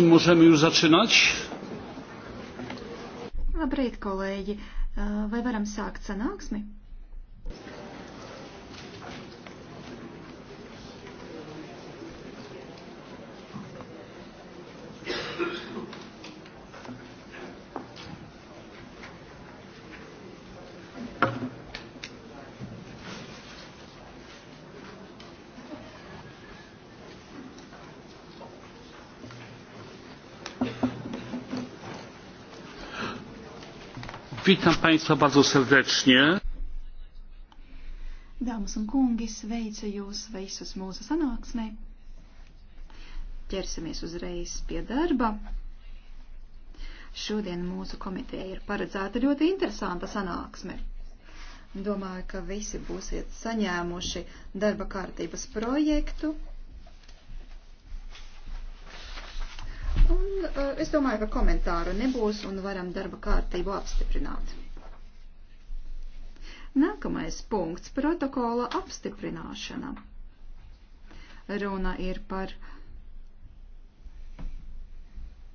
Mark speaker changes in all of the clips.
Speaker 1: czy możemy już zaczynać?
Speaker 2: Labrīt, kolēģi! Vai varam sākt sanāksmi?
Speaker 1: Witam Państwa bardzo serdecznie.
Speaker 2: Dāmas un kungi, sveicu jūs visus mūsu sanāksmē. Ķersimies uzreiz pie darba. Šodien mūsu komiteja ir paredzēta ļoti interesanta sanāksme. Domāju, ka visi būsiet saņēmuši darba kārtības projektu Eh, es domāju, ka komentāru nebūs un varam darba kārtību apstiprināt. Nākamais punkts - protokola apstiprināšana. Runa ir par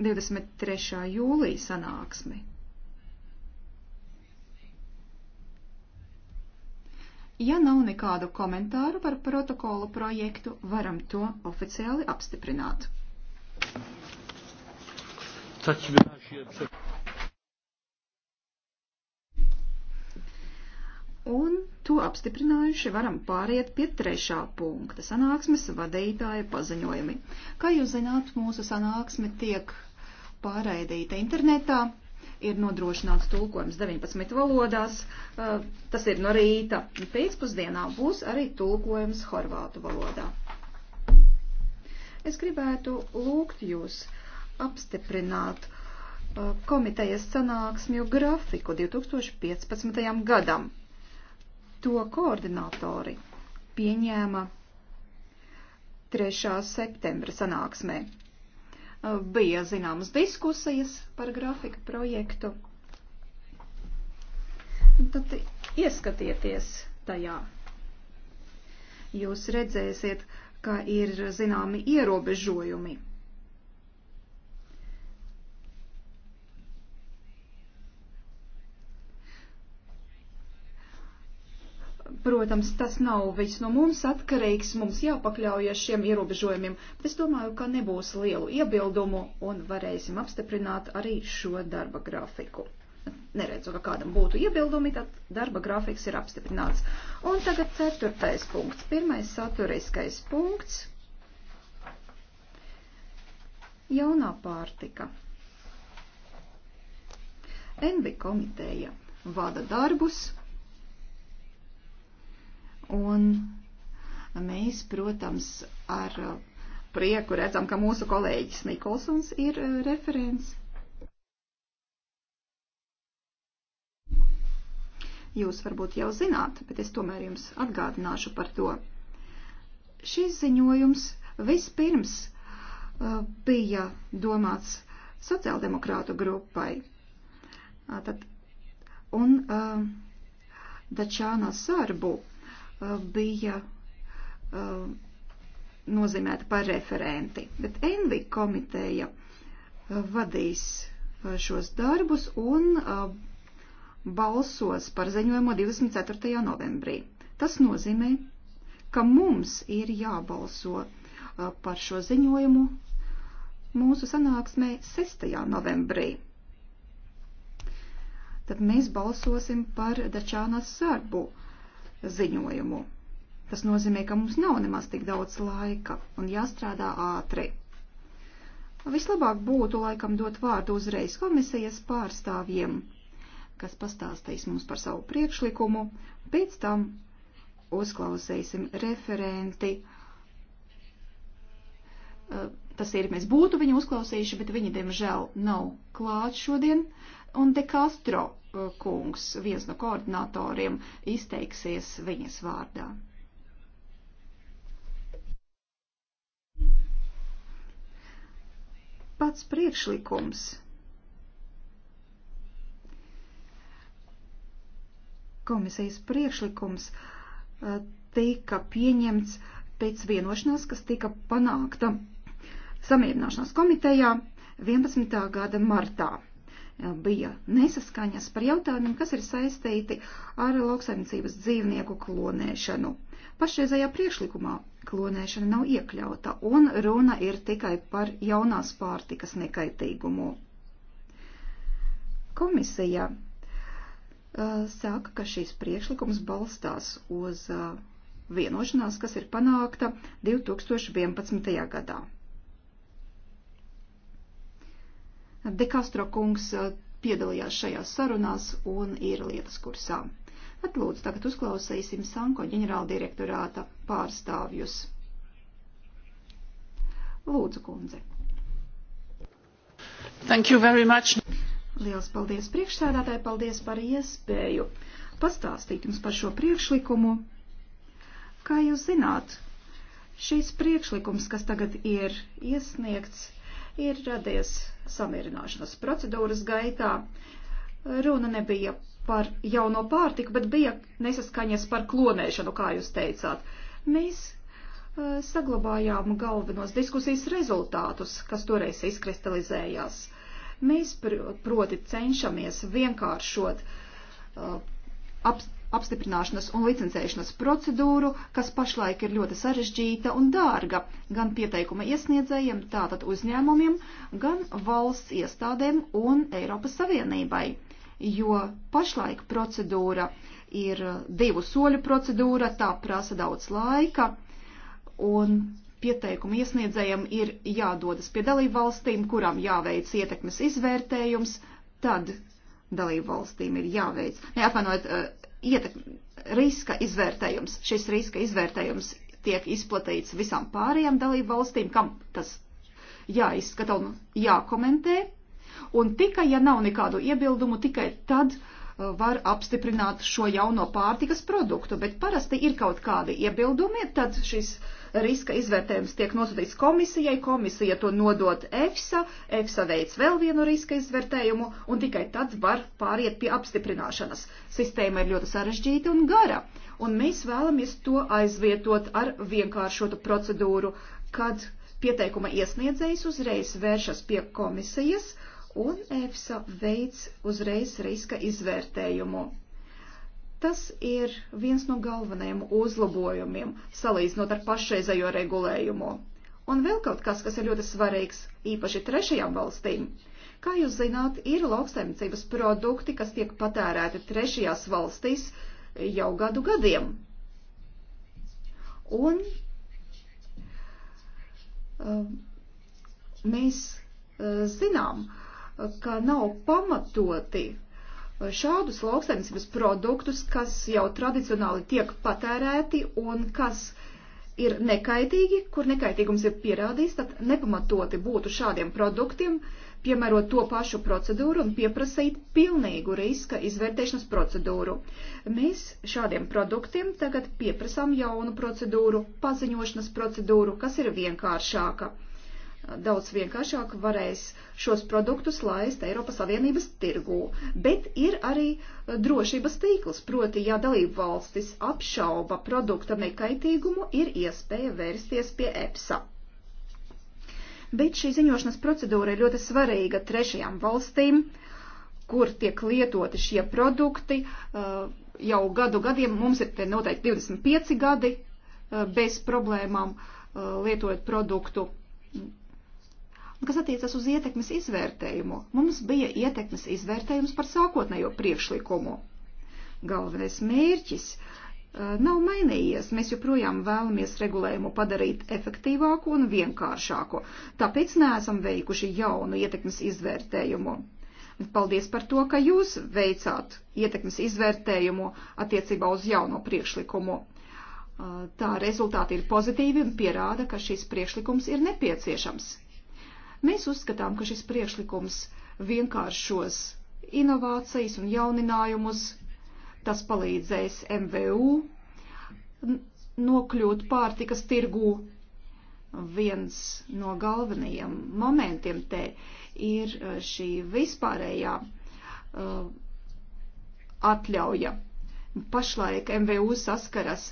Speaker 2: 23. jūlija sanāksmi. Ja nav nekādu komentāru par protokolu projektu, varam to oficiāli apstiprināt
Speaker 1: takim razie.
Speaker 2: Un to apstiprinājuši varam pāriet pie trešā punkta - sanāksmes vadītāja paziņojumi. Kā jūs zināt, mūsu sanāksme tiek pārraidīta internetā, ir nodrošināts tulkojums 19 valodās, tas ir no rīta. Pēcpusdienā būs arī tulkojums horvātu valodā. Es gribētu lūgt jūs apstiprināt uh, komitejas sanāksmju grafiku 2015. gadam. To koordinatori pieņēma 3. septembra sanāksmē. Uh, bija zināmas diskusijas par grafika projektu. Tad ieskatieties tajā. Jūs redzēsiet, ka ir zināmi ierobežojumi Protams, tas nav viss no mums atkarīgs, mums jāpakļaujas šiem ierobežojumiem, bet es domāju, ka nebūs lielu iebildumu un varēsim apstiprināt arī šo darba grafiku. Neredzu, ka kādam būtu iebildumi, tad darba grafiks ir apstiprināts. Un tagad ceturtais punkts, pirmais saturiskais punkts. Jaunā pārtika. Envi komiteja vada darbus Un mēs, protams, ar prieku redzam, ka mūsu kolēģis Nikolsons ir eh, referents. Jūs varbūt jau zināt, bet es tomēr jums atgādināšu par to. Šis ziņojums vispirms eh, bija domāts sociāldemokrātu grupai. Tad, un uh, Dačāna Sarbu bija eh, nozīmēta par referenti, bet Envi komiteja eh, vadīs eh, šos darbus un balsos par ziņojumu 24. novembrī. Tas nozīmē, ka mums ir jābalso par šo ziņojumu mūsu sanāksmē 6. novembrī. Tad mēs balsosim par Dačānas sarbu ziņojumu. Tas nozīmē, ka mums nav nemaz tik daudz laika un jāstrādā ātri. Vislabāk būtu laikam dot vārdu uzreiz komisijas pārstāvjiem, kas pastāstīs mums par savu priekšlikumu, pēc tam uzklausīsim referenti. Eh, tas ir, mēs būtu viņu uzklausījuši, bet viņi, diemžēl, nav klāt šodien. Uh, Un De Castro eh, kungs, viens no koordinatoriem, izteiksies viņas vārdā. Pats priekšlikums komisijas priekšlikums eh, tika pieņemts pēc vienošanās, kas tika panākta samierināšanās komitejā 11. gada martā. Eh, bija nesaskaņas par jautājumiem, kas ir saistīti ar lauksaimniecības dzīvnieku klonēšanu. Pašreizējā priekšlikumā klonēšana nav iekļauta, un runa ir tikai par jaunās pārtikas nekaitīgumu. Komisija uh, saka, ka šīs priekšlikums balstās uz uh, vienošanās, kas ir panākta 2011. gadā. Dekastro kungs eh, piedalījās šajās sarunās un ir lietas kursā. Atlūdzu, tagad uzklausīsim Sanko ģenerāldirektorāta pārstāvjus. Lūdzu, kundze. Thank you very much. Liels paldies priekšsēdētāji, paldies par iespēju pastāstīt jums par šo priekšlikumu. Kā jūs zināt, šīs priekšlikums, kas tagad ir iesniegts, ir radies samierināšanas procedūras gaitā. Runa nebija par jauno pārtiku, bet bija nesaskaņas par klonēšanu, kā jūs teicāt. Mēs uh, saglabājām galvenos diskusijas rezultātus, kas toreiz izkristalizējās. Mēs pr proti cenšamies vienkāršot uh, ap, apstiprināšanas un licencēšanas procedūru, kas pašlaik ir ļoti sarežģīta un dārga gan pieteikuma iesniedzējiem, tātad uzņēmumiem, gan valsts iestādēm un Eiropas Savienībai. Jo pašlaik procedūra ir divu soļu procedūra, tā prasa daudz laika, un pieteikumu iesniedzējiem ir jādodas pie dalību valstīm, kurām jāveic ietekmes izvērtējums, tad dalību valstīm ir jāveic, neatvainojiet, ietekmi, riska izvērtējums. Šis riska izvērtējums tiek izplatīts visām pārējām dalību valstīm, kam tas jāizskata un jākomentē. Un tikai, ja nav nekādu iebildumu, tikai tad uh, var apstiprināt šo jauno pārtikas produktu. Bet parasti ir kaut kādi iebildumi, tad šis uh, riska izvērtējums tiek nosūtīts komisijai, komisija to nodot EFSA, EFSA veic vēl vienu riska izvērtējumu un tikai tad var pāriet pie apstiprināšanas. Sistēma ir ļoti sarežģīta un gara, un mēs vēlamies to aizvietot ar vienkāršotu procedūru, kad pieteikuma iesniedzējs uzreiz vēršas pie komisijas un EFSA veids uzreiz riska izvērtējumu Tas ir viens no galvenajiem uzlabojumiem, salīdzinot ar pašreizējo regulējumu. Un vēl kaut kas, kas ir ļoti svarīgs, īpaši trešajām valstīm. Kā jūs zināt, ir lauksaimniecības produkti, kas tiek patērēti trešajās valstīs jau gadu gadiem. Un uh, mēs uh, zinām, ka nav pamatoti šādus lauksaimniecības produktus, kas jau tradicionāli tiek patērēti un kas ir nekaitīgi, kur nekaitīgums ir pierādījis, tad nepamatoti būtu šādiem produktiem piemērot to pašu procedūru un pieprasīt pilnīgu riska izvērtēšanas procedūru. Mēs šādiem produktiem tagad pieprasām jaunu procedūru, paziņošanas procedūru, kas ir vienkāršāka daudz vienkāršāk varēs šos produktus laist Eiropas Savienības tirgū. Bet ir arī eh, drošības tīkls, proti, ja dalību valstis apšauba produkta nekaitīgumu, ir iespēja vērsties pie EPSA. Bet šī ziņošanas procedūra ir ļoti svarīga trešajām valstīm, kur tiek lietoti šie produkti. Eh, jau gadu gadiem mums ir te noteikti 25 gadi eh, bez problēmām lietojot produktu kas attiecas uz ietekmes izvērtējumu, mums bija ietekmes izvērtējums par sākotnējo priekšlikumu. Galvenais mērķis uh, nav mainījies, mēs joprojām vēlamies regulējumu padarīt efektīvāku un vienkāršāku, tāpēc neesam veikuši jaunu ietekmes izvērtējumu. Paldies par to, ka jūs veicāt ietekmes izvērtējumu attiecībā uz jauno priekšlikumu. Uh, tā rezultāti ir pozitīvi un pierāda, ka šis priekšlikums ir nepieciešams. Mēs uzskatām, ka šis priekšlikums vienkāršos inovācijas un jauninājumus, tas palīdzēs MVU nokļūt pārtikas tirgū. Viens no galvenajiem momentiem te ir uh, šī vispārējā uh, atļauja. Pašlaik MVU saskaras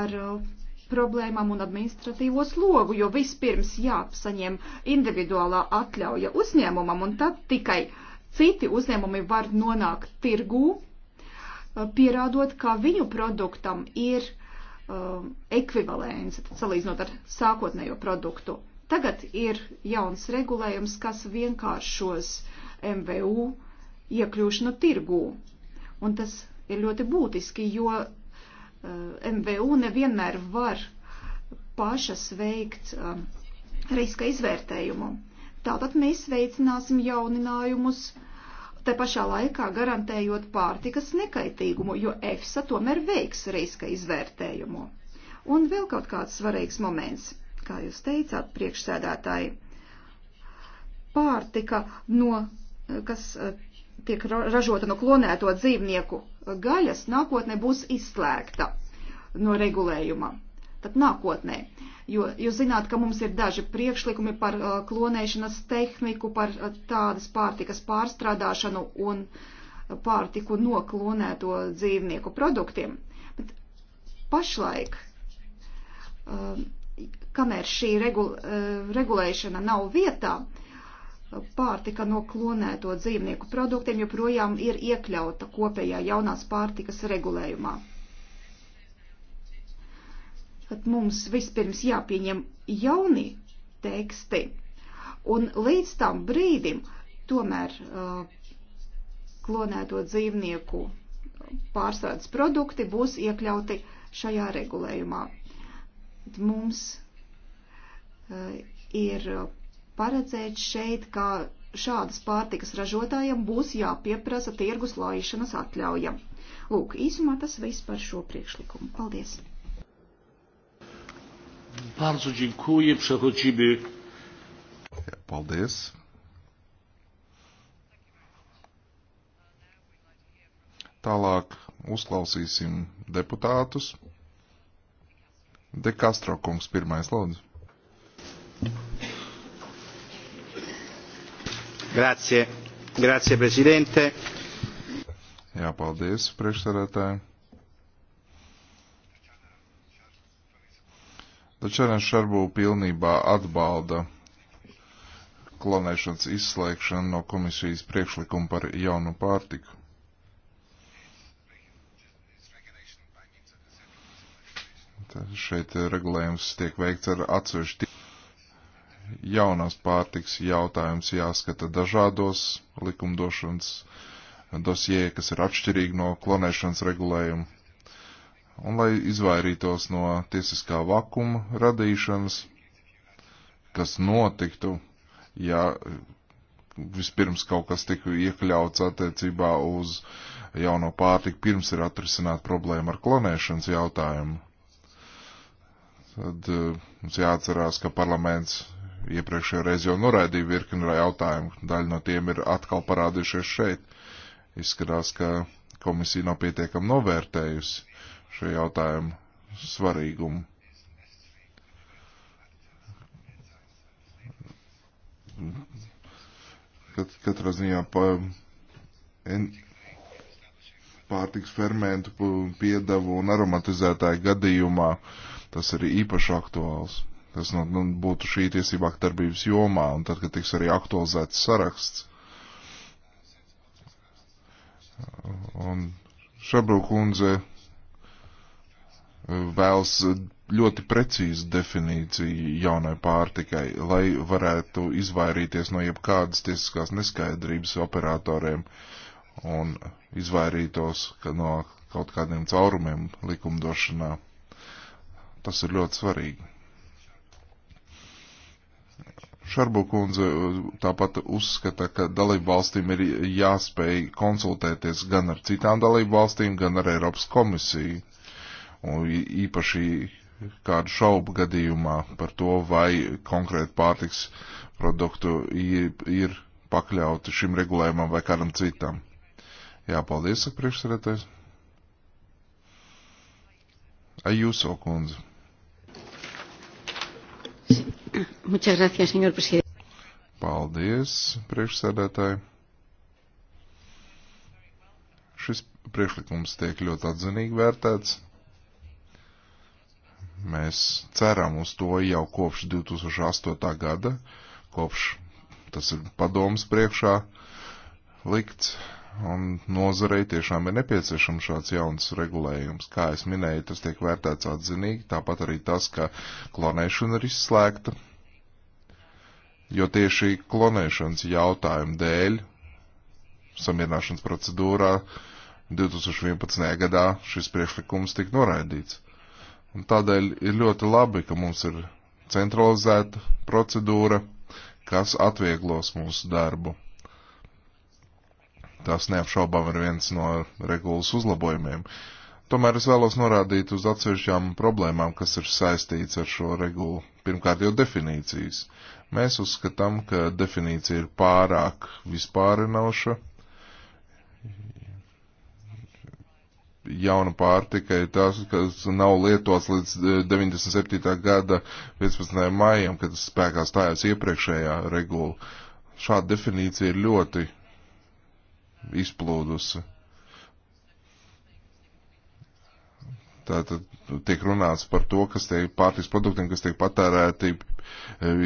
Speaker 2: ar uh, problēmām un administratīvo slogu, jo vispirms jāsaņem individuālā atļauja uzņēmumam, un tad tikai citi uzņēmumi var nonākt tirgū, eh, pierādot, ka viņu produktam ir um, eh, ekvivalents, salīdzinot ar sākotnējo produktu. Tagad ir jauns regulējums, kas vienkāršos MVU iekļūšanu tirgū, un tas ir ļoti būtiski, jo Eh, MVU nevienmēr var pašas veikt eh, riska izvērtējumu. Tātad mēs veicināsim jauninājumus, te pašā laikā garantējot pārtikas nekaitīgumu, jo EFSA tomēr veiks riska izvērtējumu. Un vēl kaut kāds svarīgs moments, kā jūs teicāt, priekšsēdētāji, pārtika, no, eh, kas tiek ražota no klonēto dzīvnieku gaļas nākotnē būs izslēgta no regulējuma. Tad nākotnē, jo jūs zināt, ka mums ir daži priekšlikumi par uh, klonēšanas tehniku, par uh, tādas pārtikas pārstrādāšanu un pārtiku no klonēto dzīvnieku produktiem. Bet pašlaik, uh, kamēr šī regul, uh, regulēšana nav vietā, uh, pārtika no klonēto dzīvnieku produktiem joprojām ir iekļauta kopējā jaunās pārtikas regulējumā. Tad mums vispirms jāpieņem jauni teksti, un līdz tam brīdim tomēr uh, klonēto dzīvnieku pārstrādes produkti būs iekļauti šajā regulējumā. Tad mums uh, ir paredzēt šeit, ka šādas pārtikas ražotājiem būs jāpieprasa tirgus laišanas atļauja. Lūk, īsumā tas viss par šo priekšlikumu. Paldies!
Speaker 1: Bardzo dziękuję. Przechodzimy. Paldies. Tālāk uzklausīsim deputātus. De Castro kungs pirmais lūdzu. Grazie. Grazie,
Speaker 3: prezidente.
Speaker 1: Jā, paldies, priekšsarētāji. Tačēnēs Šarbu pilnībā atbalda klonēšanas izslēgšanu no komisijas priekšlikuma par jaunu pārtiku. Tad šeit regulējums tiek veikts ar atsevišķu jaunās pārtiks jautājums jāskata dažādos likumdošanas dosjē, kas ir atšķirīgi no klonēšanas regulējuma. Un lai izvairītos no tiesiskā vakuma radīšanas, kas notiktu, ja e, vispirms kaut kas tika iekļauts attiecībā uz jauno pārtiku, pirms ir atrisināt problēma ar klonēšanas jautājumu. Tad e, mums jāatcerās, ka parlaments iepriekšējā reizē jau noraidīju virkni jautājumu. Daļa no tiem ir atkal parādījušies šeit. Izskatās, ka komisija nav pietiekami novērtējusi šo jautājumu svarīgumu. Kat, katrā ziņā pa, en, pārtiks fermentu piedevu un aromatizētāju gadījumā tas ir īpaši aktuāls kas nu, nu, būtu šī tiesība akta darbības jomā, un tad, kad tiks arī aktualizēts saraksts. Un Šabru kundze uh, vēlas ļoti precīzu definīciju jaunai pārtikai, lai varētu izvairīties no jebkādas tiesiskās neskaidrības operatoriem un izvairītos no kaut kādiem caurumiem likumdošanā. Tas ir ļoti svarīgi. Šarbu kundze uh, tāpat uzskata, ka dalību valstīm ir jāspēj konsultēties gan ar citām dalību valstīm, gan ar Eiropas komisiju. Un īpaši kādu šaubu gadījumā par to, vai konkrēti pārtiks produktu ir, ir pakļauti šim regulējumam vai kādam citam. Jā, paldies, priekšsēdētājs. Ajūso kundze.
Speaker 3: Muchas
Speaker 2: gracias, señor presidente.
Speaker 1: Paldies, priekšsēdētāji. Šis priekšlikums tiek ļoti atzinīgi vērtēts. Mēs ceram uz to jau kopš 2008. gada, kopš tas ir padoms priekšā likts un nozarei tiešām ir nepieciešams šāds jauns regulējums. Kā es minēju, tas tiek vērtēts atzinīgi, tāpat arī tas, ka klonēšana ir izslēgta, jo tieši klonēšanas jautājumu dēļ samierināšanas procedūrā 2011. gadā šis priekšlikums tika noraidīts. Un tādēļ ir ļoti labi, ka mums ir centralizēta procedūra, kas atvieglos mūsu darbu Tas neapšaubām ir viens no regulas uzlabojumiem. Tomēr es vēlos norādīt uz atsevišķām problēmām, kas ir saistīts ar šo regulu. Pirmkārt, jau definīcijas. Mēs uzskatām, ka definīcija ir pārāk vispārinoša. Jauna pārtika ir tās, kas nav lietots līdz 97. Eh, gada 15. maijam, kad spēkā stājās iepriekšējā regula. Šāda definīcija ir ļoti izplūdusi. Tātad tiek runāts par to, kas tiek pārtiks produktiem, kas tiek patērēti e,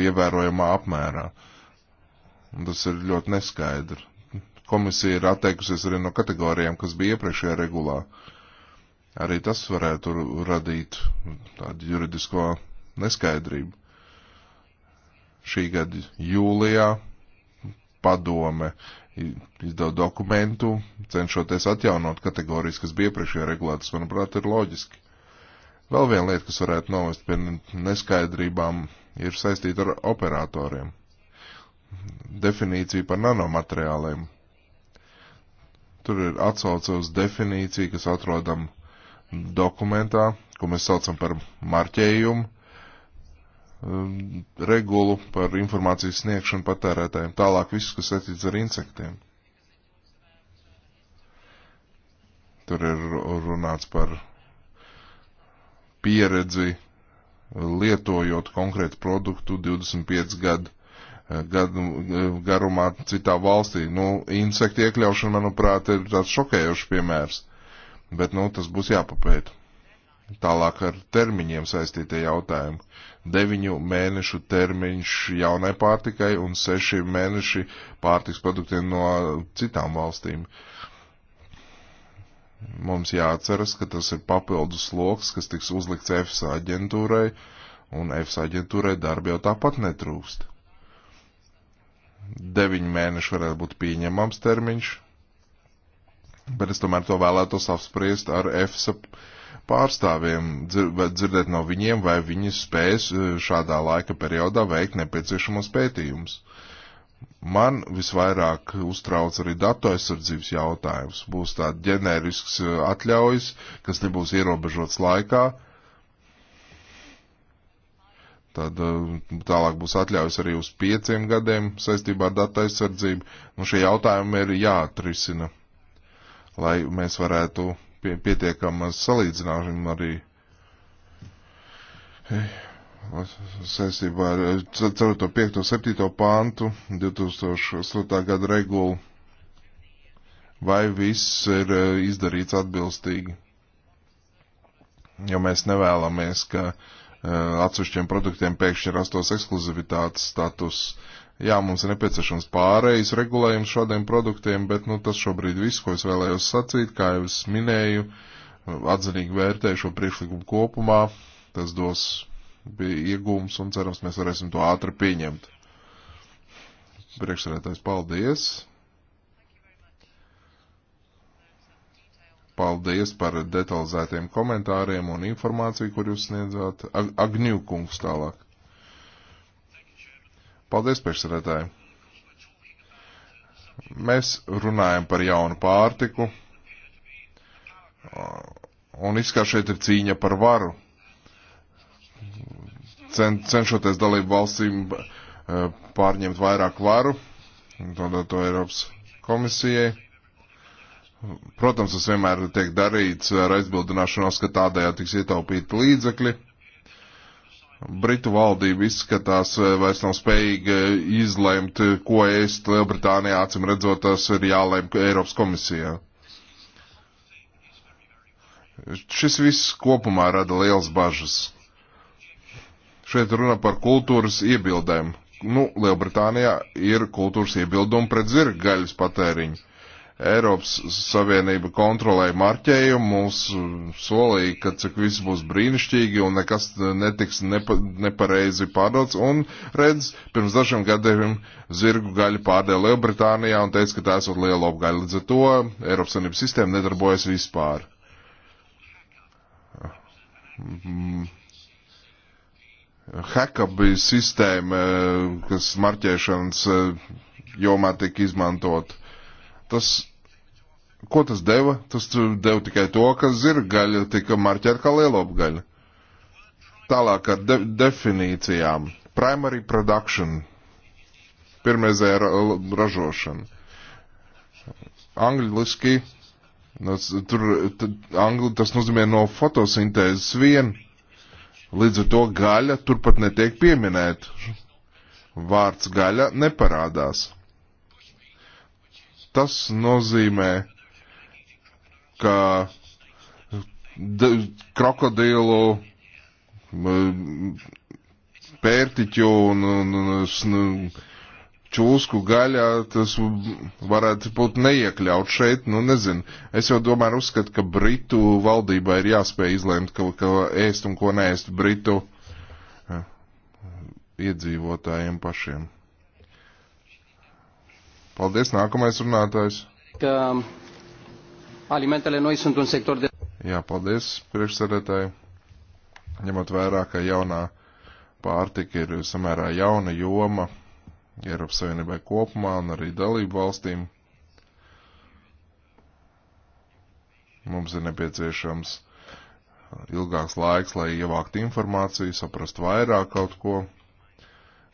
Speaker 1: ievērojamā apmērā. Un tas ir ļoti neskaidri. Komisija ir atteikusies arī no kategorijām, kas bija iepriekšējā regulā. Arī tas varētu radīt tādu juridisko neskaidrību. Šī gada jūlijā padome izdod dokumentu, cenšoties atjaunot kategorijas, kas bija iepriekšējā regulātas, manuprāt, ir loģiski. Vēl viena lieta, kas varētu novest pie neskaidrībām, ir saistīta ar operatoriem. Definīcija par nanomateriāliem. Tur ir atsauce uz definīciju, kas atrodam dokumentā, ko mēs saucam par marķējumu. Um, regulu par informācijas sniegšanu patērētājiem. Tālāk viss, kas saistīts ar insektiem. Tur ir runāts par pieredzi, lietojot konkrētu produktu 25 gadu, eh, gadu eh, garumā citā valstī. Nu, insekti iekļaušana, manuprāt, ir tāds šokējošs piemērs, bet, nu, tas būs jāpapēta. Tālāk ar termiņiem saistītie jautājumi deviņu mēnešu termiņš jaunai pārtikai un seši mēneši pārtiks produktiem no citām valstīm. Mums jāatceras, ka tas ir papildus sloks, kas tiks uzlikts EFSA aģentūrai, un EFSA aģentūrai darbi jau tāpat netrūkst. Deviņu mēnešu varētu būt pieņemams termiņš, bet es tomēr to vēlētos apspriest ar EFSA aģentūru pārstāvjiem, dzirdēt no viņiem, vai viņi spēs e, šādā laika periodā veikt nepieciešamos pētījumus. Man visvairāk uztrauc arī datu aizsardzības jautājums. Būs tāds ģenerisks e, atļaujas, kas nebūs ierobežots laikā. Tad e, tālāk būs atļaujas arī uz pieciem gadiem saistībā ar datu aizsardzību. Nu, šie jautājumi ir jāatrisina, lai mēs varētu pie, pietiekamas salīdzinājums arī saistībā ar 4. 5. 7. pāntu 2004. gada regulu. Vai viss ir eh, izdarīts atbilstīgi? Jo mēs nevēlamies, ka uh, atsevišķiem produktiem pēkšņi rastos ekskluzivitātes status, Jā, mums ir nepieciešams pārējais regulējums šādiem produktiem, bet nu, tas šobrīd viss, ko es vēlējos sacīt, kā jau es minēju, atzinīgi vērtēju šo priekšlikumu kopumā. Tas dos iegūmus un cerams, mēs varēsim to ātri pieņemt. Priekšsēdētājs, paldies! Paldies par detalizētiem komentāriem un informāciju, kur jūs sniedzāt. Ag Agņūkungs tālāk. Paldies, priekšsēdētāji. Mēs runājam par jaunu pārtiku, un izskatās šeit ir cīņa par varu. Cen, cenšoties dalību valstīm eh, pārņemt vairāk varu, to, to Eiropas komisijai. Protams, tas vienmēr tiek darīts ar aizbildināšanos, ka tādējā tiks ietaupīti līdzekļi. Britu valdība izskatās eh, vairs nav spējīga izlemt, eh, ko ēst Lielbritānijā, acim redzot, tas ir jālem Eiropas komisijā. Šis viss kopumā rada liels bažas. Šeit runa par kultūras iebildēm. Nu, Lielbritānijā ir kultūras iebildumi pret zirgaļas patēriņu Eiropas Savienība kontrolēja marķējumu, mums uh, solīja, ka cik viss būs brīnišķīgi un nekas netiks nepa, nepareizi pārdots. Un redz, pirms dažiem gadiem zirgu gaļu pārdēja Lielbritānijā un teica, ka tā esot liela apgaļa. Līdz ar to Eiropas Savienības sistēma nedarbojas vispār. Mm. Heka bija sistēma, eh, kas marķēšanas eh, jomā tika izmantota tas, ko tas deva? Tas uh, deva tikai to, ka zirgaļa tika marķēta kā lielopgaļa. Tālāk ar de definīcijām. Primary production. Pirmreizējā ra ražošana. Angliski. Tas, tur, angli, tas nozīmē no fotosintēzes vien. Līdz ar to gaļa turpat netiek pieminēta. Vārds gaļa neparādās. Tas nozīmē, ka krokodilu, pērtiķu un, un, un čūsku gaļā tas varētu būt neiekļaut šeit, nu nezinu. Es jau domāju, uzskatu, ka Britu valdībā ir jāspēj izlēmt, ko, ko ēst un ko neēst Britu eh, iedzīvotājiem pašiem. Paldies, nākamais runātājs. Ka
Speaker 2: alimentele noi sunt un sektor de...
Speaker 1: Jā, paldies, priekšsēdētāji. Ņemot vērā, ka jaunā pārtika ir samērā jauna joma Eiropas Savienībai kopumā un arī dalību valstīm, mums ir nepieciešams ilgāks laiks, lai ievāktu informāciju, saprastu vairāk kaut ko.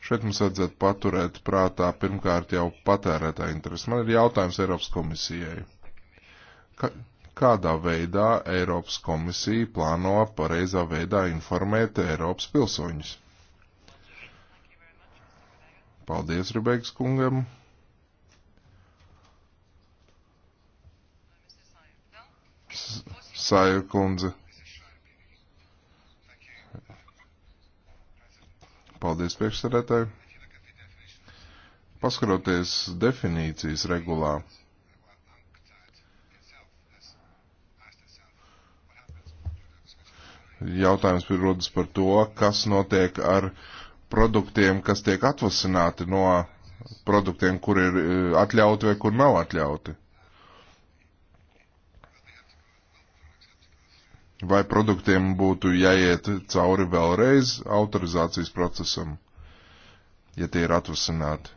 Speaker 1: Šeit mums vajadzētu paturēt prātā pirmkārt jau patērētā interesi. Man ir jautājums Eiropas komisijai. Ka, kādā veidā Eiropas komisija plāno pareizā veidā informēt Eiropas pilsoņus? Paldies, Ribeigs kungam. Sāja kundze. Paldies priekšsarētāji. Paskaroties definīcijas regulā, jautājums rodas par to, kas notiek ar produktiem, kas tiek atvasināti no produktiem, kur ir eh, atļauti vai kur nav atļauti. vai produktiem būtu jāiet cauri vēlreiz autorizācijas procesam, ja tie ir atvasināti.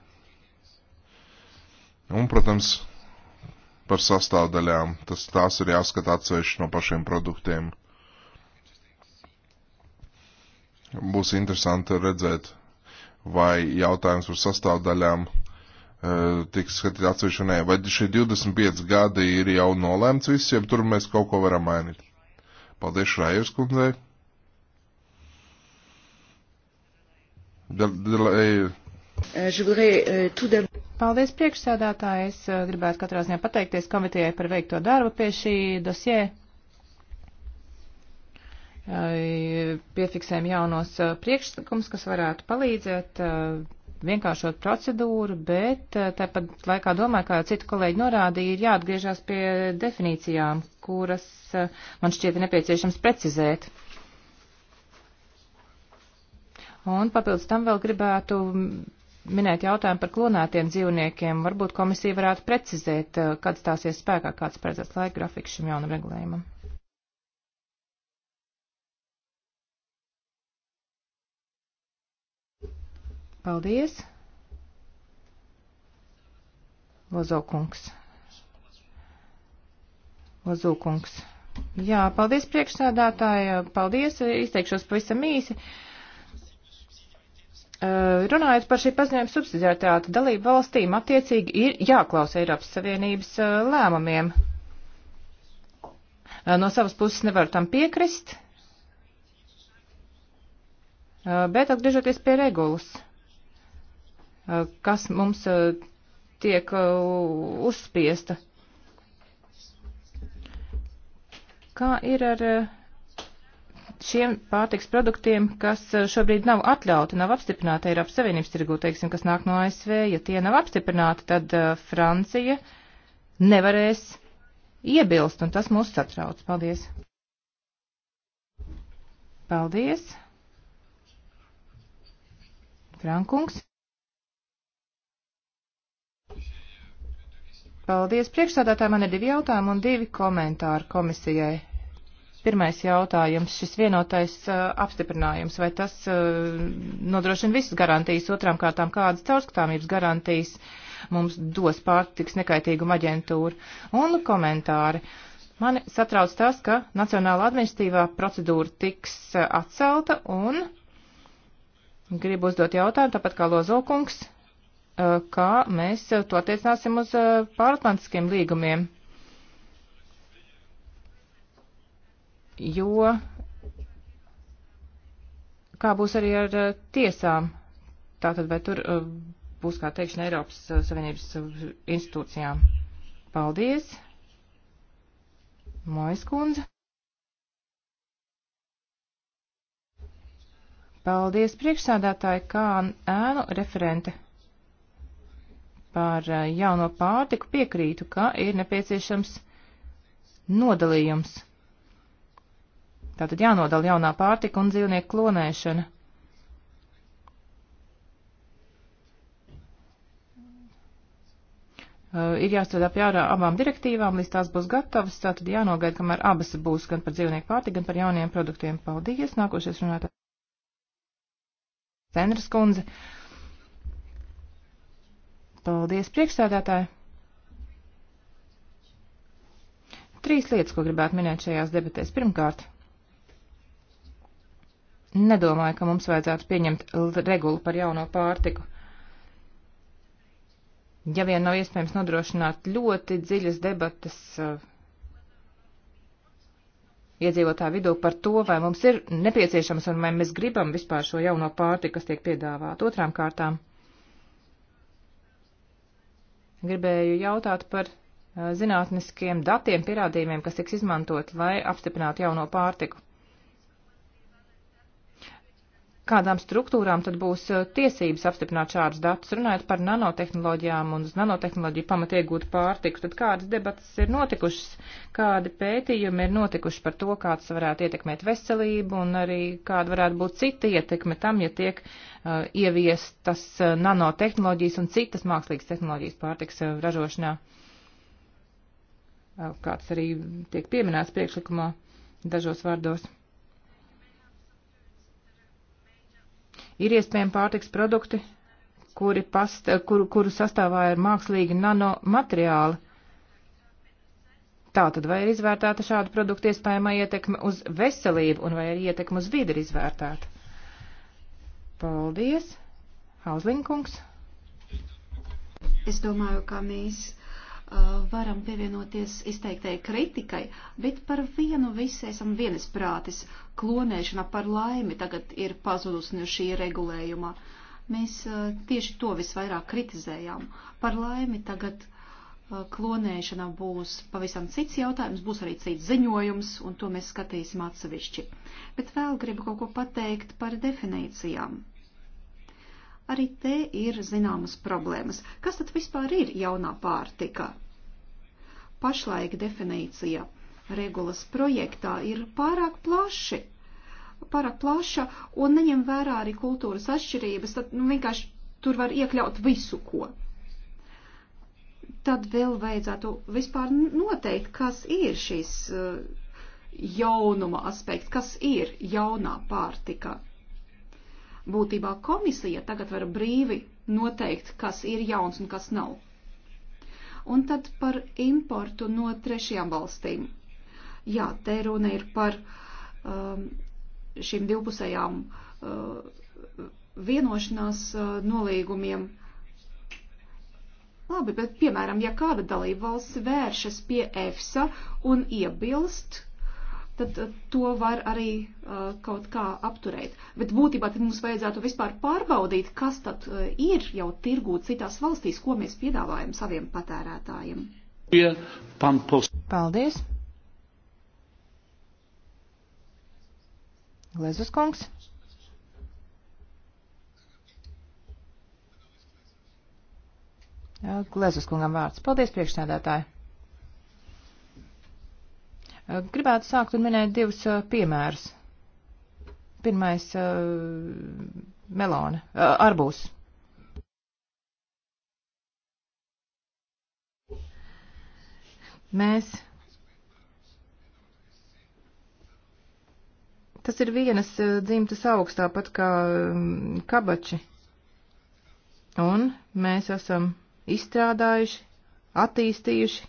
Speaker 1: Un, protams, par sastāvdaļām. Tas tās ir jāskatā atsevišķi no pašiem produktiem. Būs interesanti redzēt, vai jautājums par sastāvdaļām eh, tiks skatīt atsevišķi, nē, vai šie 25 gadi ir jau nolēmts visiem, tur mēs kaut ko varam mainīt. Paldies Šrājus kundzei. Eh,
Speaker 3: eh, Paldies priekšsēdātāji. Es eh, gribētu katrā ziņā pateikties komitejai par veikto darbu pie šī dosie. Piefiksējam jaunos priekšlikums, kas varētu palīdzēt vienkāršot procedūru, bet eh, tāpat laikā domāju, kā citi kolēģi norādīja, ir jāatgriežas pie definīcijām, kuras eh, man šķiet nepieciešams precizēt. Un papildus tam vēl gribētu minēt jautājumu par klonētiem dzīvniekiem. Varbūt komisija varētu precizēt, eh, kad stāsies spēkā kāds paredzēts laika grafiks šim jaunam regulējumam. Paldies. Lozokungs. Lozokungs. Jā, paldies priekšsādātāji, paldies, izteikšos pavisam īsi. Runājot par šī paziņojuma subsidiaritāti, dalību valstīm attiecīgi ir jāklausa Eiropas Savienības lēmumiem. No savas puses nevaru tam piekrist, bet atgriežoties pie regulas. Eh, kas mums eh, tiek eh, uzspiesta. Kā ir ar šiem pārtiks produktiem, kas šobrīd nav atļauti, nav apstiprināti Eiropas Savienības tirgū, teiksim, kas nāk no ASV, ja tie nav apstiprināti, tad Francija nevarēs iebilst, un tas mūs satrauc. Paldies! Paldies! Frankungs! Paldies priekšsādātāji, man ir divi jautājumi un divi komentāri komisijai. Pirmais jautājums, šis vienotais uh, apstiprinājums, vai tas uh, nodrošina visas garantijas, otrām kārtām kādas caurskatāmības garantijas mums dos pārtiks nekaitīguma aģentūra un nu, komentāri. Mani satrauc tas, ka Nacionāla administratīvā procedūra tiks uh, atcelta un gribu uzdot jautājumu, tāpat kā Lozokungs, Eh, kā mēs to attiecināsim uz eh, pāratlantiskiem līgumiem. Jo kā būs arī ar eh, tiesām? Tātad vai tur būs kā teikšana Eiropas Savienības institūcijām? Paldies! Mājas kundze! Paldies priekšsādātāji kā ēnu referente par eh, jauno pārtiku piekrītu, ka ir nepieciešams nodalījums. Tātad jānodala jaunā pārtika un dzīvnieku klonēšana. Eh, ir jāstrādā pie ārā abām direktīvām, līdz tās būs gatavas, tātad jānogaida, kamēr abas būs gan par dzīvnieku pārtiku, gan par jauniem produktiem. Paldies, nākošais runātājs. Centras kundze. Uh, Paldies, priekšstādātāji! Trīs lietas, ko gribētu minēt šajās debatēs. Pirmkārt, nedomāju, ka mums vajadzētu pieņemt regulu par jauno pārtiku. Ja vien nav iespējams nodrošināt ļoti dziļas debatas uh, iedzīvotāju vidū par to, vai mums ir nepieciešams un vai mēs gribam vispār šo jauno pārtiku, kas tiek piedāvāt. Otrām kārtām Gribēju jautāt par zinātniskiem datiem, pierādījumiem, kas tiks izmantot, lai apstiprinātu jauno pārtiku kādām struktūrām tad būs eh, tiesības apstiprināt šādus datus, runājot par nanotehnoloģijām un uz nanotehnoloģiju pamat iegūt pārtiku, tad kādas debatas ir notikušas, kādi pētījumi ir notikuši par to, kāds varētu ietekmēt veselību un arī kāda varētu būt cita ietekme tam, ja tiek uh, ieviestas eh, nanotehnoloģijas un citas mākslīgas tehnoloģijas pārtiks uh, ražošanā, uh, kāds arī tiek pieminēts priekšlikumā dažos vārdos. Ir iespējami pārtiks produkti, kuri past, kuru, kuru sastāvā ir mākslīgi nanomateriāli. Tātad vai ir izvērtēta šādu produktu iespējamā ietekme uz veselību un vai arī ietekme uz vidi ir izvērtēta? Paldies, Hauslinkungs.
Speaker 2: Es domāju, ka mēs varam pievienoties izteiktai kritikai, bet par vienu visi esam vienisprātis. Klonēšana par laimi tagad ir pazudusi no šī regulējuma. Mēs tieši to visvairāk kritizējām. Par laimi tagad klonēšana būs pavisam cits jautājums, būs arī cits ziņojums, un to mēs skatīsim atsevišķi. Bet vēl gribu kaut ko pateikt par definīcijām. Arī te ir zināmas problēmas. Kas tad vispār ir jaunā pārtika? Pašlaik definīcija regulas projektā ir pārāk plaši, pārāk plaša un neņem vērā arī kultūras atšķirības, tad nu, vienkārši tur var iekļaut visu, ko. Tad vēl vajadzētu vispār noteikt, kas ir šīs uh, jaunuma aspekts, kas ir jaunā pārtika. Būtībā komisija tagad var brīvi noteikt, kas ir jauns un kas nav. Un tad par importu no trešajām valstīm. Jā, te runa ir par um, šīm divpusējām uh, vienošanās uh, nolīgumiem. Labi, bet piemēram, ja kāda dalība valsts vēršas pie EFSA un iebilst, tad eh, to var arī uh, kaut kā apturēt. Bet būtībā tad mums vajadzētu vispār pārbaudīt, kas tad uh, ir jau tirgū citās valstīs, ko mēs piedāvājam saviem patērētājiem.
Speaker 3: Paldies! Lezus kungs. Lezus kungam vārds. Paldies, priekšsēdētāji. Eh, gribētu sākt un minēt divus eh, piemērus. Pirmais eh, - melona, arbūs. Mēs Tas ir vienas dzimtas augs, tāpat kā mm, kabači. Un mēs esam izstrādājuši, attīstījuši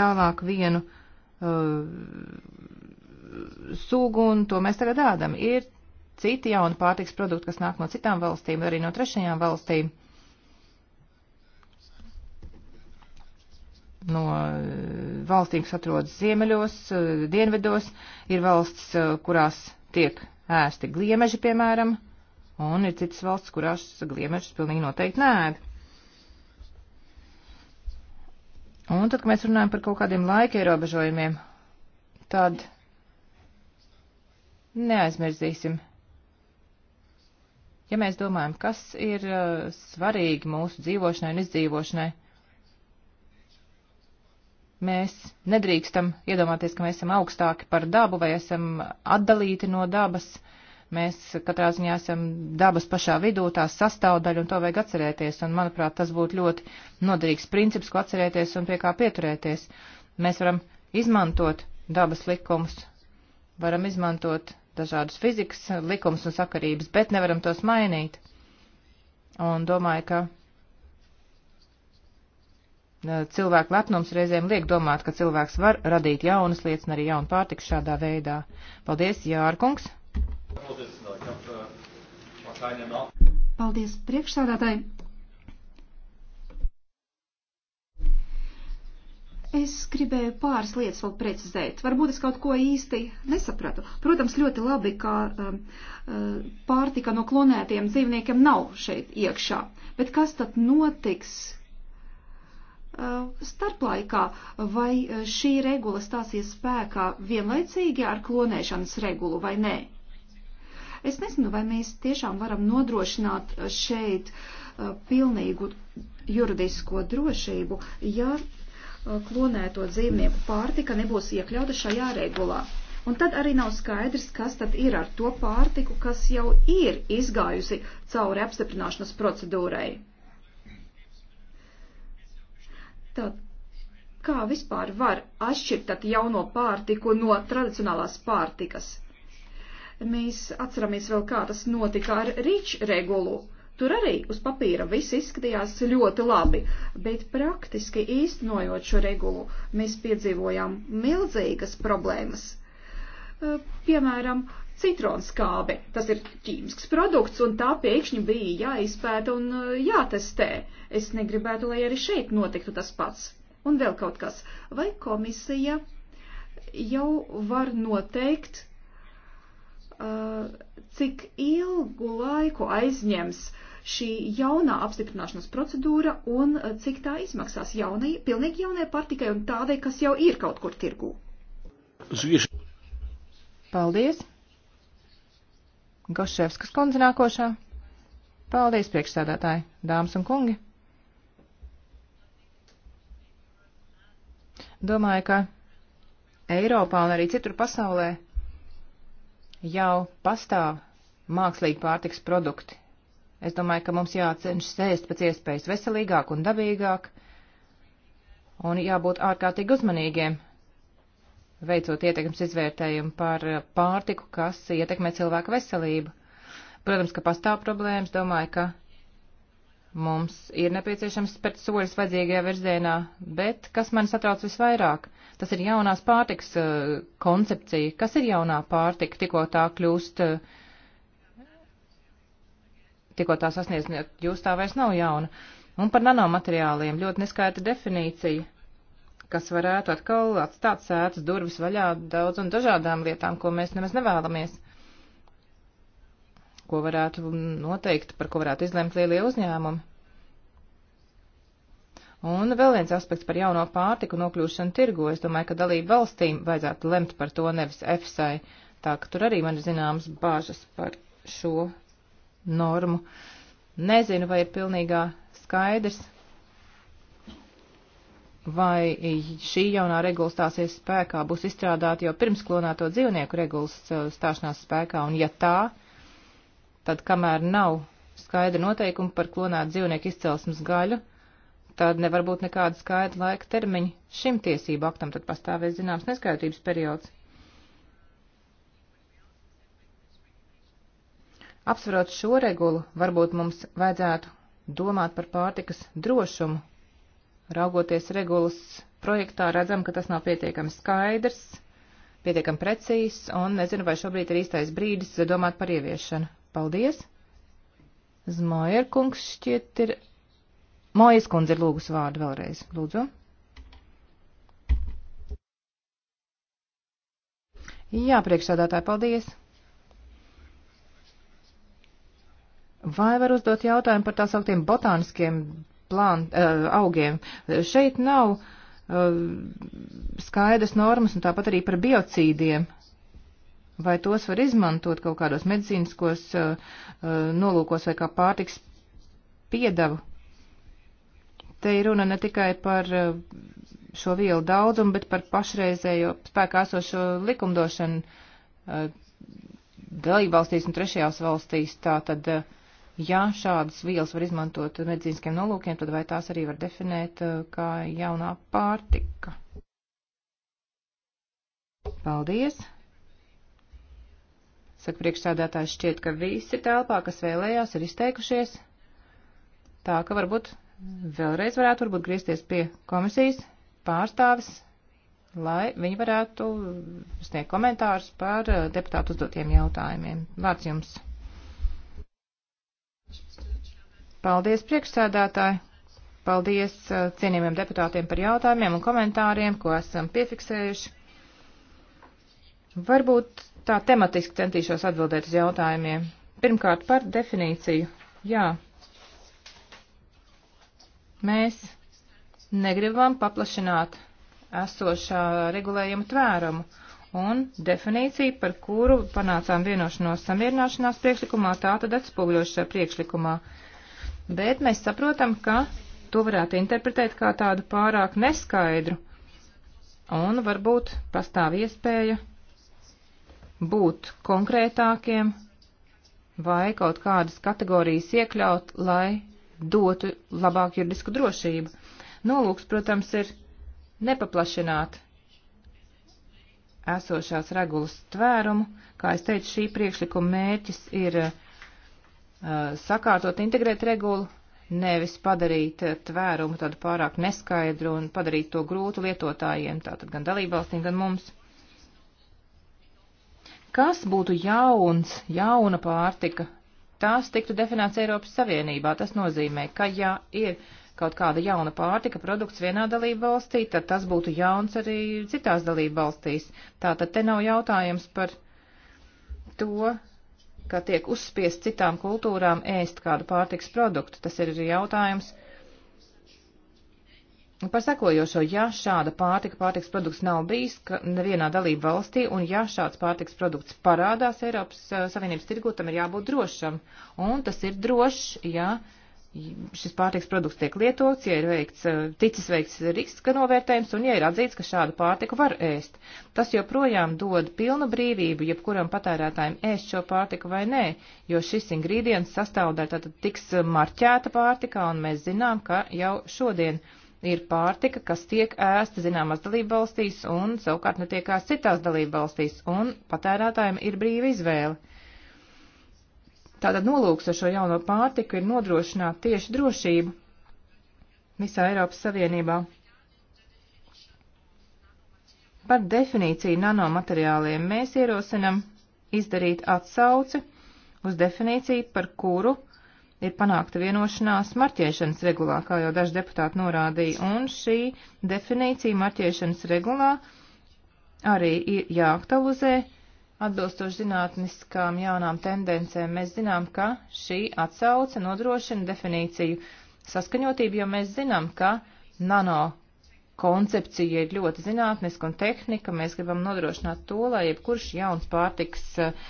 Speaker 3: tālāk vienu uh, Uh, sugu, un to mēs tagad ēdam. Ir citi jauni pārtiks produkti, kas nāk no citām valstīm, arī no trešajām valstīm. No uh, valstīm, kas atrodas ziemeļos, uh, dienvedos, ir valsts, kurās tiek ēsti gliemeži, piemēram, un ir citas valsts, kurās gliemežus pilnīgi noteikti nēd. Un tad, kad mēs runājam par kaut kādiem laika ierobežojumiem, tad neaizmirsīsim. Ja mēs domājam, kas ir uh, svarīgi mūsu dzīvošanai un izdzīvošanai, mēs nedrīkstam iedomāties, ka mēs esam augstāki par dabu vai esam atdalīti no dabas. Uh, Mēs katrā ziņā esam dabas pašā vidū, tās sastāvdaļa, un to vajag atcerēties. Un, manuprāt, tas būtu ļoti noderīgs princips, ko atcerēties un pie kā pieturēties. Mēs varam izmantot dabas likumus, varam izmantot dažādus fizikas likumus un sakarības, bet nevaram tos mainīt. Un domāju, ka e, cilvēku lepnums reizēm liek domāt, ka cilvēks var radīt jaunas lietas un arī jaunu pārtiku šādā veidā. Paldies, Jārkungs! Paldies priekšsādātāji.
Speaker 2: Es gribēju pāris lietas vēl precizēt. Varbūt es kaut ko īsti nesapratu. Protams, ļoti labi, ka um, uh, pārtika no klonētiem dzīvniekiem nav šeit iekšā. Bet kas tad notiks uh, starplaikā? Vai uh, šī regula stāsies spēkā vienlaicīgi ar klonēšanas regulu vai nē? Uh, Es nezinu, vai mēs tiešām varam nodrošināt šeit uh, pilnīgu juridisko drošību, ja uh, klonēto dzīvnieku pārtika nebūs iekļauta šajā regulā. Un tad arī nav skaidrs, kas tad ir ar to pārtiku, kas jau ir izgājusi cauri apstiprināšanas procedūrai. Tad kā vispār var atšķirt jauno pārtiku no tradicionālās pārtikas? Mēs atceramies vēl, kā tas notika ar Rīču regulu. Tur arī uz papīra viss izskatījās ļoti labi, bet praktiski īstenojot šo regulu, mēs piedzīvojām milzīgas problēmas. E, piemēram, citronskābe. Tas ir ķīmisks produkts, un tā pēkšņi bija jāizpēta un e, jātestē. Es negribētu, lai arī šeit notiktu tas pats. Un vēl kaut kas. Vai komisija jau var noteikt, Uh, cik ilgu laiku aizņems šī jaunā apstiprināšanas procedūra un uh, cik tā izmaksās jaunai, pilnīgi jaunai partikai un tādai, kas jau ir
Speaker 3: kaut kur tirgū. Zvieši. Paldies. Goševskas kundze nākošā. Paldies, priekšsēdētāji, dāmas un kungi. Domāju, ka Eiropā un arī citur pasaulē jau pastāv mākslīgi pārtiks produkti. Es domāju, ka mums jācenšas ēst pēc iespējas veselīgāk un dabīgāk, un jābūt ārkārtīgi uzmanīgiem, veicot ietekmes izvērtējumu par pārtiku, kas ietekmē cilvēku veselību. Protams, ka pastāv problēmas, domāju, ka Mums ir nepieciešams spērt soļus vajadzīgajā virzienā, bet kas man satrauc visvairāk? Tas ir jaunās pārtiks uh, koncepcija. Kas ir jaunā pārtika? Tikko tā kļūst, uh, tikko tā sasniedz, jūs tā vairs nav jauna. Un par nanomateriāliem ļoti neskaita definīcija, kas varētu atkal atstāt sētas durvis vaļā daudz un dažādām lietām, ko mēs nemaz nevēlamies ko varētu noteikt, par ko varētu izlemt lielie uzņēmumi. Un vēl viens aspekts par jauno pārtiku nokļūšanu tirgu. Es domāju, ka dalību valstīm vajadzētu lemt par to nevis EFSAI, tā ka tur arī man ir zināmas bāžas par šo normu. Nezinu, vai ir pilnīgā skaidrs, vai šī jaunā regula stāsies spēkā, būs izstrādāta jau pirms klonēto dzīvnieku regulas uh, stāšanās spēkā, un ja tā, Tad, kamēr nav skaidra noteikuma par klonētu dzīvnieku izcelsmes gaļu, tad nevar būt nekāda skaidra laika termiņa šim tiesību aktam, tad pastāvēs zināms neskaidrības periods. Apsverot šo regulu, varbūt mums vajadzētu domāt par pārtikas drošumu. Raugoties regulas projektā, redzam, ka tas nav pietiekami skaidrs, pietiekami precīzs, un nezinu, vai šobrīd ir īstais brīdis domāt par ieviešanu. Paldies. Zmojer kungs šķiet ir. Mojas kundze ir lūgus vārdu vēlreiz. Lūdzu. Jā, priekšsādātāji, paldies. Vai var uzdot jautājumu par tā sauktiem botāniskiem plant, uh, augiem? Šeit nav uh, skaidras normas un tāpat arī par biocīdiem. Uh, Vai tos var izmantot kaut kādos medicīniskos uh, uh nolūkos vai kā pārtiks piedevu? Te ir runa ne tikai par uh, šo vielu daudzumu, bet par pašreizējo spēkā esošo likumdošanu uh, dalībvalstīs un trešajās valstīs. Tātad, uh, ja šādas vielas var izmantot medicīniskiem nolūkiem, tad vai tās arī var definēt uh, kā jaunā pārtika? Paldies! Saka priekšsēdētājs šķiet, ka visi telpā, kas vēlējās, ir izteikušies. Tā ka varbūt vēlreiz varētu varbūt griezties pie komisijas pārstāvis, lai viņi varētu sniegt komentārus par eh, deputātu uzdotiem jautājumiem. Vārds jums. Paldies priekšsēdētāji. Paldies eh, cienījumiem deputātiem par jautājumiem un komentāriem, ko esam piefiksējuši. Varbūt tā tematiski centīšos atbildēt uz jautājumiem. Pirmkārt, par definīciju. Jā. Mēs negribam paplašināt esošā regulējuma tvērumu. Un definīcija, par kuru panācām vienošanos samierināšanās priekšlikumā, tā tad atspoguļojas šajā priekšlikumā. Bet mēs saprotam, ka to varētu interpretēt kā tādu pārāk neskaidru. Un varbūt pastāv iespēja būt konkrētākiem vai kaut kādas kategorijas iekļaut, lai dotu labāku juridisku drošību. Nolūks, protams, ir nepaplašināt esošās regulas tvērumu. Kā es teicu, šī priekšlikuma mērķis ir uh, sakārtot, integrēt regulu, nevis padarīt uh, tvērumu tādu pārāk neskaidru un padarīt to grūtu lietotājiem, tātad gan dalībvalstīm, gan mums kas būtu jauns, jauna pārtika, tās tiktu definēts Eiropas Savienībā. Tas nozīmē, ka ja ir kaut kāda jauna pārtika produkts vienā dalība valstī, tad tas būtu jauns arī citās dalība valstīs. Tātad te nav jautājums par to, ka tiek uzspiest citām kultūrām ēst kādu pārtiks produktu. Tas ir jautājums Par sekojošo, ja šāda pārtika pārtiks produkts nav bijis nevienā dalība valstī, un ja šāds pārtiks produkts parādās Eiropas uh, Savienības tirgū, tam ir jābūt drošam. Un tas ir drošs, ja šis pārtiks produkts tiek lietots, ja ir veikts, uh, ticis veikts riska novērtējums, un ja ir atzīts, ka šādu pārtiku var ēst. Tas joprojām dod pilnu brīvību jebkuram patērētājiem ēst šo pārtiku vai nē, jo šis ingredients sastāvdaļa tātad tiks marķēta pārtikā, un mēs zinām, ka jau šodien. Uh, ir pārtika, kas tiek ēsta zināmās dalība valstīs un savukārt netiek ēsta citās dalība valstīs, un patērētājiem ir brīva izvēle. Tātad nolūks ar šo jauno pārtiku ir nodrošināt tieši drošību visā Eiropas Savienībā. Par definīciju nanomateriāliem mēs ierosinam izdarīt atsauci uz definīciju, par kuru uh, ir panākta vienošanās marķēšanas regulā, kā jau daži deputāti norādīja, un šī definīcija marķēšanas regulā arī ir jāaktualizē atbilstoši zinātniskām jaunām tendencēm. Mēs zinām, ka šī atsauce nodrošina definīciju saskaņotību, jo mēs zinām, ka nano koncepcija ir ļoti zinātniska un tehnika. Mēs gribam nodrošināt to, lai jebkurš jauns pārtiks eh,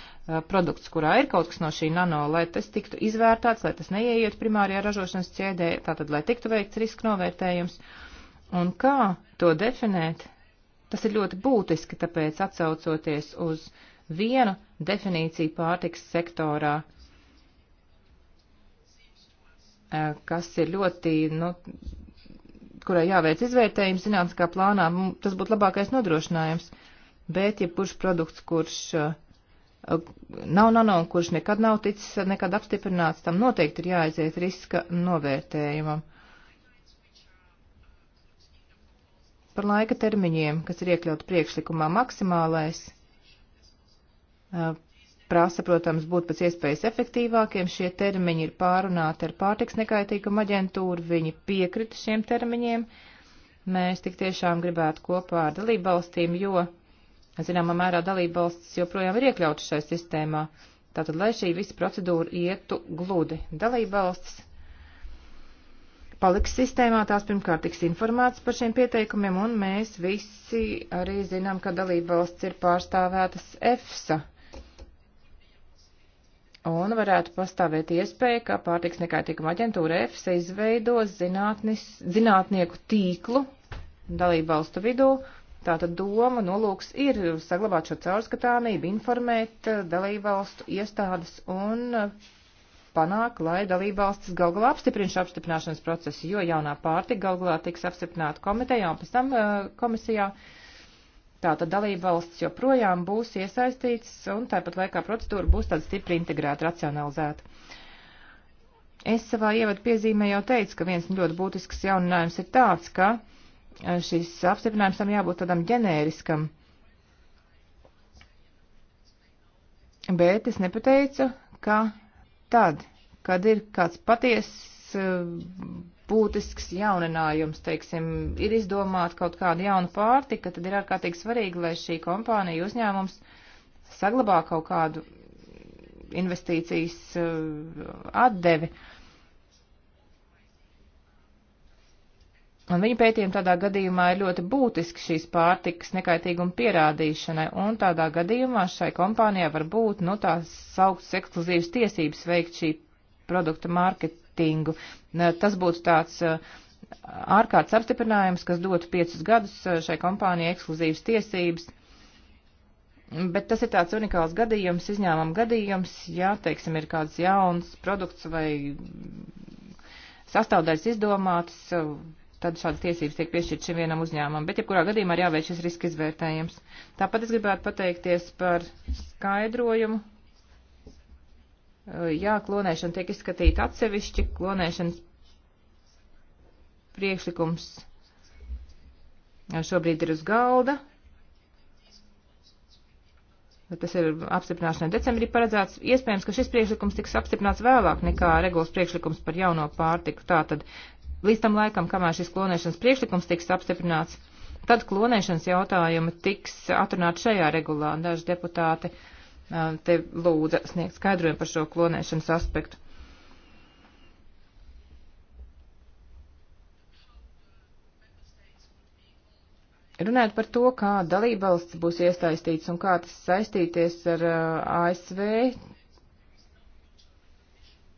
Speaker 3: produkts, kurā ir kaut kas no šī nano, lai tas tiktu izvērtāts, lai tas neieiet primārajā ražošanas ķēdē, tātad, lai tiktu veikts riska novērtējums. Un kā to definēt? Tas ir ļoti būtiski, tāpēc atsaucoties uz vienu definīciju pārtiks sektorā, eh, kas ir ļoti, nu, kurai jāveic izvērtējums zinātniskā plānā, tas būtu labākais nodrošinājums. Bet, ja kurš produkts, kurš uh, nav nano un kurš nekad nav ticis nekad apstiprināts, tam noteikti ir jāaiziet riska novērtējumam. Par laika termiņiem, kas ir iekļaut priekšlikumā maksimālais uh, prasa, protams, būt pēc iespējas efektīvākiem. Šie termiņi ir pārunāti ar pārtiks nekaitīguma aģentūru, viņi piekrita šiem termiņiem. Mēs tik tiešām gribētu kopā ar dalību valstīm, jo, zināmā mērā, dalību valstis joprojām ir iekļautas šai sistēmā. Tātad, lai šī visa procedūra ietu gludi, dalību valstis paliks sistēmā, tās pirmkārt tiks informētas par šiem pieteikumiem, un mēs visi arī zinām, ka dalība valsts ir pārstāvētas EFSA Un varētu pastāvēt iespēja, ka pārtiks nekaitīguma aģentūra EFSA izveidos zinātnis, zinātnieku tīklu dalību valstu vidū. Tātad doma, nolūks ir saglabāt šo caurskatāmību, informēt eh, dalību valstu iestādes un eh, panāk, lai dalību valstis galu galā apstiprina šo apstiprināšanas procesu, jo jaunā pārtika galu galā tiks apstiprināta komitejā un pēc tam uh, komisijā. Uh, Tātad dalība valsts joprojām būs iesaistīts un tāpat laikā procedūra būs tāda stipri integrēta, racionalizēta. Es savā ievadu piezīmē jau teicu, ka viens ļoti būtisks jauninājums ir tāds, ka e, šis apstiprinājums tam jābūt tādam ģenēriskam. Bet es nepateicu, ka tad, kad ir kāds paties e, būtisks jauninājums, teiksim, ir izdomāta kaut kāda jauna pārtika, tad ir ārkārtīgi svarīgi, lai šī kompānija uzņēmums saglabā kaut kādu investīcijas uh, atdevi. Un viņa pētījumi tādā gadījumā ir ļoti būtiski šīs pārtikas nekaitīguma pierādīšanai, un tādā gadījumā šai kompānijai var būt, nu, tās sauktas ekskluzīvas tiesības veikt šī produkta mārketingu. Tas būtu tāds uh, ārkārtas apstiprinājums, kas dotu piecus gadus uh, šai kompānijai ekskluzīvas tiesības. Bet tas ir tāds unikāls gadījums, izņēmuma gadījums, ja, teiksim, ir kāds jauns produkts vai sastāvdaļas izdomāts, uh, tad šādas tiesības tiek piešķirt šim vienam uzņēmumam. Bet, ja kurā gadījumā ir jāveic šis riska izvērtējums. Tāpat es gribētu pateikties par skaidrojumu Jā, klonēšana tiek izskatīta atsevišķi, klonēšanas priekšlikums šobrīd ir uz galda. Tas ir apstiprināšanai decembrī paredzēts. Iespējams, ka šis priekšlikums tiks apstiprināts vēlāk nekā regulas priekšlikums par jauno pārtiku. Tātad līdz tam laikam, kamēr šis klonēšanas priekšlikums tiks apstiprināts, tad klonēšanas jautājumi tiks atrunāti šajā regulā. Daži deputāti uh, te lūdza sniegt skaidrojumu par šo klonēšanas aspektu. Runājot par to, kā dalībvalsts būs iesaistīts un kā tas saistīties ar ASV,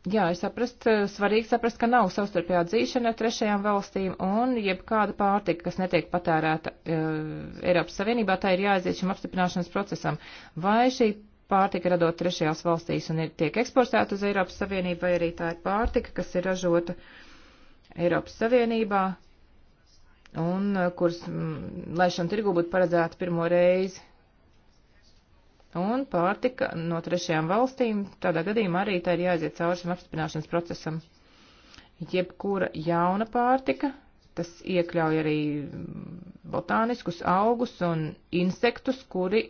Speaker 3: jā, ir saprast, svarīgi saprast, ka nav savstarpējā dzīšana ar trešajām valstīm un jebkāda pārtika, kas netiek patērēta e, Eiropas Savienībā, tā ir jāaiziet šim apstiprināšanas procesam. Vai šī pārtika radot trešajās valstīs un ir, tiek eksportēta uz Eiropas Savienību, vai arī tā ir pārtika, kas ir ražota Eiropas Savienībā un uh, kuras mm, laišana tirgu būtu paredzēta pirmo reizi. Un pārtika no trešajām valstīm tādā gadījumā arī tā ir jāiziet cauri šim apstiprināšanas procesam. Jebkura jauna pārtika, tas iekļauj arī mm, botāniskus augus un insektus, kuri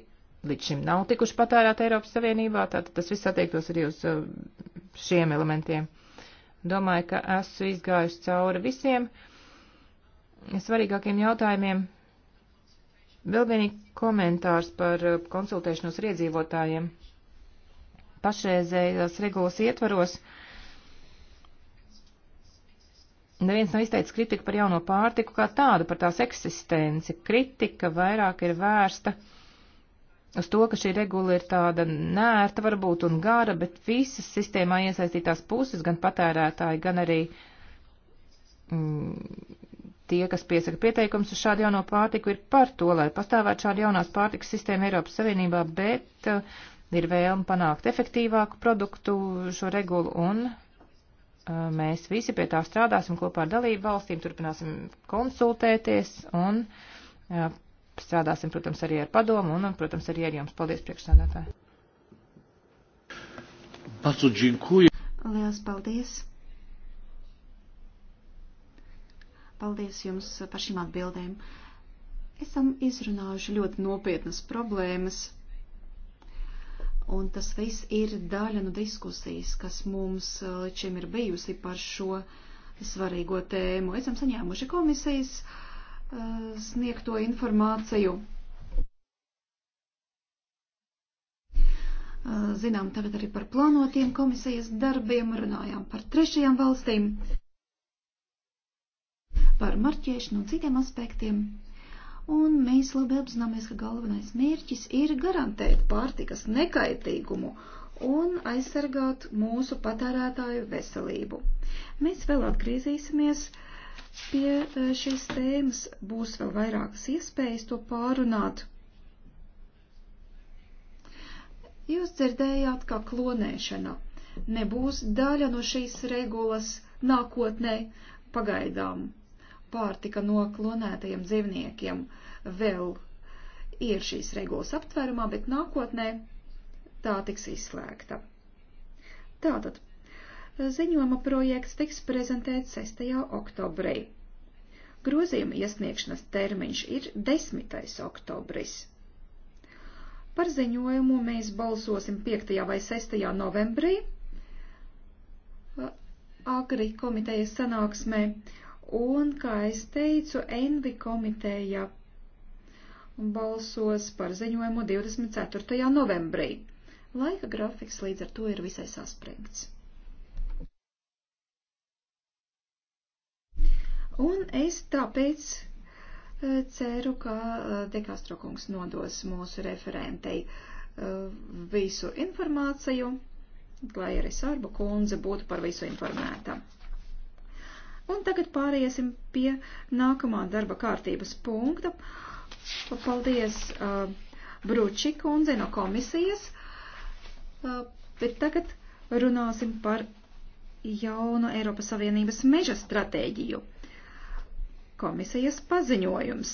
Speaker 3: līdz šim nav tikuši patērēti Eiropas Savienībā, tātad tas viss attiektos arī uz uh, šiem elementiem. Domāju, ka esmu izgājusi cauri visiem svarīgākiem jautājumiem. Vēl vienīgi komentārs par uh, konsultēšanos ar iedzīvotājiem. Pašreizējās regulas ietvaros neviens nav izteicis kritiku par jauno pārtiku kā tādu, par tās eksistenci. Kritika vairāk ir vērsta uh, uz to, ka šī regula ir tāda nērta varbūt un gara, bet visas sistēmā iesaistītās puses, gan patērētāji, gan arī mm, tie, kas piesaka pieteikums uz šādu jauno pārtiku, ir par to, lai pastāvētu šāda jaunās pārtikas sistēma Eiropas Savienībā, bet uh, ir vēlme panākt efektīvāku produktu šo regulu un uh, mēs visi pie tā strādāsim kopā ar dalību valstīm, turpināsim konsultēties un uh, strādāsim, protams, arī ar padomu un, protams, arī ar jums. Paldies, priekšsēdētāji.
Speaker 2: Lielas paldies! Paldies jums par šīm atbildēm. Esam izrunājuši ļoti nopietnas problēmas, un tas viss ir daļa no diskusijas, kas mums uh, līdz šim ir bijusi par šo svarīgo tēmu. Esam saņēmuši komisijas uh, Eh, sniegto informāciju. Eh, zinām tagad arī par plānotiem komisijas darbiem, runājām par trešajām valstīm, par marķēšanu un citiem aspektiem. Un mēs labi apzināmies, ka galvenais mērķis ir garantēt pārtikas nekaitīgumu un aizsargāt mūsu patērētāju veselību. Mēs vēl atgriezīsimies uh, Pie šīs tēmas būs vēl vairākas iespējas to pārunāt. Jūs dzirdējāt, kā klonēšana nebūs daļa no šīs regulas nākotnē pagaidām. Pārtika no klonētajiem dzīvniekiem vēl ir šīs regulas aptvērumā, bet nākotnē tā tiks izslēgta. Tātad Ziņojuma projekts tiks prezentēts 6. oktobrī. Grozījuma iesniegšanas termiņš ir 10. oktobris. Par ziņojumu mēs balsosim 5. vai 6. novembrī Agri komitejas sanāksmē un, kā es teicu, Envi komiteja balsos par ziņojumu 24. novembrī. Laika grafiks līdz ar to ir visai saspringts. Un es tāpēc eh, ceru, ka eh, Dekastro kungs nodos mūsu referentei eh, visu informāciju, lai arī Sārba kundze būtu par visu informēta. Un tagad pāriesim pie nākamā darba kārtības punkta. Paldies uh, Bruči kundze no komisijas, uh, bet tagad runāsim par jaunu Eiropas Savienības meža stratēģiju komisijas paziņojums.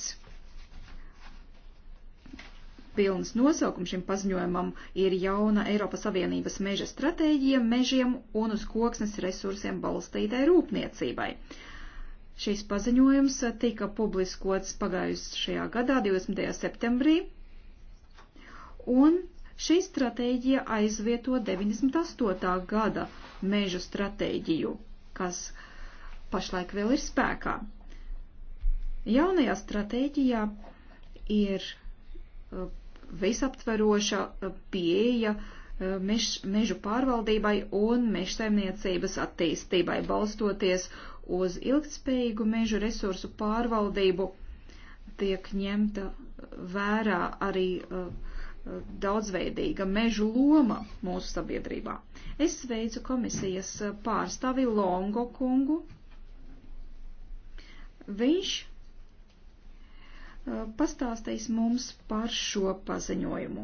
Speaker 2: Pilns nosaukums šim paziņojumam ir jauna Eiropas Savienības meža stratēģija mežiem un uz koksnes resursiem balstītai rūpniecībai. Šis paziņojums tika publiskots pagājušajā gadā, 20. septembrī, un šī stratēģija aizvieto 98. gada mežu stratēģiju, kas pašlaik vēl ir spēkā. Jaunajā stratēģijā ir uh, visaptveroša uh, pieeja uh, meš, mežu pārvaldībai un mežsaimniecības attīstībai, balstoties uz ilgtspējīgu mežu resursu pārvaldību, tiek ņemta vērā arī uh, daudzveidīga mežu loma mūsu sabiedrībā. Es sveicu komisijas pārstāvi Longo kungu. Viņš Uh, pastāstīs mums par šo paziņojumu.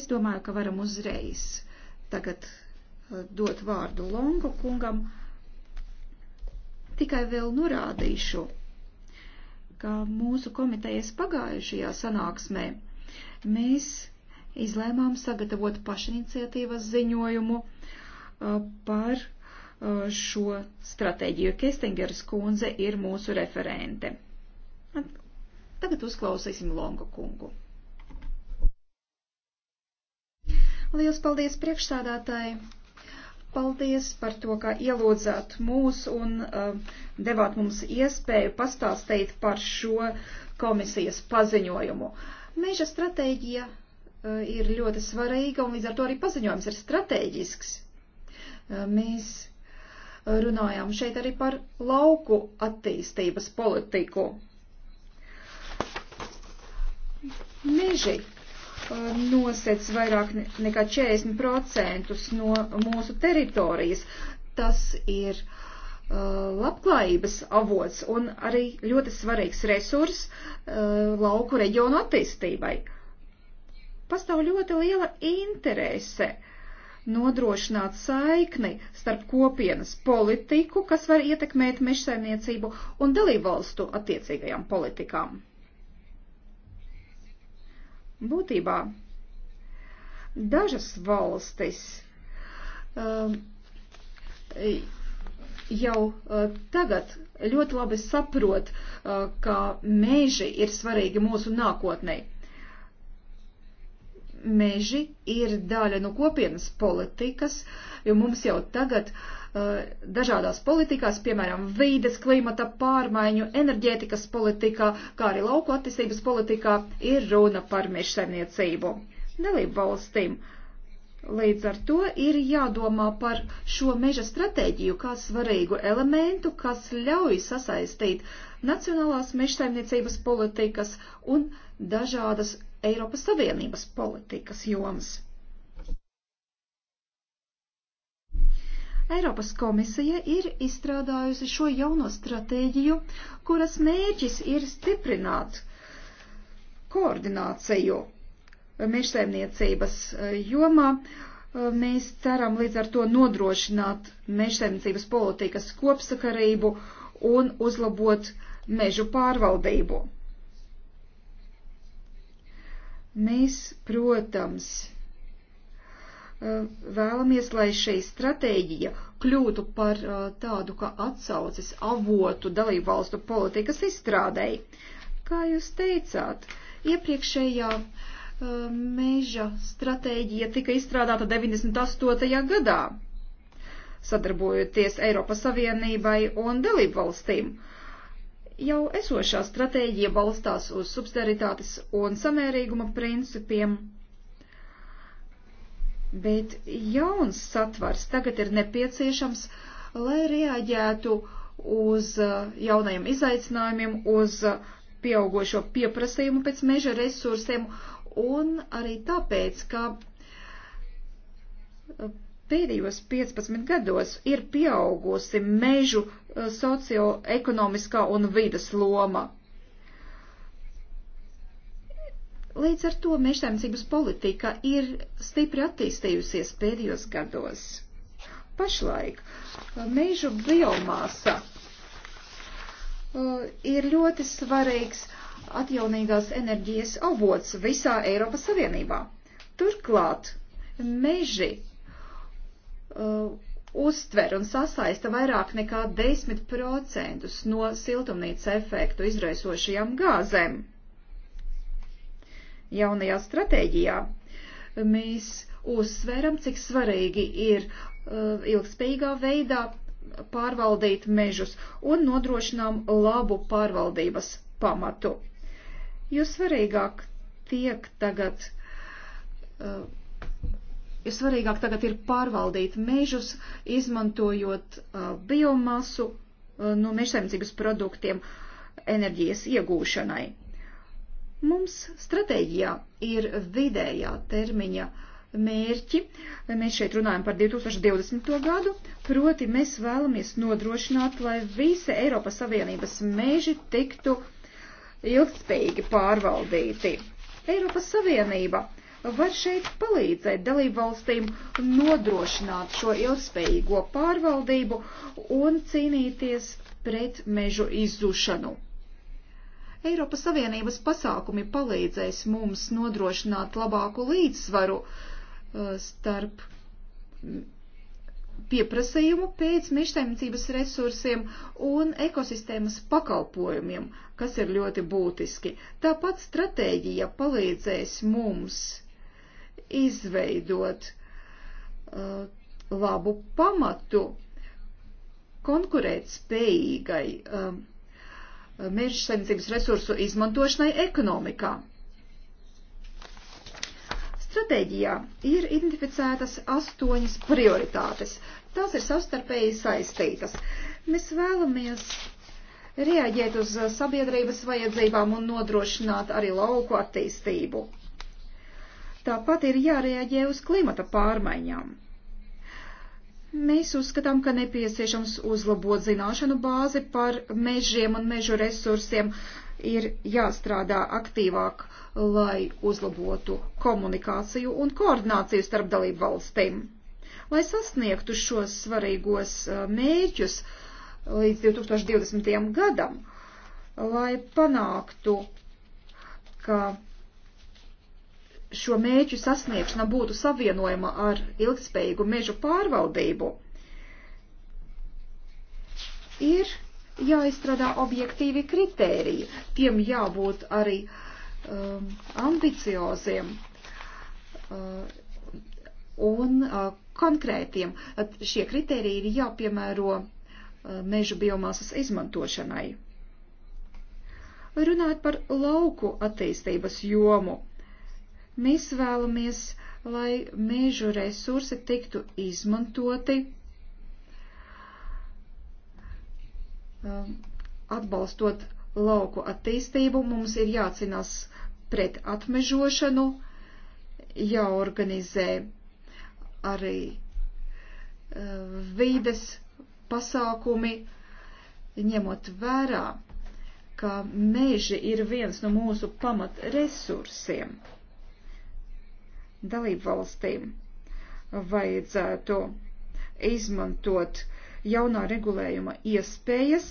Speaker 2: Es domāju, ka varam uzreiz tagad uh, dot vārdu Longu kungam. Tikai vēl norādīšu, ka mūsu komitejas pagājušajā sanāksmē mēs izlēmām sagatavot pašiniciatīvas ziņojumu uh, par šo stratēģiju. Kestingeras kundze ir mūsu referente. Tagad uzklausīsim Longa kungu. Liels paldies priekšsādātāji! Paldies par to, ka ielūdzāt mūs un uh, devāt mums iespēju pastāstīt par šo komisijas paziņojumu. Meža stratēģija uh, ir ļoti svarīga un līdz ar to arī paziņojums ir strateģisks. Uh, mēs runājām šeit arī par lauku attīstības politiku. Uh, Meži uh, nosec vairāk nekā 40% no mūsu teritorijas. Tas ir uh, labklājības avots un arī ļoti svarīgs resurs uh, lauku reģionu attīstībai. Pastāv ļoti liela interese nodrošināt saikni starp kopienas politiku, kas var ietekmēt mežsaimniecību un dalībvalstu attiecīgajām politikām. Būtībā dažas valstis um, jau uh, tagad ļoti labi saprot, uh, ka meži ir svarīgi mūsu nākotnē. Meži ir daļa no kopienas politikas, jo mums jau tagad uh, Eh, dažādās politikās, piemēram, vīdes, klimata pārmaiņu, enerģētikas politikā, kā arī lauku attīstības politikā, ir runa par mežsaimniecību. Dalību valstīm līdz ar to ir jādomā par šo meža stratēģiju kā svarīgu elementu, kas ļauj sasaistīt nacionālās mežsaimniecības politikas un dažādas Eiropas Savienības politikas jomas. Eiropas komisija ir izstrādājusi šo jauno stratēģiju, kuras mērķis ir stiprināt koordināciju mežsaimniecības e, jomā. E, mēs ceram līdz ar to nodrošināt mežsaimniecības politikas kopsakarību un uzlabot mežu pārvaldību. Mēs, protams, vēlamies, lai šī stratēģija kļūtu par uh, tādu kā atsauces avotu dalību valstu politikas izstrādēji. Kā jūs teicāt, iepriekšējā uh, meža stratēģija tika izstrādāta 98. gadā, sadarbojoties Eiropas Savienībai un dalību valstīm. Jau esošā stratēģija balstās uz subsidiaritātes un samērīguma principiem bet jauns satvars tagad ir nepieciešams, lai reaģētu uz uh, jaunajiem izaicinājumiem, uz uh, pieaugošo pieprasījumu pēc meža resursiem un arī tāpēc, ka uh, pēdējos 15 gados ir pieaugusi mežu socioekonomiskā un vidas loma. Līdz ar to mežsaimniecības politika ir stipri attīstījusies pēdējos gados. Pašlaik uh, mežu biomasa uh, ir ļoti svarīgs atjaunīgās enerģijas avots visā Eiropas Savienībā. Turklāt meži uh, uztver un sasaista vairāk nekā 10% no siltumnīca efektu izraisošajām gāzēm jaunajā stratēģijā. Mēs uzsveram, cik svarīgi ir uh, ilgspējīgā veidā pārvaldīt mežus un nodrošinām labu pārvaldības pamatu. Jo svarīgāk tiek tagad, uh, jo svarīgāk tagad ir pārvaldīt mežus, izmantojot uh, biomasu no mežsaimniecības produktiem enerģijas iegūšanai. Mums stratēģijā ir vidējā termiņa mērķi. Mēs šeit runājam par 2020. gadu, proti mēs vēlamies nodrošināt, lai visi Eiropas Savienības meži tiktu ilgspējīgi pārvaldīti. Eiropas Savienība var šeit palīdzēt dalību valstīm nodrošināt šo ilgspējīgo pārvaldību un cīnīties pret mežu izzušanu. Eiropas Savienības pasākumi palīdzēs mums nodrošināt labāku līdzsvaru uh, starp pieprasījumu pēc mežsaimniecības resursiem un ekosistēmas pakalpojumiem, kas ir ļoti būtiski. Tāpat stratēģija palīdzēs mums izveidot uh, labu pamatu konkurēt spējīgai um, uh, meža saimniecības resursu izmantošanai ekonomikā. Stratēģijā ir identificētas astoņas prioritātes. Tās ir savstarpēji saistītas. Mēs vēlamies reaģēt uz sabiedrības vajadzībām un nodrošināt arī lauku attīstību. Tāpat ir jārēģē uz klimata pārmaiņām. Mēs uzskatām, ka nepieciešams uzlabot zināšanu bāzi par mežiem un mežu resursiem, ir jāstrādā aktīvāk, lai uzlabotu komunikāciju un koordināciju starp dalību valstīm. Lai sasniegtu šos svarīgos uh, mērķus uh, līdz 2020. gadam, lai panāktu, ka šo mēķu sasniegšana būtu savienojama ar ilgspējīgu mežu pārvaldību, ir jāizstrādā objektīvi kritēriji. Tiem jābūt arī um, ambicioziem uh, un uh, konkrētiem. At šie kritēriji ir jāpiemēro uh, mežu biomasas izmantošanai. Runāt par lauku attīstības jomu Mēs vēlamies, lai mežu resursi tiktu izmantoti, um, atbalstot lauku attīstību. Mums ir jācinās pret atmežošanu, jāorganizē arī uh, vīdes pasākumi, ņemot vērā, ka meži ir viens no mūsu pamatresursiem. resursiem Dalību valstīm vajadzētu izmantot jaunā regulējuma iespējas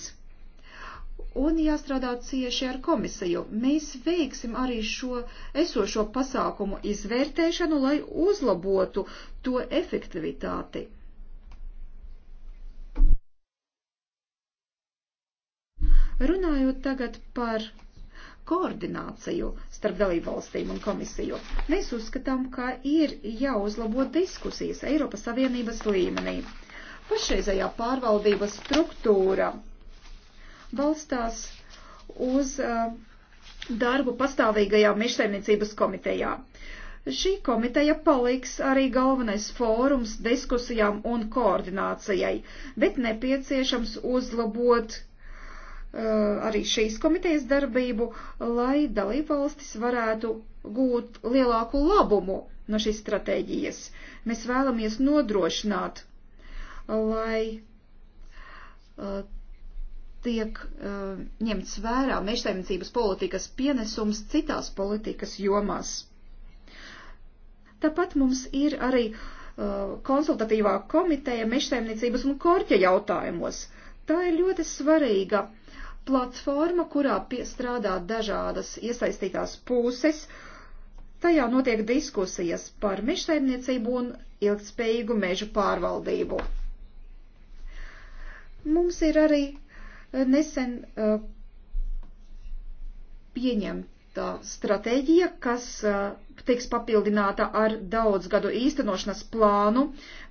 Speaker 2: un jāstrādā cieši ar komisiju. Mēs veiksim arī šo esošo pasākumu izvērtēšanu, lai uzlabotu to efektivitāti. Runājot tagad par koordināciju starp dalībvalstīm un komisiju. Mēs uzskatām, ka ir jāuzlabo diskusijas Eiropas Savienības līmenī. Pašreizējā pārvaldības struktūra balstās uz uh, darbu pastāvīgajā mežsaimniecības komitejā. Šī komiteja paliks arī galvenais fórums diskusijām un koordinācijai, bet nepieciešams uzlabot Uh, arī šīs komitejas darbību, lai dalībvalstis varētu gūt lielāku labumu no šīs stratēģijas. Mēs vēlamies nodrošināt, lai uh, tiek uh, ņemts vērā mežsaimniecības politikas pienesums citās politikas jomās. Tāpat mums ir arī konsultatīvā komiteja mežsaimniecības un korķa jautājumos. Tā ir ļoti svarīga uh, platforma, kurā strādā dažādas iesaistītās puses. Tajā notiek diskusijas par mežsaimniecību un ilgtspējīgu mežu pārvaldību. Mums ir arī eh, nesen uh, eh, pieņemt tā stratēģija, kas uh, tiks papildināta ar daudz gadu īstenošanas plānu,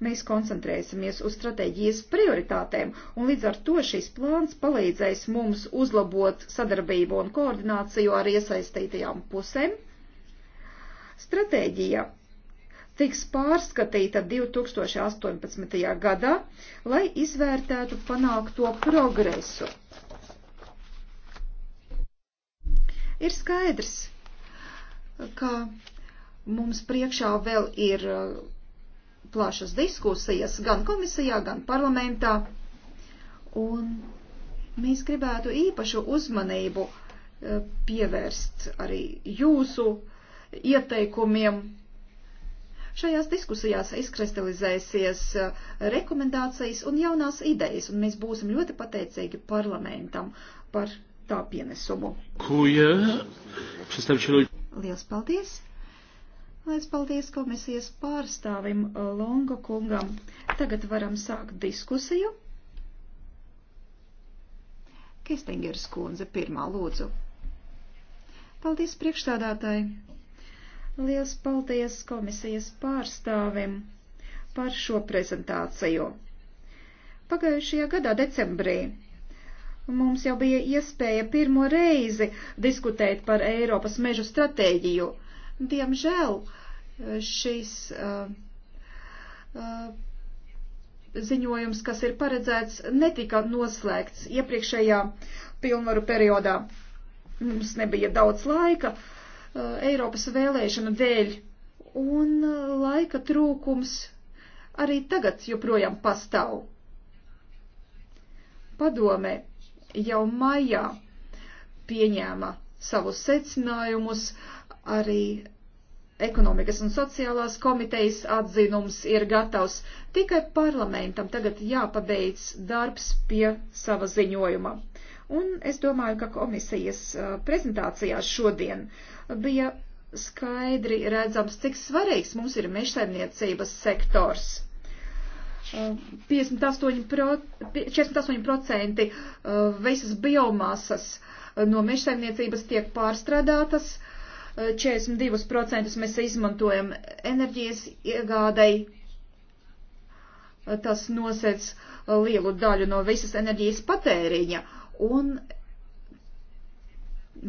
Speaker 2: mēs koncentrēsimies uz stratēģijas prioritātēm, un līdz ar to šis plāns palīdzēs mums uzlabot sadarbību un koordināciju ar iesaistītajām pusēm. Stratēģija tiks pārskatīta 2018. gadā, lai izvērtētu panākto progresu Ir skaidrs, ka mums priekšā vēl ir uh, plašas diskusijas gan komisijā, gan parlamentā, un mēs gribētu īpašu uzmanību uh, pievērst arī jūsu ieteikumiem. Šajās diskusijās izkristalizēsies uh, rekomendācijas un jaunās idejas, un mēs būsim ļoti pateicīgi parlamentam par tā pienesumu. Lielas paldies! Lielas paldies komisijas pārstāvim uh, Longa kungam. Tagad varam sākt diskusiju. Kestingers kundze pirmā lūdzu. Paldies priekšstādātāji! Lielas paldies komisijas pārstāvim par šo prezentāciju. Pagājušajā gadā decembrī mums jau bija iespēja pirmo reizi diskutēt par Eiropas mežu stratēģiju. Diemžēl eh, šis uh, uh, ziņojums, kas ir paredzēts, netika noslēgts iepriekšējā pilnvaru periodā. Mums nebija daudz laika uh, Eiropas vēlēšanu dēļ, un laika trūkums arī tagad joprojām pastāv. Padomē, jau maijā pieņēma savus secinājumus, arī ekonomikas un sociālās komitejas atzinums ir gatavs. Tikai parlamentam tagad jāpabeidz darbs pie sava ziņojuma. Un es domāju, ka komisijas uh, prezentācijā šodien bija skaidri redzams, cik svarīgs mums ir mežsaimniecības sektors. 58%, pro, 48% visas biomasas no mežsaimniecības tiek pārstrādātas, 42% mēs izmantojam enerģijas iegādai. Tas nosēc lielu daļu no visas enerģijas patēriņa, un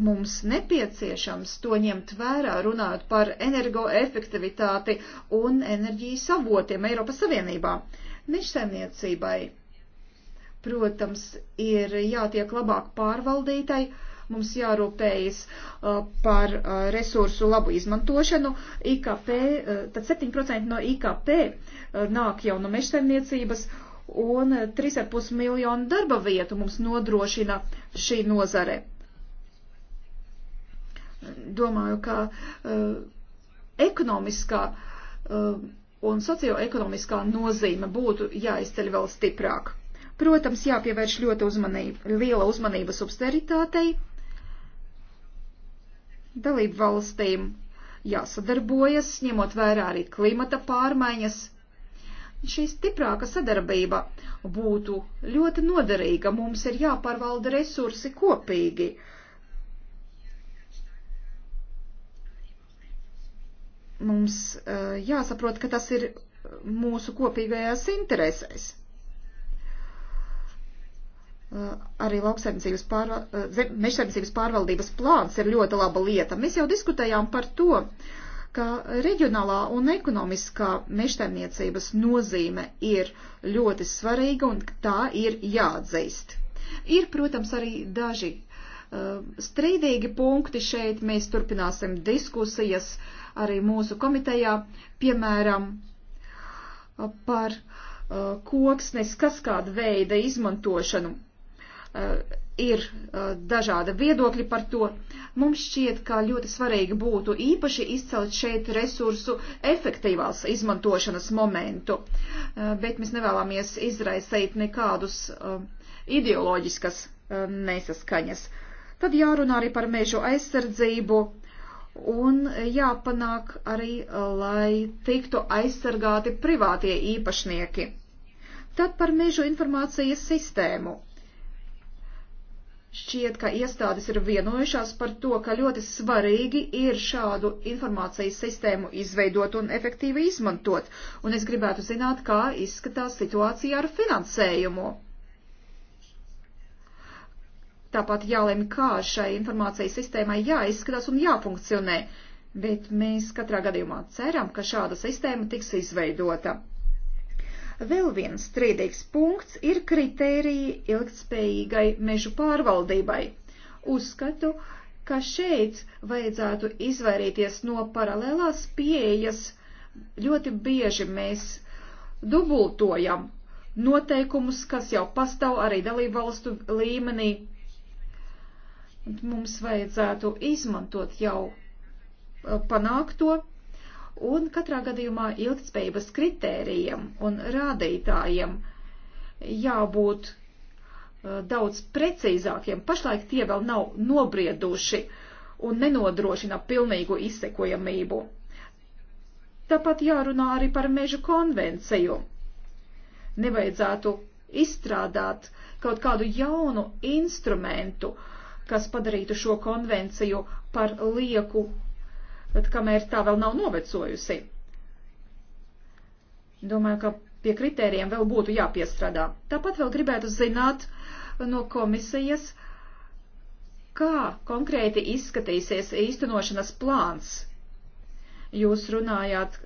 Speaker 2: mums nepieciešams to ņemt vērā, runājot par energoefektivitāti un enerģijas avotiem Eiropas Savienībā. Uh, mežsaimniecībai. Protams, ir jātiek labāk pārvaldītai, mums jārūpējas uh, par uh, resursu labu izmantošanu. IKP, uh, tad 7% no IKP nāk jau no mežsaimniecības un 3,5 miljonu darba vietu mums nodrošina šī nozare. Domāju, ka uh, ekonomiskā uh, un socioekonomiskā nozīme būtu jāizceļ vēl stiprāk. Protams, jāpievērš ļoti uzmanība, liela uzmanība subsidiaritātei, dalību valstīm jāsadarbojas, ņemot vērā arī klimata pārmaiņas. Šī stiprāka sadarbība būtu ļoti noderīga, mums ir jāpārvalda resursi kopīgi, Mums jāsaprot, ka tas ir mūsu kopīgajās interesēs. Arī lauksaimniecības pārva pārvaldības plāns ir ļoti laba lieta. Mēs jau diskutējām par to, ka reģionālā un ekonomiskā mežsaimniecības nozīme ir ļoti svarīga un tā ir jāatzīst. Ir, protams, arī daži uh, strīdīgi punkti šeit. Mēs turpināsim diskusijas uh, arī mūsu komitejā, piemēram, par uh, koksnes kaskāda veida izmantošanu. Uh, ir uh, dažāda viedokļa par to. Mums šķiet, ka ļoti svarīgi būtu īpaši izcelt šeit resursu efektīvās izmantošanas momentu, bet mēs nevēlamies izraisīt nekādus ideoloģiskas nesaskaņas. Tad jārunā arī par mežu aizsardzību, un jāpanāk arī, lai tiktu aizsargāti privātie īpašnieki. Tad par mežu informācijas sistēmu. Šķiet, ka iestādes ir vienojušās par to, ka ļoti svarīgi ir šādu informācijas sistēmu izveidot un efektīvi izmantot, un es gribētu zināt, kā izskatās situācija ar finansējumu. Tāpat jālem, kā šai informācijas sistēmai jāizskatās un jāfunkcionē. Bet mēs katrā gadījumā ceram, ka šāda sistēma tiks izveidota. Vēl viens strīdīgs punkts ir kritērija ilgtspējīgai mežu pārvaldībai. Uzskatu, ka šeit vajadzētu izvairīties no paralēlās pieejas. Ļoti bieži mēs dubultojam noteikumus, kas jau pastāv arī dalību valstu līmenī. Mums vajadzētu izmantot jau eh, panākto un katrā gadījumā ilgtspējības kritērijiem un rādītājiem jābūt eh, daudz precīzākiem. Pašlaik tie vēl nav nobrieduši un nenodrošina pilnīgu izsekojamību. Tāpat jārunā arī par mežu konvenciju. Nevajadzētu izstrādāt kaut kādu jaunu instrumentu, uh, kas padarītu šo konvenciju par lieku, kamēr tā vēl nav novecojusi. Domāju, ka pie kritērijiem vēl būtu jāpiestrādā. Tāpat vēl gribētu zināt no komisijas, kā konkrēti izskatīsies īstenošanas plāns. Jūs runājāt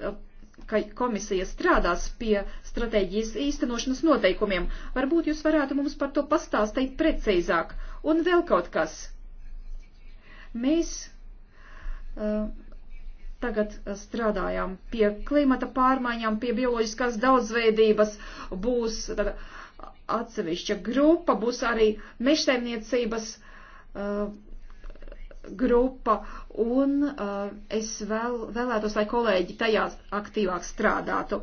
Speaker 2: ka komisija strādās pie stratēģijas īstenošanas noteikumiem. Varbūt jūs varētu mums par to pastāstīt precīzāk. Un vēl kaut kas. Mēs uh, tagad strādājām pie klimata pārmaiņām, pie bioloģiskās daudzveidības, būs tāda atsevišķa grupa, būs arī mežsaimniecības uh, grupa, un uh, es vēl, vēlētos, lai kolēģi tajā aktīvāk strādātu.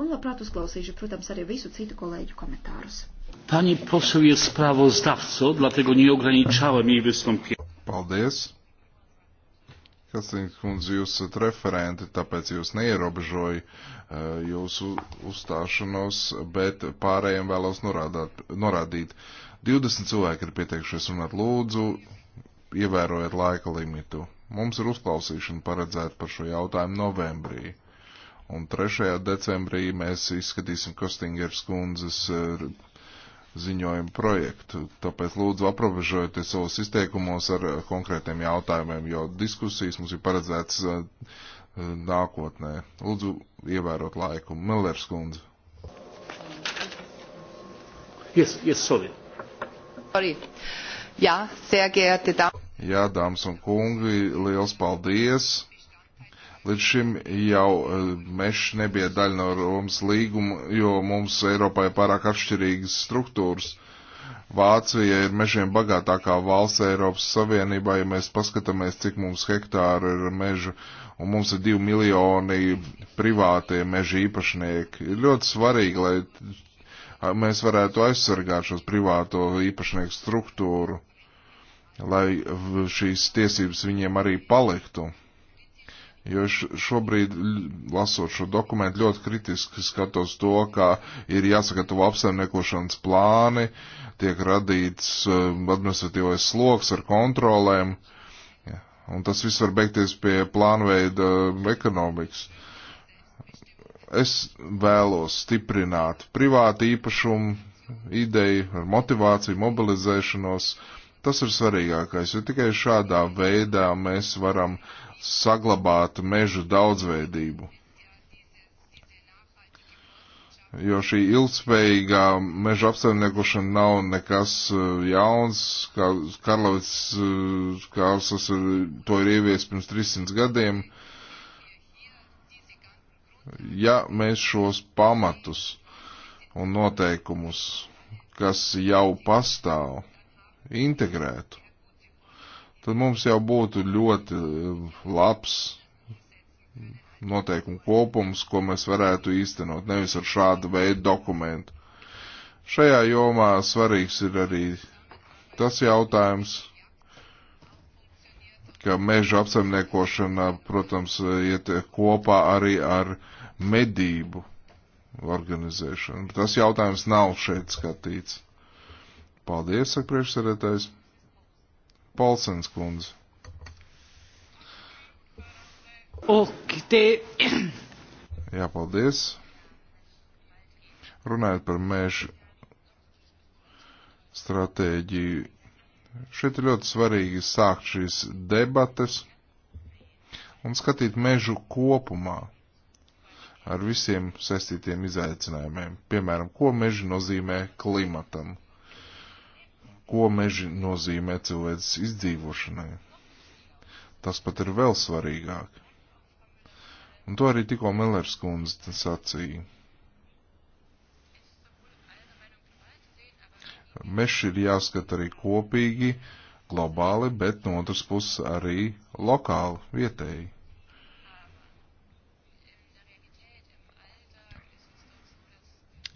Speaker 2: Un labprāt uzklausīšu, protams, arī visu citu kolēģu komentārus.
Speaker 1: Pani poseł jest sprawozdawcą, dlatego nie ograniczałem jej wystąpienia. Paldies. Kastīns kundze, jūs esat referenti, tāpēc jūs neierobežoju uh, jūsu uzstāšanos, bet pārējiem vēlos norādāt, norādīt. 20 cilvēki ir pieteikušies runāt lūdzu, ievērojot laika limitu. Mums ir uzklausīšana paredzēta par šo jautājumu novembrī. Un 3. decembrī mēs izskatīsim Kostingers kundzes eh, ziņojumu projektu. Tāpēc lūdzu aprobežojieties savos izteikumos ar eh, konkrētiem jautājumiem, jo diskusijas mums ir paredzētas eh, nākotnē. Lūdzu ievērot laiku. Millers kundze. Yes, yes, sorry.
Speaker 3: Sorry. Ja, sehr geehrte Damen.
Speaker 1: Jā, dāmas un kungi, liels paldies! Līdz šim jau eh, mešs nebija daļa no Romas līguma, jo mums Eiropā ir pārāk atšķirīgas struktūras. Vācija ir mežiem bagātākā valsts Eiropas Savienībā, ja mēs paskatāmies, cik mums hektāru ir mežu, un mums ir divi miljoni privātie meža īpašnieki. Ir ļoti svarīgi, lai mēs varētu aizsargāt šos privāto īpašnieku struktūru lai šīs tiesības viņiem arī paliktu. Jo šobrīd, lasot šo dokumentu, ļoti kritiski skatos to, ka ir jāsagatavo apsaimniekošanas plāni, tiek radīts um, administratīvais sloks ar kontrolēm, un tas viss var beigties pie plānveida um, ekonomikas. Es vēlos stiprināt privātu īpašumu ideju ar motivāciju, mobilizēšanos, uh, Tas ir svarīgākais, jo tikai šādā veidā mēs varam saglabāt mežu daudzveidību. Jo šī ilgspējīgā meža apsaimniekošana nav nekas uh, jauns, kā Karlovits uh, Kārsas uh, to ir ievies pirms 300 gadiem. Ja mēs šos pamatus un noteikumus, kas jau pastāv, integrētu, tad mums jau būtu ļoti eh, labs noteikumu kopums, ko mēs varētu īstenot, nevis ar šādu veidu dokumentu. Šajā jomā svarīgs ir arī tas jautājums, ka meža apsaimniekošana, protams, iet kopā arī ar medību organizēšanu. Tas jautājums nav šeit skatīts. Paldies, saka priekšsarētājs. Palsens kundze.
Speaker 3: Ok, te.
Speaker 1: Jā, paldies. Runājot par mēžu stratēģiju, šeit ir ļoti svarīgi sākt šīs debates un skatīt mežu kopumā ar visiem saistītiem izaicinājumiem. Piemēram, ko meži nozīmē klimatam? ko meži nozīmē cilvēces izdzīvošanai. Tas pat ir vēl svarīgāk. Un to arī tikko Mellers kundze sacīja. Meši ir jāskata arī kopīgi, globāli, bet no otras puses arī lokāli, vietēji.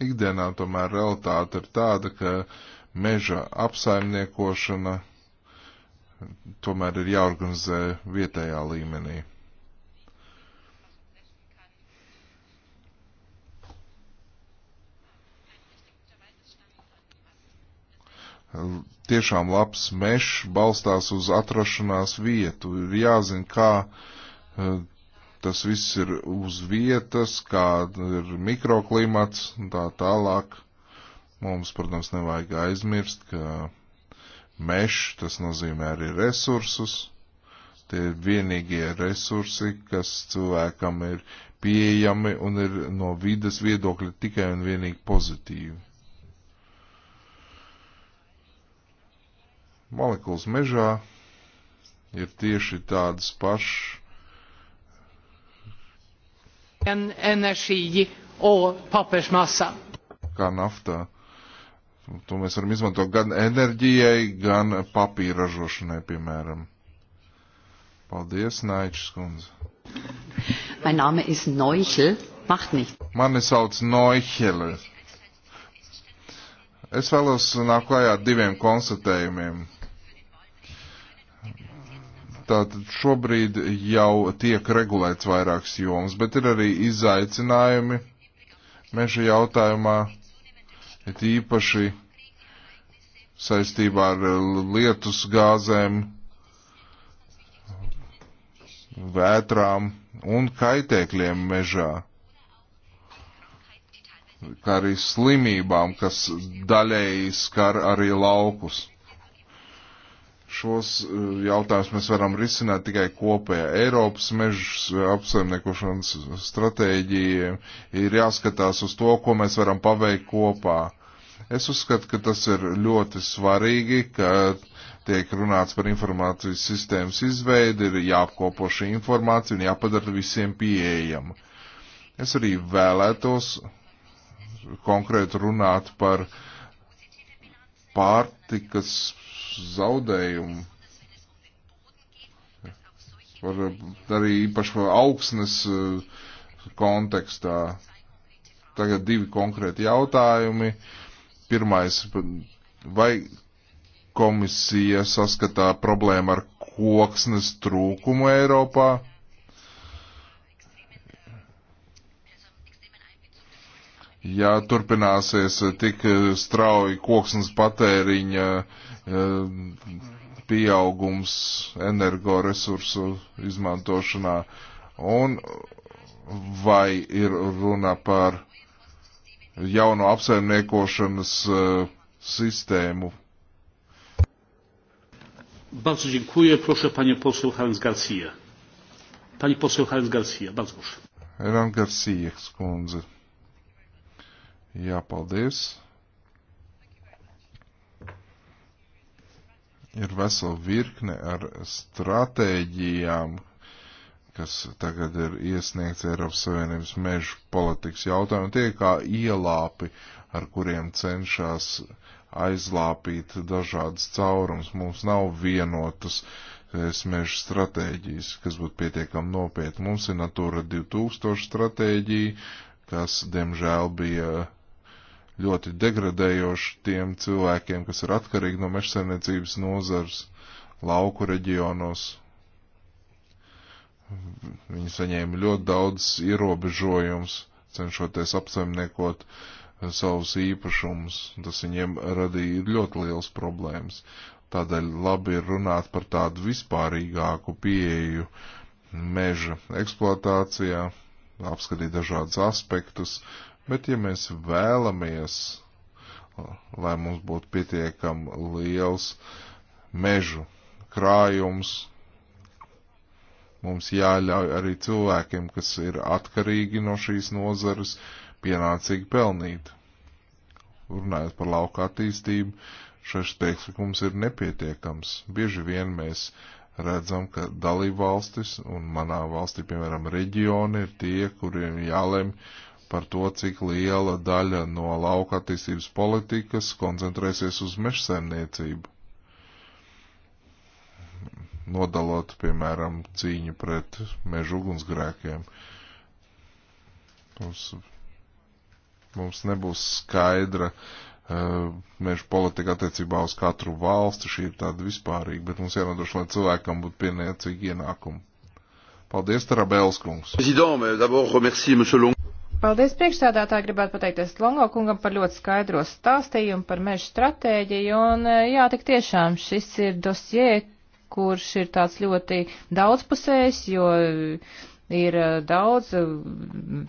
Speaker 1: Ikdienā tomēr realitāte ir tāda, ka uh, meža apsaimniekošana tomēr ir jāorganizē vietējā līmenī. Tiešām labs mežs balstās uz atrašanās vietu. Ir jāzina, kā e, tas viss ir uz vietas, kā ir mikroklimats un tā tālāk. Mums, protams, nevajag aizmirst, ka mešs tas nozīmē arī resursus. Tie ir vienīgie resursi, kas cilvēkam ir pieejami un ir no vidas viedokļa tikai un vienīgi pozitīvi. Molekulas mežā ir tieši tādas pašas.
Speaker 3: Enerģija, o papēžmasa.
Speaker 1: Kā naftā. To mēs varam izmantot gan enerģijai, gan papīra ražošanai, piemēram. Paldies, Naičs kundze. Mein Name ist Neuchel, macht nicht. Mani sauc Neuchele. Es vēlos nāk klājā diviem konstatējumiem. Tātad šobrīd jau tiek regulēts vairākas jomas, bet ir arī izaicinājumi. Mēs šajā jautājumā it īpaši saistībā ar eh, lietus gāzēm, vētrām un kaitēkļiem mežā, kā arī slimībām, kas daļēji skar arī laukus. Šos eh, jautājumus mēs varam risināt tikai kopējā Eiropas mežu apsaimniekošanas stratēģija. Ir jāskatās uz to, ko mēs varam paveikt kopā Es uzskatu, ka tas ir ļoti svarīgi, ka tiek runāts par informācijas sistēmas izveidi, ir jāapkopo šī informācija un jāpadara visiem pieejama. Es arī vēlētos konkrēti runāt par pārtikas zaudējumu par, arī īpaši augsnes eh, kontekstā. Tagad divi konkrēti jautājumi. Pirmais, vai komisija saskatā problēmu ar koksnes trūkumu Eiropā? Ja turpināsies tik strauji koksnes patēriņa eh, pieaugums energoresursu izmantošanā, un vai ir runa par jauno apsaimniekošanas uh, sistēmu.
Speaker 3: Bardzo dziękuję. Proszę panią poseł Hans Garcia.
Speaker 1: Pani poseł Hans Garcia, bardzo proszę. Hans Garcia, skundze. Jā, paldies. Ir vesela virkne ar stratēģijām, kas tagad ir iesniegts Eiropas Savienības mežu politikas jautājumu, tie kā ielāpi, ar kuriem cenšas aizlāpīt dažādas caurums. Mums nav vienotas mežu stratēģijas, kas būtu pietiekami nopietni. Mums ir Natura 2000 stratēģija, kas, diemžēl, bija ļoti degradējoši tiem cilvēkiem, kas ir atkarīgi no mežsaimniecības nozars lauku reģionos Viņi saņēma ļoti daudz ierobežojums, cenšoties apsaimniekot eh, savus īpašumus. Tas viņiem radīja ļoti liels problēmas. Tādēļ labi ir runāt par tādu vispārīgāku pieeju meža eksploatācijā, apskatīt dažādus aspektus, bet ja mēs vēlamies, lai mums būtu pietiekam liels mežu krājums, Mums jāļauj arī cilvēkiem, kas ir atkarīgi no šīs nozares, pienācīgi pelnīt. Runājot par lauka attīstību, šis priekšlikums ir nepietiekams. Bieži vien mēs redzam, ka dalībvalstis un manā valstī, piemēram, reģioni ir tie, kuriem jālem par to, cik liela daļa no lauka attīstības politikas koncentrēsies uz mežsēmniecību nodalot, piemēram, cīņu pret mežu ugunsgrēkiem. Mums, mums nebūs skaidra uh, eh, mežu politika attiecībā uz katru valsti, šī ir tāda vispārīga, bet mums jānodrošina, lai cilvēkam būtu pienācīgi ienākumi. Paldies, Tarabēls kungs!
Speaker 3: Paldies priekšstādātāji, gribētu pateikties Longo kungam par ļoti skaidro stāstījumu par mežu stratēģiju, un eh, jā, tik tiešām šis ir dosie, kurš ir tāds ļoti daudzpusējs, jo ir eh, daudz eh,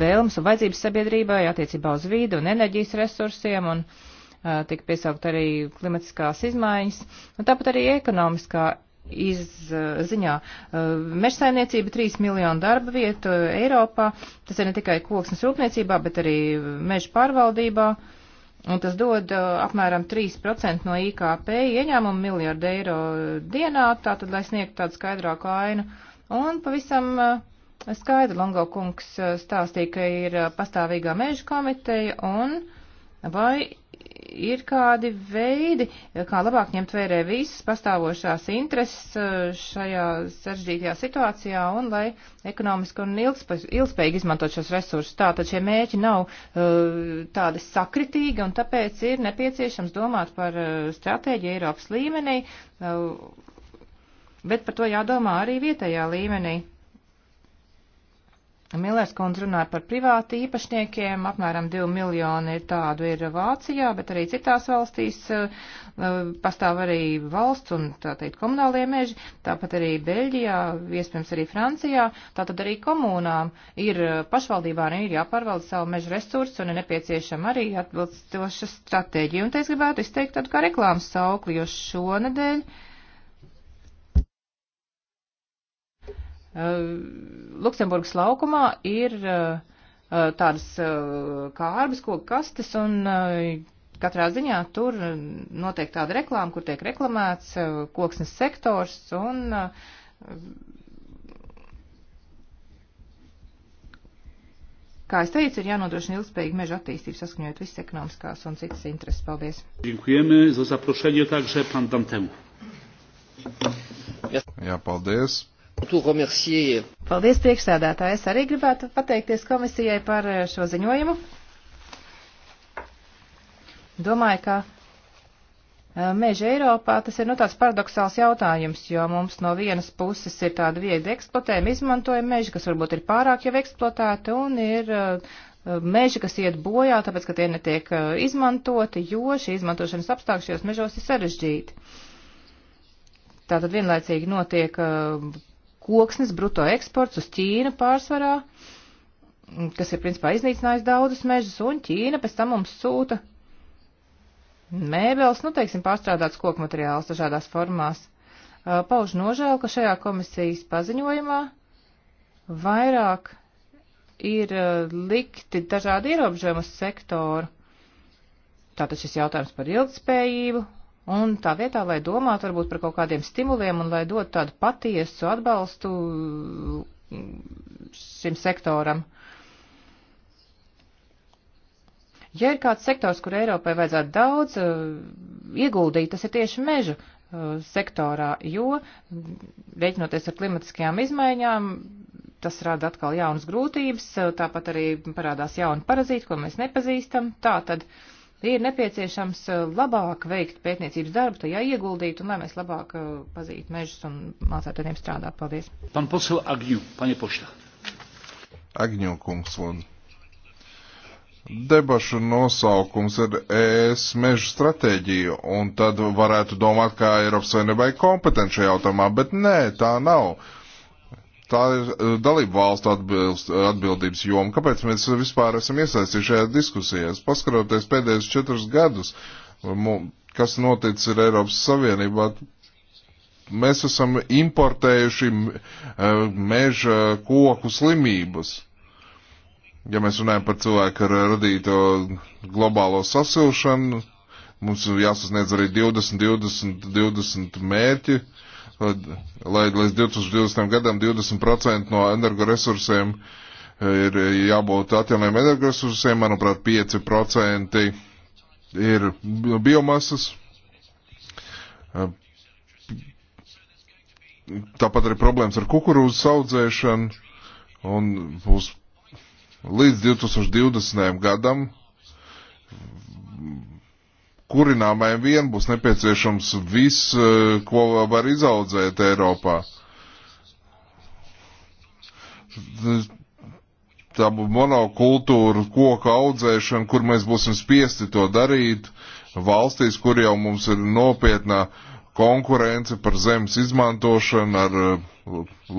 Speaker 3: vēlmes un vajadzības sabiedrībai attiecībā uz vīdu un enerģijas resursiem un uh, eh, tika piesaukt arī klimatiskās izmaiņas un tāpat arī ekonomiskā izziņā. Uh, mežsaimniecība 3 miljonu darba vietu Eiropā, tas ir ne tikai koksnes rūpniecībā, bet arī meža pārvaldībā. Uh, Un tas dod uh, apmēram 3% no IKP ieņēmumu miljardu eiro dienā, tātad, lai sniegtu tādu skaidrāku ainu. Un pavisam uh, skaidri Longo kungs uh, stāstīja, ka ir pastāvīgā mēža komiteja un vai ir kādi veidi, kā labāk ņemt vērē visas pastāvošās intereses uh, šajā sarežģītajā situācijā un lai ekonomiski un ilgspējīgi izmantot šos resursus. Tātad šie mēķi nav uh, tādi sakritīgi un tāpēc ir nepieciešams domāt par uh, stratēģiju Eiropas līmenī, bet par to jādomā arī vietējā līmenī. Milers kundze runāja par privāti īpašniekiem, apmēram 2 miljoni ir tādu ir Vācijā, bet arī citās valstīs eh, pastāv arī valsts un, tā teikt, komunālie meži, tāpat arī Beļģijā, iespējams arī Francijā, tātad arī komunām ir eh, pašvaldībā arī ir jāpārvalda savu mežu resursu un ir nepieciešama arī atbilstoša stratēģija. Un te es gribētu izteikt tādu kā reklāmas saukli, jo šonadēļ. Eh, Luksemburgas laukumā ir eh, eh, tādas kārbas, koku kastes, un katrā ziņā tur notiek tāda reklāma, kur tiek reklamēts koksnes sektors, un Kā es teicu, ir jānodrošina ilgspējīga meža attīstība, saskaņojot visas ekonomiskās un citas intereses. Paldies!
Speaker 1: Dziękujemy za zaproszenie także pan Dantemu. Jā, paldies! Paldies,
Speaker 3: priekšsēdētāji. Es arī gribētu pateikties komisijai par eh, šo ziņojumu. Domāju, ka eh, meža Eiropā tas ir nu, tāds paradoxāls jautājums, jo mums no vienas puses ir tāda viegli eksploatējama, izmantojama meža, kas varbūt ir pārāk jau eksploatēta un ir eh, meži, kas iet bojā, tāpēc, ka tie netiek izmantoti, jo šī izmantošanas apstākļi šajos mežos ir sarežģīti. Tātad vienlaicīgi notiek koksnes bruto eksports uz Ķīnu pārsvarā, kas ir principā iznīcinājis daudzus mežus, un Ķīna pēc tam mums sūta mēbeles, nu, teiksim, pārstrādāts koku materiāls dažādās formās. Pauž nožēlu, ka šajā komisijas paziņojumā vairāk ir likti dažādi ierobežojumi uz sektoru. Tātad šis jautājums par ilgspējību, Un tā vietā, lai domātu varbūt par kaut kādiem stimuliem un lai dotu tādu patiesu atbalstu mm, šim sektoram. Ja ir kāds sektors, kur Eiropai vajadzētu daudz uh, ieguldīt, tas ir tieši mežu uh, eh, sektorā, jo mm, rēķinoties ar klimatiskajām izmaiņām, tas rada atkal jaunas grūtības, eh, tāpat arī parādās jauni parazīti, ko mēs nepazīstam. Tā tad. Uh, ir nepieciešams eh, labāk veikt pētniecības darbu, tajā ieguldīt un lai mēs labāk eh, pazītu mežus un mācētu ar tiem strādāt. Paldies.
Speaker 1: Pan posel Agņu, paņa poštā. Agņu kungs un debašu nosaukums ir ES mežu stratēģija, un tad varētu domāt, kā Eiropas Savienībai kompetenci jautājumā, bet nē, tā nav Tā ir eh, dalību valstu atbilst, eh, atbildības joma. Kāpēc mēs vispār esam iesaistīti šajā diskusijās? Paskaroties pēdējos četrus gadus, eh, kas noticis ar Eiropas Savienībā, mēs esam importējuši meža koku slimības. Ja mēs runājam par cilvēku radīto globālo sasilšanu, mums jāsasniedz arī 20, 20, 20 mērķi. Uh, lai līdz 2020. gadam 20% no energoresursiem eh, ir jābūt atjaunojumiem energoresursiem, manuprāt, 5% ir biomasas. Eh, tāpat arī problēmas ar kukurūzu audzēšanu un būs līdz 2020. gadam kurināmajam vien būs nepieciešams viss, eh, ko var izaudzēt Eiropā. Tā monokultūra, koka audzēšana, kur mēs būsim spiesti to darīt, valstīs, kur jau mums ir nopietnā konkurence par zemes izmantošanu, ar eh,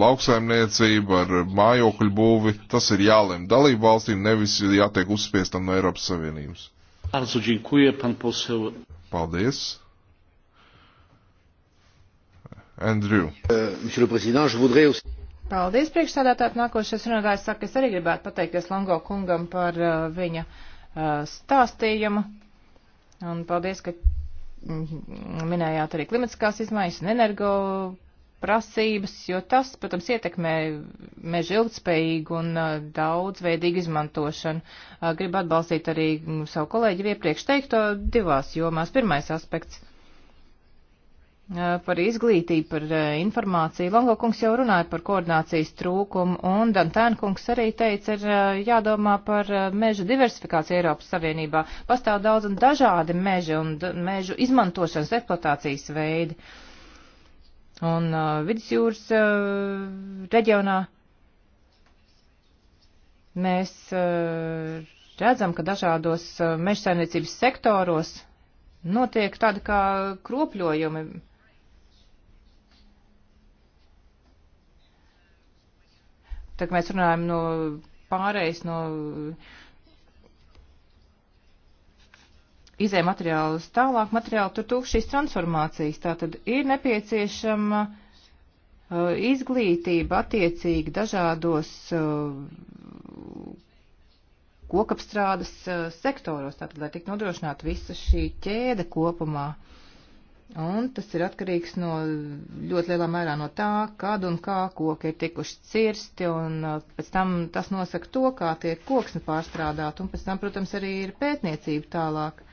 Speaker 1: lauksaimniecību, ar mājokļu būvi, tas ir jālem dalību valstīm, nevis jātiek uzspiestam no Eiropas Savienības. Bardzo dziękuję, pan poseł. Paldies. Andrew. Eh, monsieur le Président, je voudrais aussi...
Speaker 3: Paldies, priekšstādātāt. Nākošais runātājs saka, es arī gribētu pateikties Lango kungam par uh, viņa uh, stāstījumu. Un paldies, ka minējāt arī klimatiskās izmaiņas un energo prasības, jo tas, protams, ietekmē meža ilgtspējīgu un uh, daudzveidīgu izmantošanu. Uh, gribu atbalstīt arī mm, savu kolēģi iepriekš teikto divās jomās. Pirmais aspekts uh, par izglītību, par informāciju. Lango kungs jau runāja par koordinācijas trūkumu, un Dantēna kungs arī teica, ir jādomā par meža diversifikāciju Eiropas Savienībā. Pastāv daudz un dažādi meži un mežu izmantošanas eksploatācijas veidi. Uh, un uh, vidusjūras uh, reģionā. Mēs uh, redzam, ka dažādos uh, mežsaimniecības sektoros notiek tādi kā kropļojumi. Tā kā mēs runājam no pārējais no uh, izē materiālus tālāk materiālu, tur tūk šīs transformācijas. Tātad ir nepieciešama uh, izglītība attiecīgi dažādos uh, kokapstrādes uh, sektoros, tātad, lai tik nodrošinātu visa šī ķēde kopumā. Un tas ir atkarīgs no ļoti lielā mērā no tā, kad un kā koki ir tikuši cirsti, un uh, pēc tam tas nosaka to, kā tiek koksni pārstrādāt, un pēc tam, protams, arī ir pētniecība tālāk.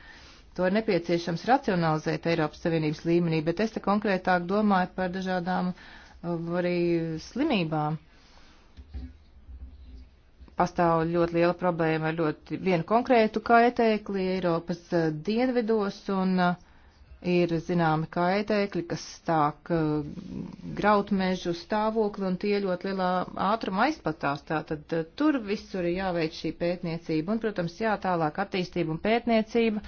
Speaker 3: To ir nepieciešams racionalizēt Eiropas Savienības līmenī, bet es te konkrētāk domāju par dažādām uh, arī slimībām. Pastāv ļoti liela problēma ar ļoti vienu konkrētu kaitēkli Eiropas uh, dienvidos un uh, ir zināmi kaitēkļi, kas stāk uh, grautmežu stāvokli un tie ļoti lielā ātruma aizplatās. Tātad uh, tur visur ir jāveic šī pētniecība un, protams, jā, tālāk attīstība un pētniecība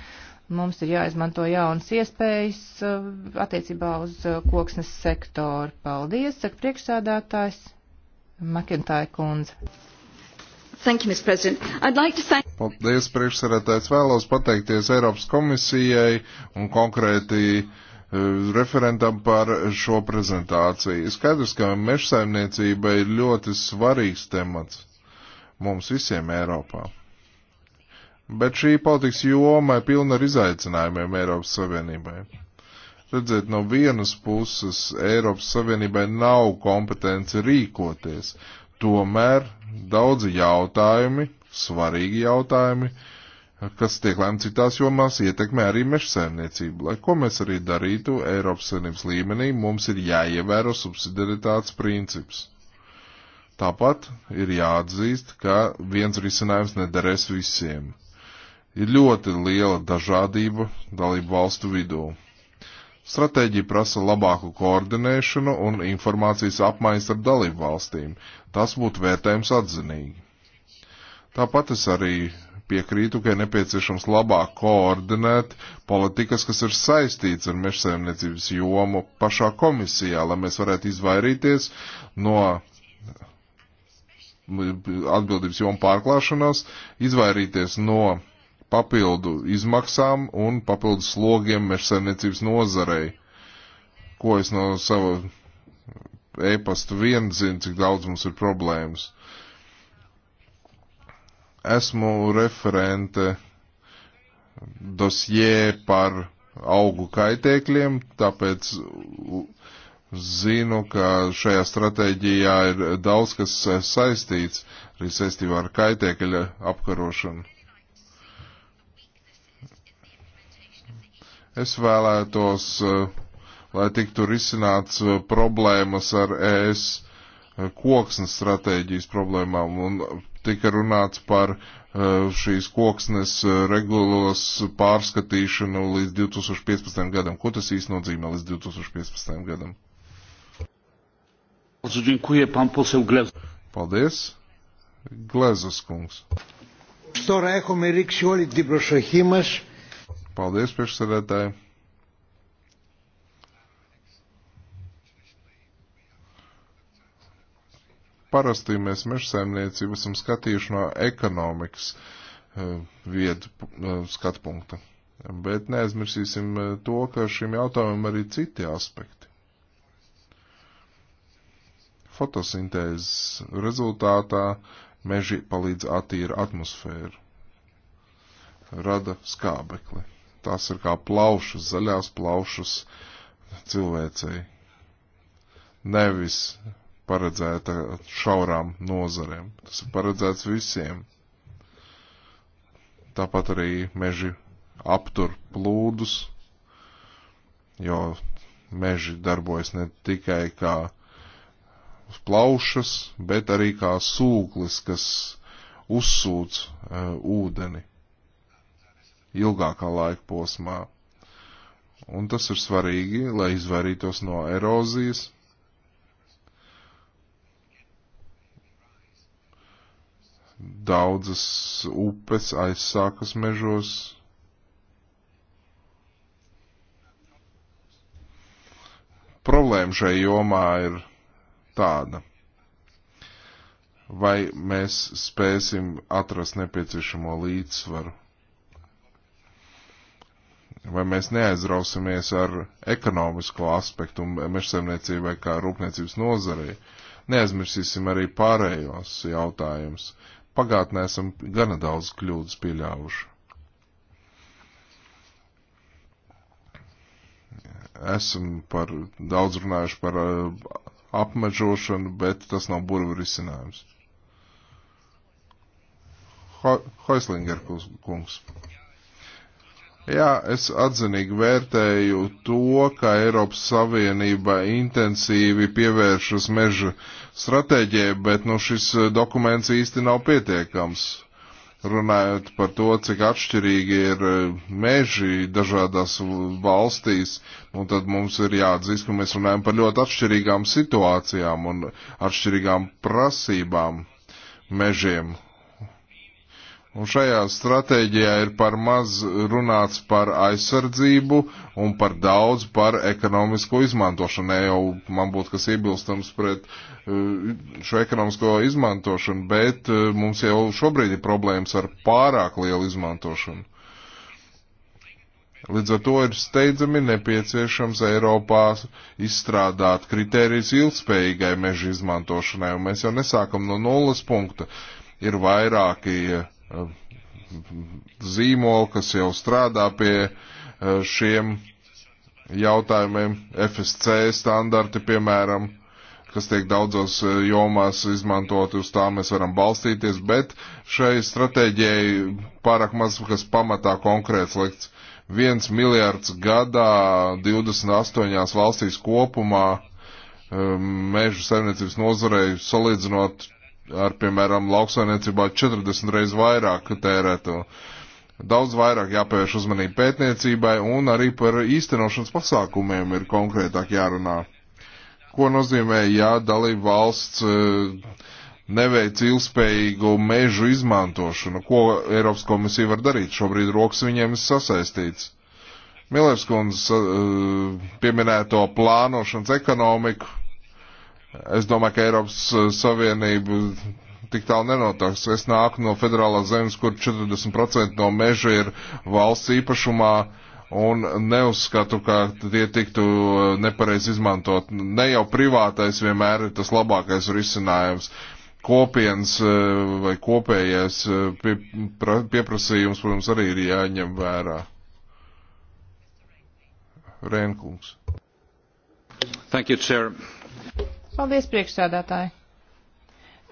Speaker 3: Mums ir jāizmanto jaunas iespējas uh, attiecībā uz uh, koksnes sektoru. Paldies, saka priekšsādātājs Makintāja kundze. Thank you, Ms. President. I'd like to thank...
Speaker 1: Paldies, priekšsarētājs. Vēlos pateikties Eiropas komisijai un konkrēti uh, referentam par šo prezentāciju. Skaidrs, ka mežsaimniecība ir ļoti svarīgs temats mums visiem Eiropā. Bet šī politikas joma ir pilna ar izaicinājumiem Eiropas Savienībai. Redziet, no vienas puses Eiropas Savienībai nav kompetence rīkoties, tomēr daudzi jautājumi, svarīgi jautājumi, kas tiek lēmti citās jomās, ietekmē arī mežsēmniecību. Lai ko mēs arī darītu Eiropas Savienības līmenī, mums ir jāievēro subsidiaritātes princips. Tāpat ir jāatzīst, ka viens risinājums nederēs visiem Ir ļoti liela dažādība dalību valstu vidū. Stratēģija prasa labāku koordinēšanu un informācijas apmaiņas ar dalību valstīm. Tas būtu vērtējums atzinīgi. Tāpat es arī piekrītu, ka ir nepieciešams labāk koordinēt politikas, kas ir saistīts ar mežsēmniecības jomu pašā komisijā, lai mēs varētu izvairīties no atbildības jomu pārklāšanās, izvairīties no papildu izmaksām un papildu slogiem mežsaimniecības nozarei. Ko es no sava e-pasta vien zinu, cik daudz mums ir problēmas. Esmu referente dosjē par augu kaitēkļiem, tāpēc zinu, ka šajā stratēģijā ir daudz kas saistīts arī saistībā ar kaitēkļa apkarošanu. Es vēlētos, eh, lai tiktu risināts eh, problēmas ar ES eh, koksnes stratēģijas problēmām un tika runāts par šīs koksnes regulos pārskatīšanu līdz 2015. gadam. Ko tas īsti nozīmē līdz 2015. gadam? Paldies. Glezas kungs. Τώρα έχουμε ρίξει όλη την προσοχή μας Paldies, priekšsēdētāji! Parasti mēs mežsaimniecību esam skatījuši no ekonomikas eh, viedu eh, skatu punkta. Bet neaizmirsīsim eh, to, ka šim jautājumam arī citi aspekti. Fotosintēzes rezultātā meži palīdz attīra atmosfēru, rada skābekli. Tās ir kā plaušas, zaļās plaušas cilvēcei. Nevis paredzēta šaurām nozarēm. Tas ir paredzēts visiem. Tāpat arī meži aptur plūdus, jo meži darbojas ne tikai kā plaušas, bet arī kā sūklis, kas uzsūc uh, ūdeni ilgākā laika posmā. Un tas ir svarīgi, lai izvairītos no erozijas. Daudzas upes aizsākas mežos. Problēma šai jomā ir tāda. Vai mēs spēsim atrast nepieciešamo līdzsvaru? vai mēs neaizrausimies ar ekonomisko aspektu mežsaimniecībai kā rūpniecības nozarei. Neaizmirsīsim arī pārējos jautājumus. Pagātnē esam gana daudz kļūdas pieļāvuši. Esam par daudz runājuši par uh, apmežošanu, bet tas nav burvu risinājums. Ho Hoislinger kungs. Jā, es atzinīgi vērtēju to, ka Eiropas Savienība intensīvi pievēršas meža stratēģijai, bet nu, šis eh, dokuments īsti nav pietiekams. Runājot par to, cik atšķirīgi ir eh, meži dažādās valstīs, un nu, tad mums ir jāatzīst, ka mēs runājam par ļoti atšķirīgām situācijām un atšķirīgām prasībām mežiem Un šajā stratēģijā ir par maz runāts par aizsardzību un par daudz par ekonomisko izmantošanu. Ne jau man būtu kas iebilstams pret uh, šo ekonomisko izmantošanu, bet uh, mums jau šobrīd ir problēmas ar pārāk lielu izmantošanu. Līdz ar to ir steidzami nepieciešams Eiropā izstrādāt kritērijas ilgspējīgai meža izmantošanai, un mēs jau nesākam no nulles punkta. Ir vairāki uh, zīmolu, kas jau strādā pie eh, šiem jautājumiem, FSC standarti, piemēram, kas tiek daudzos eh, jomās izmantot, uz tā mēs varam balstīties, bet šai stratēģijai pārāk maz, kas pamatā konkrēts likts. 1 miljards gadā 28 valstīs kopumā eh, mežu saimniecības nozarei salīdzinot ar, piemēram, lauksainiecībā 40 reizes vairāk tērēto. Daudz vairāk jāpievērš uzmanība pētniecībai un arī par īstenošanas pasākumiem ir konkrētāk jārunā. Ko nozīmē, ja dalība valsts eh, neveic ilgspējīgu mežu izmantošanu? Ko Eiropas komisija var darīt? Šobrīd rokas viņiem ir sasaistīts. Milers kundze eh, pieminēto plānošanas ekonomiku Es domāju, ka Eiropas eh, Savienība tik tālu nenotāks. Es nāku no federālās zemes, kur 40% no meža ir valsts īpašumā. Un neuzskatu, ka tie tiktu eh, nepareizi izmantot. Ne jau privātais vienmēr ir tas labākais risinājums. Kopienas eh, vai kopējais pieprasījums, protams, arī ir jāņem vērā. Rēnkungs. Thank you, Chair.
Speaker 3: Paldies, priekšsādātāji!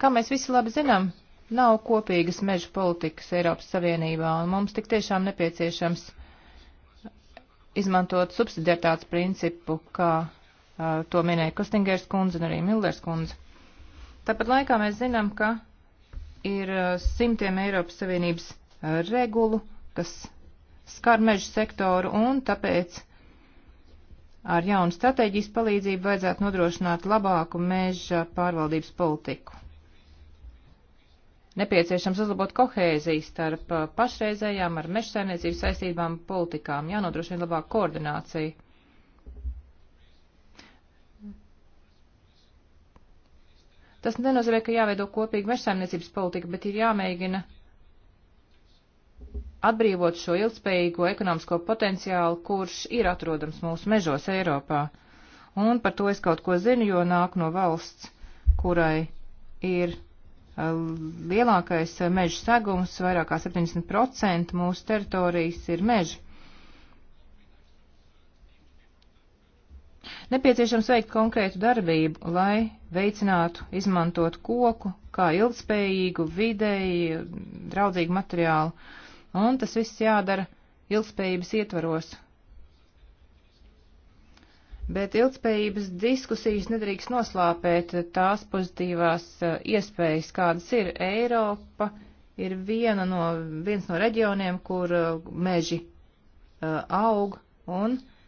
Speaker 3: Kā mēs visi labi zinām, nav kopīgas meža politikas Eiropas Savienībā, un mums tik tiešām nepieciešams izmantot subsidiartāts principu, kā uh, to minēja Kostingers kundze un arī Millers kundze. Tāpat laikā mēs zinām, ka ir uh, simtiem Eiropas Savienības uh, regulu, kas skar mežu sektoru, un tāpēc Ar jaunu stratēģijas palīdzību vajadzētu nodrošināt labāku meža pārvaldības politiku. Nepieciešams uzlabot kohēziju starp uh, pašreizējām ar mežsainiecības saistībām politikām, jānodrošina labāka koordinācija. Tas nenozīmē, ka jāveido kopīga mežsaimniecības politika, bet ir jāmēģina atbrīvot šo ilgspējīgo ekonomisko potenciālu, kurš ir atrodams mūsu mežos Eiropā. Un par to es kaut ko zinu, jo nāk no valsts, kurai ir lielākais meža segums, vairāk kā 70% mūsu teritorijas ir meži. Nepieciešams veikt konkrētu darbību, lai veicinātu izmantot koku kā ilgspējīgu, vidēji draudzīgu materiālu. Uh, un tas viss jādara ilgspējības ietvaros. Bet ilgspējības diskusijas nedrīkst noslāpēt tās pozitīvās eh, iespējas, kādas ir Eiropa, ir viena no, viens no reģioniem, kur eh, meži eh, aug un uh,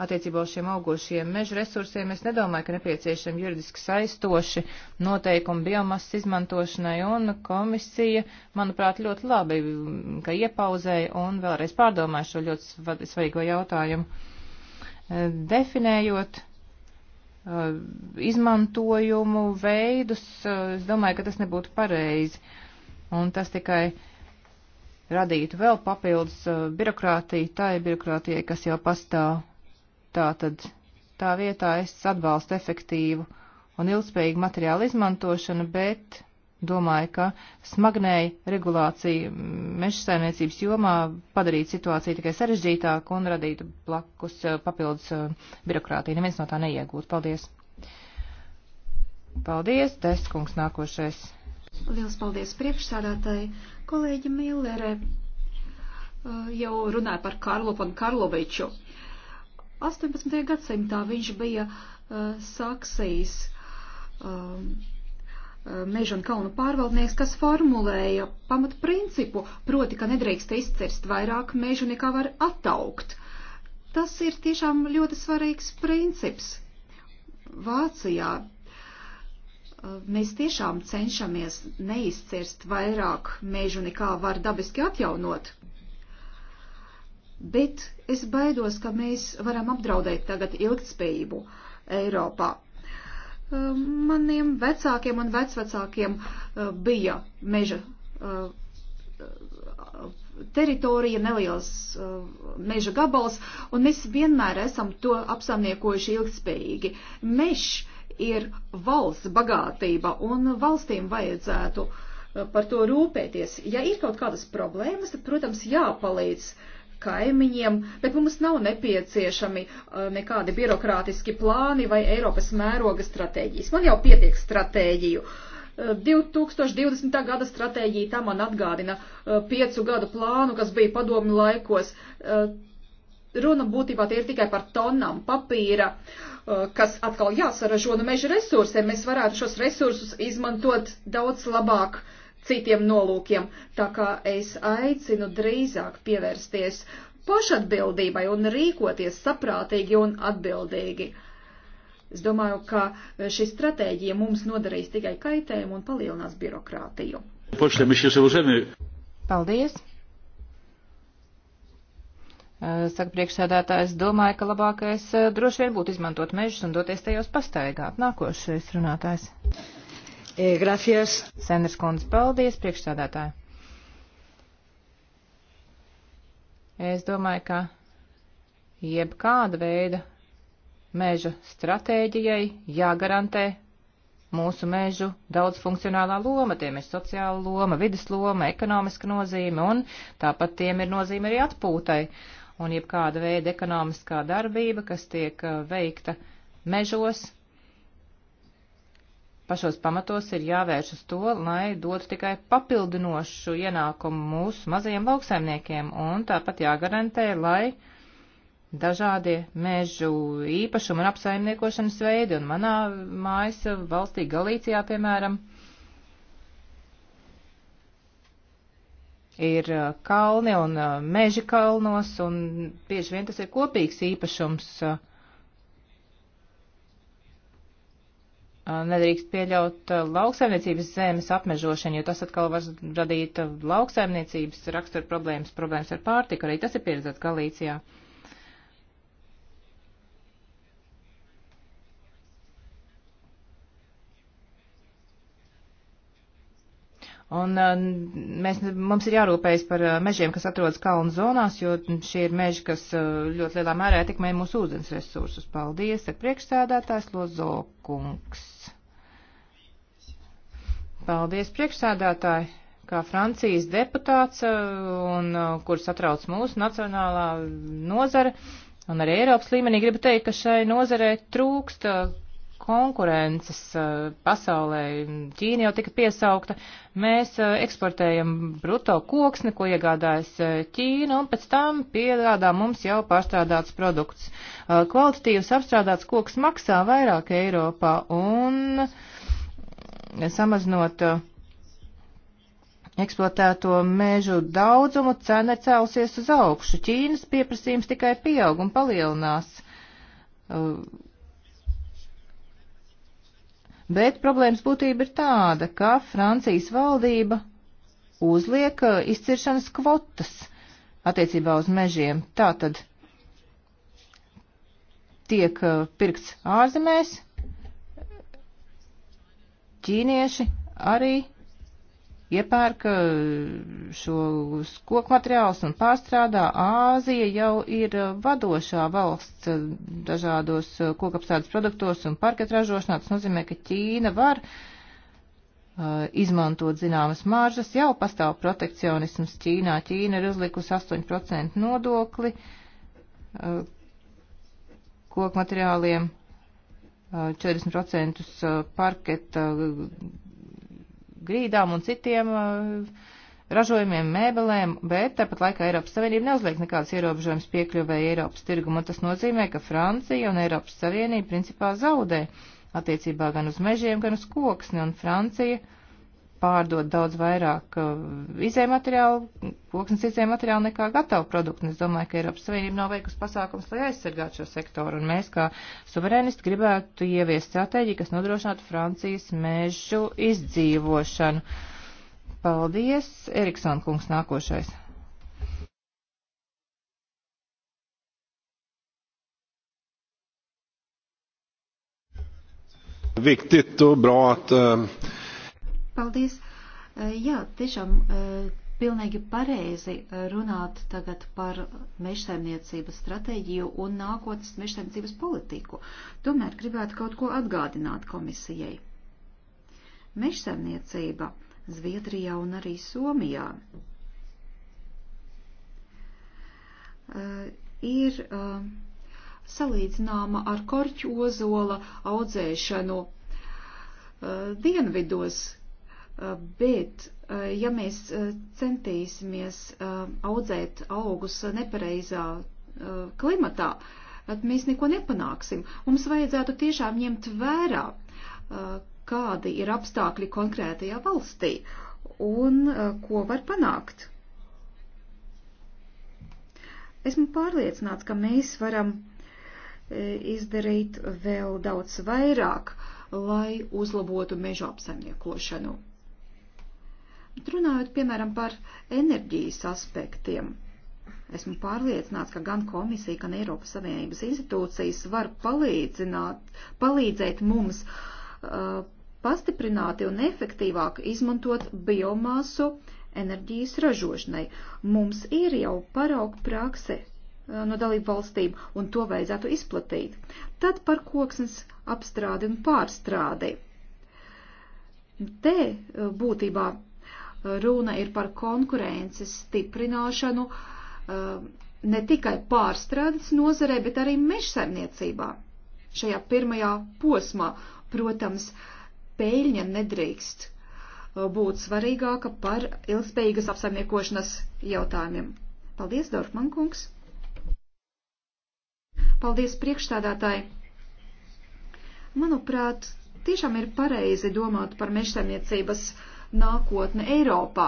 Speaker 3: attiecībā uz šiem augošiem meža resursiem es nedomāju, ka nepieciešami juridiski saistoši noteikumi biomasas izmantošanai, un komisija, manuprāt, ļoti labi, mm, ka iepauzēja un vēlreiz pārdomāja šo ļoti svarīgo jautājumu. E, definējot e, izmantojumu veidus, e, es domāju, ka tas nebūtu pareizi, un tas tikai radītu vēl papildus birokrātiju, tā ir birokrātija, kas jau pastāv Tātad tā vietā es atbalstu efektīvu un ilgspējīgu materiālu izmantošanu, bet domāju, ka smagnēja regulācija meža saimniecības jomā padarītu situāciju tikai sarežģītāku un radītu blakus eh, papildus eh, birokrātiju. Neviens no tā neiegūtu. Paldies! Paldies, Deskungs, nākošais.
Speaker 2: Liels paldies priekšsādātāji, kolēģi Millere. Eh, jau runāja par Karlu un Karloviču. 18. gadsimtā viņš bija uh, Saksijas um, uh, meža un kalnu pārvaldnieks, kas formulēja pamatu principu, proti, ka nedrīkst izcirst vairāk mežu nekā var attaukt. Tas ir tiešām ļoti svarīgs princips. Vācijā uh, mēs tiešām cenšamies neizcirst vairāk mežu nekā var dabiski atjaunot bet es baidos, ka mēs varam apdraudēt tagad ilgtspējību Eiropā. Eh, maniem vecākiem un vecvecākiem eh, bija meža eh, teritorija, neliels meža gabals, un mēs vienmēr esam to apsaimniekojuši ilgtspējīgi. Mežs ir valsts bagātība, un valstīm vajadzētu par to rūpēties. Ja ir kaut kādas problēmas, tad, protams, jāpalīdz uh, kaimiņiem, bet mums nav nepieciešami uh, nekādi birokrātiski plāni vai Eiropas mēroga stratēģijas. Man jau pietiek stratēģiju. 2020. Uh, gada stratēģija tā man atgādina uh, piecu gadu plānu, kas bija padomi laikos. Runa būtībā tie ir tikai par tonām papīra, kas atkal jāsaražo no meža resursiem. Mēs varētu šos resursus izmantot daudz labāk uh, citiem nolūkiem, tā kā es aicinu drīzāk pievērsties pašatbildībai un rīkoties saprātīgi un atbildīgi. Es domāju, ka šī stratēģija mums nodarīs tikai kaitējumu un palielinās
Speaker 3: birokrātiju. Paldies! Saka priekšsēdētājs, domāju, ka labākais droši vien būtu izmantot mežus un doties tajos pastaigāt. Nākošais runātājs. E, gracias. Sanders kundze, paldies, priekšsādātāji. Es domāju, ka jebkāda veida meža stratēģijai jāgarantē mūsu mežu daudzfunkcionālā loma, tiem ir sociāla loma, vidas loma, ekonomiska nozīme, un tāpat tiem ir nozīme arī atpūtai. Un jebkāda veida ekonomiskā darbība, kas tiek eh, veikta mežos, pašos pamatos ir jāvērš uz to, lai dotu tikai papildinošu ienākumu mūsu mazajiem lauksaimniekiem un tāpat jāgarantē, lai dažādie mežu īpašumu un apsaimniekošanas veidi, un manā mājas valstī Galīcijā, piemēram, ir uh, kalni un uh, meži kalnos, un bieži vien tas ir kopīgs īpašums. Uh, Uh, nedrīkst pieļaut uh, lauksaimniecības zemes apmežošanu, jo tas atkal var radīt uh, lauksaimniecības rakstura problēmas, problēmas ar pārtiku. Arī tas ir pieredzēts Galīcijā. Un mēs, mums ir jārūpējas par mežiem, kas atrodas kalnu zonās, jo šie ir meži, kas ļoti lielā mērā ietekmē mūsu ūdens resursus. Paldies, ar priekšsēdētājs Lozokungs. Paldies, priekšsēdētāji! Kā Francijas deputāts, eh, un eh, kur satrauc mūsu nacionālā nozara, un arī Eiropas līmenī gribu teikt, ka šai nozarē trūksta eh, konkurences pasaulē. Ķīna jau tika piesaukta. Mēs eksportējam bruto koksni, ko iegādājas Ķīna, un pēc tam piegādā mums jau pārstrādāts produkts. Kvalitatīvs apstrādāts koks maksā vairāk Eiropā, un uh, samazinot uh, eksploatēto mežu daudzumu, cena ir cēlusies uz augšu. Ķīnas pieprasījums tikai pieaug un palielinās. Uh, bet problēmas būtība ir tāda, ka Francijas valdība uzliek uh, izciršanas kvotas attiecībā uz mežiem. Tātad tiek pirkts ārzemēs, ķīnieši arī iepērka uh, šos koku materiālus un pārstrādā. Āzija jau ir uh, vadošā valsts uh, dažādos kokapstrādes produktos un parketražošanā. Tas nozīmē, ka Ķīna var uh, izmantot zināmas māržas. Jau pastāv protekcionisms Ķīnā. Ķīna ir uzlikusi 8% nodokli uh, koku materiāliem 40% uh, parketa uh, grīdām un citiem uh, ražojumiem, mēbelēm, bet tāpat laikā Eiropas Savienība neuzliek nekādas ierobežojumas piekļuvēja Eiropas tirgumu, un tas nozīmē, ka Francija un Eiropas Savienība principā zaudē attiecībā gan uz mežiem, gan uz koksni, un Francija uh, pārdod daudz vairāk uh, izējumateriālu, koksnes izējumateriālu nekā gatavu produktu. Es domāju, ka Eiropas Savienība nav veikusi pasākums, lai aizsargātu šo sektoru, un mēs kā suverēnisti gribētu ieviest stratēģiju, kas nodrošinātu Francijas mežu izdzīvošanu. Paldies, Erikson kungs nākošais.
Speaker 1: Viktigt och bra att uh,
Speaker 2: Paldies! Eh, jā, tiešām eh, pilnīgi pareizi runāt tagad par mežsaimniecības stratēģiju un nākotnes mežsaimniecības politiku. Tomēr gribētu kaut ko atgādināt komisijai. Mežsaimniecība Zviedrijā un arī Somijā eh, ir salīdzināma ar korķu ozola audzēšanu dienvidos, Eh, bet, eh, ja mēs eh, centīsimies audzēt augus nepareizā klimatā, tad mēs neko nepanāksim. Mums vajadzētu tiešām ņemt vērā, kādi ir apstākļi konkrētajā valstī un ko var panākt. Esmu pārliecināts, ka mēs varam izdarīt vēl daudz vairāk, lai uzlabotu meža apsaimniekošanu. Runājot, piemēram, par enerģijas aspektiem, esmu pārliecināts, ka gan komisija, gan Eiropas Savienības institūcijas var palīdzēt mums uh, pastiprināti un efektīvāk izmantot biomasu enerģijas ražošanai. Mums ir jau parauga prakse uh, no dalību valstīm, un to vajadzētu izplatīt. Tad par koksnes apstrādi un pārstrādi. Te uh, būtībā runa ir par konkurences stiprināšanu eh, ne tikai pārstrādes nozarē, bet arī mežsaimniecībā. Šajā pirmajā posmā, protams, peļņa nedrīkst eh, būt svarīgāka par ilgspējīgas apsaimniekošanas jautājumiem. Paldies, Dorfman kungs! Paldies priekšstādātāji! Manuprāt, tiešām ir pareizi domāt par mežsaimniecības uh, nākotne Eiropā,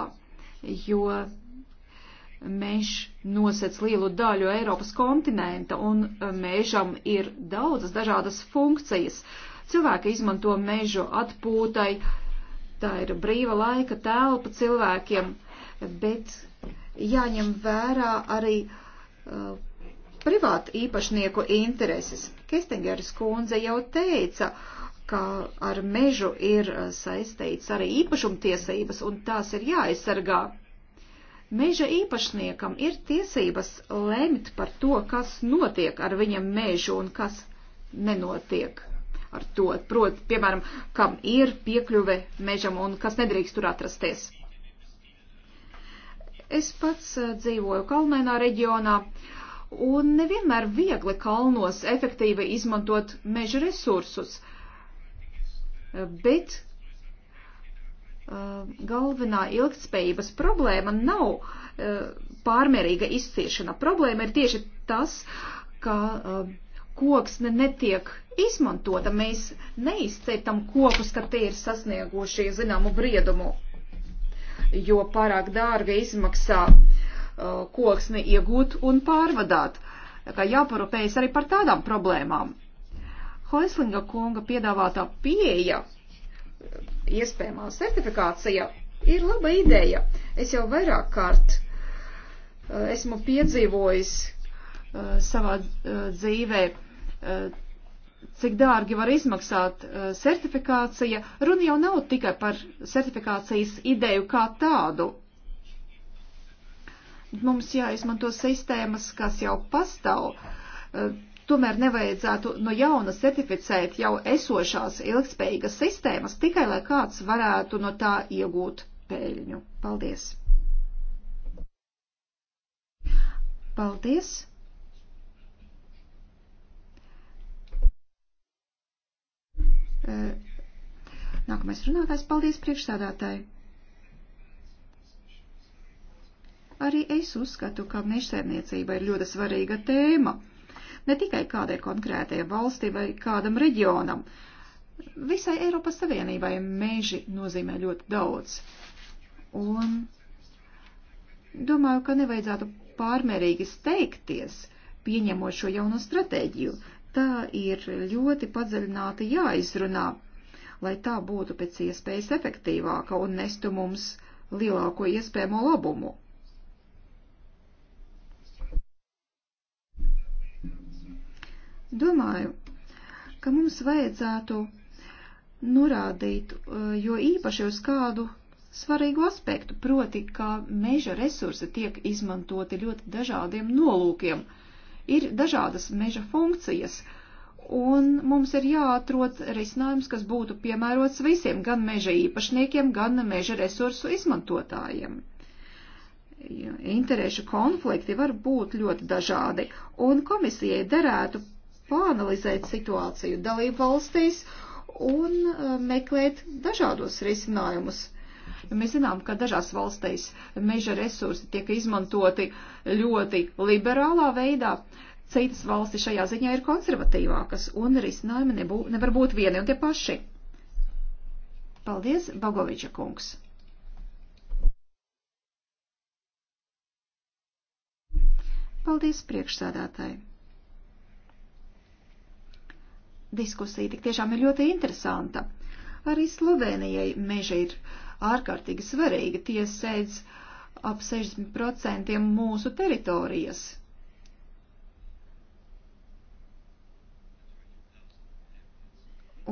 Speaker 2: jo mežs nosec lielu daļu Eiropas kontinenta un e, mežam ir daudzas dažādas funkcijas. Cilvēki izmanto mežu atpūtai, tā ir brīva laika telpa cilvēkiem, bet jāņem vērā arī uh, privātu īpašnieku intereses. Kestingeris kundze jau teica, uh, ka ar mežu ir eh, saistīts arī īpašumtiesības un tās ir jāaizsargā. Meža īpašniekam ir tiesības lemt par to, kas notiek ar viņa mežu un kas nenotiek ar to. Proti, piemēram, kam ir piekļuve mežam un kas nedrīkst tur atrasties. Es pats eh, dzīvoju kalnēnā reģionā un nevienmēr viegli kalnos efektīvi izmantot meža resursus. Uh, bet uh, galvenā ilgtspējības problēma nav uh, pārmērīga izciešana. Problēma ir tieši tas, ka uh, koksne netiek izmantota. Mēs neizceptam kokus, ka tie ir sasnieguši zināmu briedumu, jo pārāk dārgi izmaksā koksni iegūt un pārvadāt. Kā jāparūpējas arī par tādām problēmām. Hoislinga kunga piedāvātā pieeja, iespējamā certifikācija, ir laba ideja. Es jau vairāk kārt eh, esmu piedzīvojis eh, savā eh, dzīvē, cik dārgi var izmaksāt certifikācija. Runa jau nav tikai par certifikācijas ideju kā tādu. Mums jāizmanto sistēmas, kas jau pastāv tomēr nevajadzētu no jauna certificēt jau esošās ilgspējīgas sistēmas, tikai lai kāds varētu no tā iegūt peļņu. Paldies! Paldies! Eh, nākamais runātājs, paldies priekšstādātāji. Arī es uzskatu, ka mežsēmniecība ir ļoti svarīga tēma ne tikai kādai konkrētai valstī vai kādam reģionam. Visai Eiropas Savienībai meži nozīmē ļoti daudz. Un domāju, ka nevajadzētu pārmērīgi steigties, pieņemot šo jauno stratēģiju. Tā ir ļoti padziļināti jāizrunā, lai tā būtu pēc iespējas efektīvāka un nestu mums lielāko iespējamo labumu. Domāju, ka mums vajadzētu norādīt, eh, jo īpaši uz kādu svarīgu aspektu, proti, kā meža resursi tiek izmantoti ļoti dažādiem nolūkiem. Ir dažādas meža funkcijas, un mums ir jāatrod risinājums, kas būtu piemērots visiem, gan meža īpašniekiem, gan meža resursu izmantotājiem. Interešu konflikti var būt ļoti dažādi, un komisijai derētu pāanalizēt situāciju dalību valstīs un uh, meklēt dažādos risinājumus. Mēs zinām, ka dažās valstīs meža resursi tiek izmantoti ļoti liberālā veidā, citas valstis šajā ziņā ir konservatīvākas, un risinājumi nebū, nevar būt vieni un tie paši. Paldies, Bagoviča kungs! Paldies priekšsādātāji! diskusija tik tiešām ir ļoti interesanta. Arī Slovenijai meža ir ārkārtīgi svarīga. Tie sēdz ap 60% mūsu teritorijas.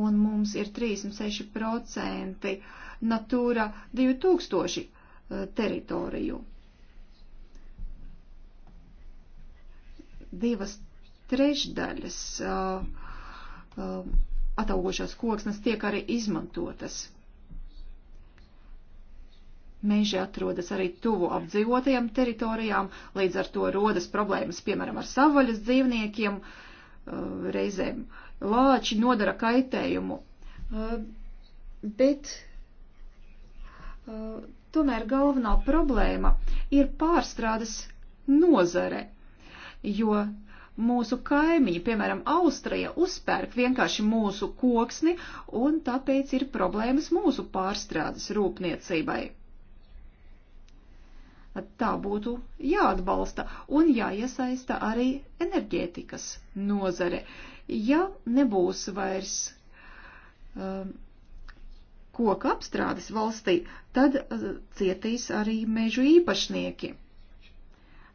Speaker 2: Un mums ir 36% Natūra 2000 teritoriju. Divas trešdaļas uh, Um, ataugušās koksnes tiek arī izmantotas. Meži atrodas arī tuvu apdzīvotajām teritorijām, līdz ar to rodas problēmas, piemēram, ar savaļas dzīvniekiem, uh, reizēm lāči nodara kaitējumu. Uh, bet uh, tomēr galvenā problēma ir pārstrādes nozare, jo uh, mūsu kaimiņi, piemēram, Austrija, uzpērk vienkārši mūsu koksni, un tāpēc ir problēmas mūsu pārstrādes rūpniecībai. Tā būtu jāatbalsta un jāiesaista arī enerģētikas nozare. Ja nebūs vairs um, koka apstrādes valstī, tad uh, cietīs arī mežu īpašnieki.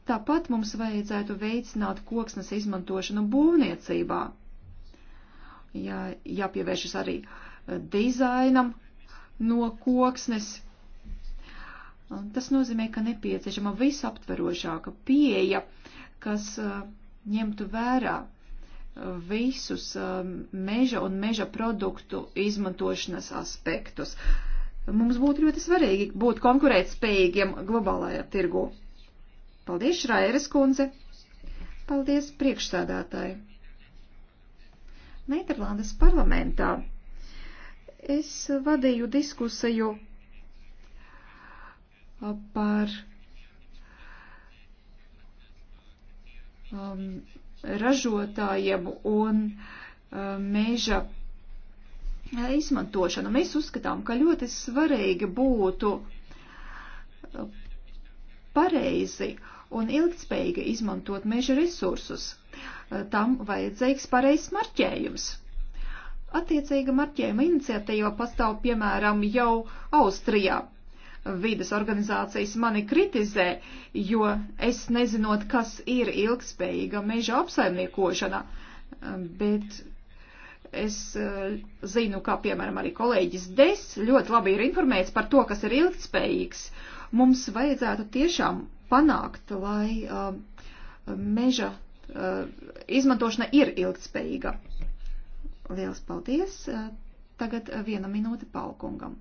Speaker 2: Tāpat mums vajadzētu veicināt koksnes izmantošanu būvniecībā. Jā, jāpievēršas arī eh, dizainam no koksnes. Tas nozīmē, ka nepieciešama visaptverošāka pieeja, kas eh, ņemtu vērā eh, visus meža un meža produktu izmantošanas aspektus. Mums būtu ļoti svarīgi būt konkurētspējīgiem globālajā tirgu. Paldies, Šrairas kundze! Paldies, priekšsādātāji! Nīderlandes parlamentā es vadīju diskusiju par um, ražotājiem un um, meža uh, izmantošanu. Mēs uzskatām, ka ļoti svarīgi būtu uh, pareizi uh, un ilgtspējīgi izmantot meža resursus. Eh, tam vajadzīgs pareizs marķējums. Attiecīga marķējuma iniciatīva pastāv piemēram jau Austrijā. Vides organizācijas mani kritizē, jo es nezinot, kas ir ilgspējīga meža apsaimniekošana, eh, bet es eh, zinu, kā piemēram arī kolēģis Des ļoti labi ir informēts par to, kas ir ilgtspējīgs. Mums vajadzētu tiešām panākt, lai uh, meža uh, izmantošana ir ilgtspējīga. Liels paldies! Uh, tagad viena minūte palkungam.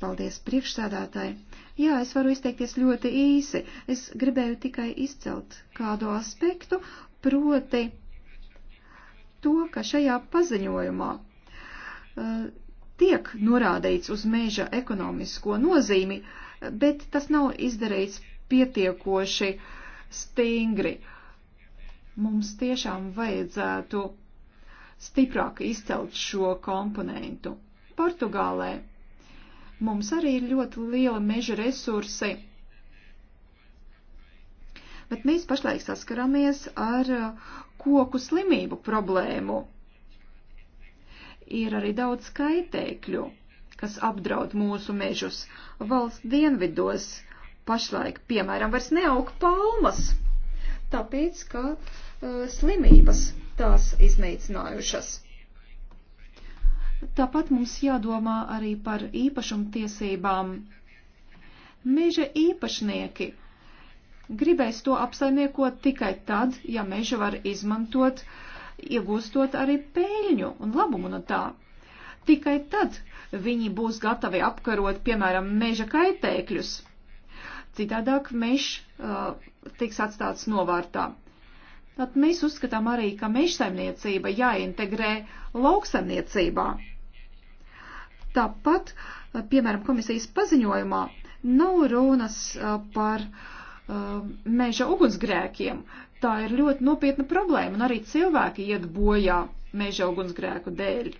Speaker 2: Paldies priekšsēdētāji. Jā, es varu izteikties ļoti īsi. Es gribēju tikai izcelt kādu aspektu, proti to, ka šajā paziņojumā uh, tiek norādīts uz meža ekonomisko nozīmi, bet tas nav izdarīts pietiekoši stingri. Mums tiešām vajadzētu stiprāk izcelt šo komponentu. Portugālē mums arī ir ļoti liela meža resursi, bet mēs pašlaik saskaramies ar koku slimību problēmu ir arī daudz kaitēkļu, kas apdraud mūsu mežus. Valsts dienvidos pašlaik, piemēram, vairs neaug palmas, tāpēc, ka uh, slimības tās iznīcinājušas. Tāpat mums jādomā arī par īpašumtiesībām. Meža īpašnieki gribēs to apsaimniekot tikai tad, ja mežu var izmantot uh, iegūstot arī peļņu un labumu no tā. Tikai tad viņi būs gatavi apkarot, piemēram, meža kaitēkļus. Citādāk mežs uh, tiks atstāts novārtā. Tad mēs uzskatām arī, ka mežsaimniecība jāintegrē lauksaimniecībā. Tāpat, uh, piemēram, komisijas paziņojumā nav runas uh, par uh, meža ugunsgrēkiem tā ir ļoti nopietna problēma, un arī cilvēki iet bojā meža ugunsgrēku dēļ.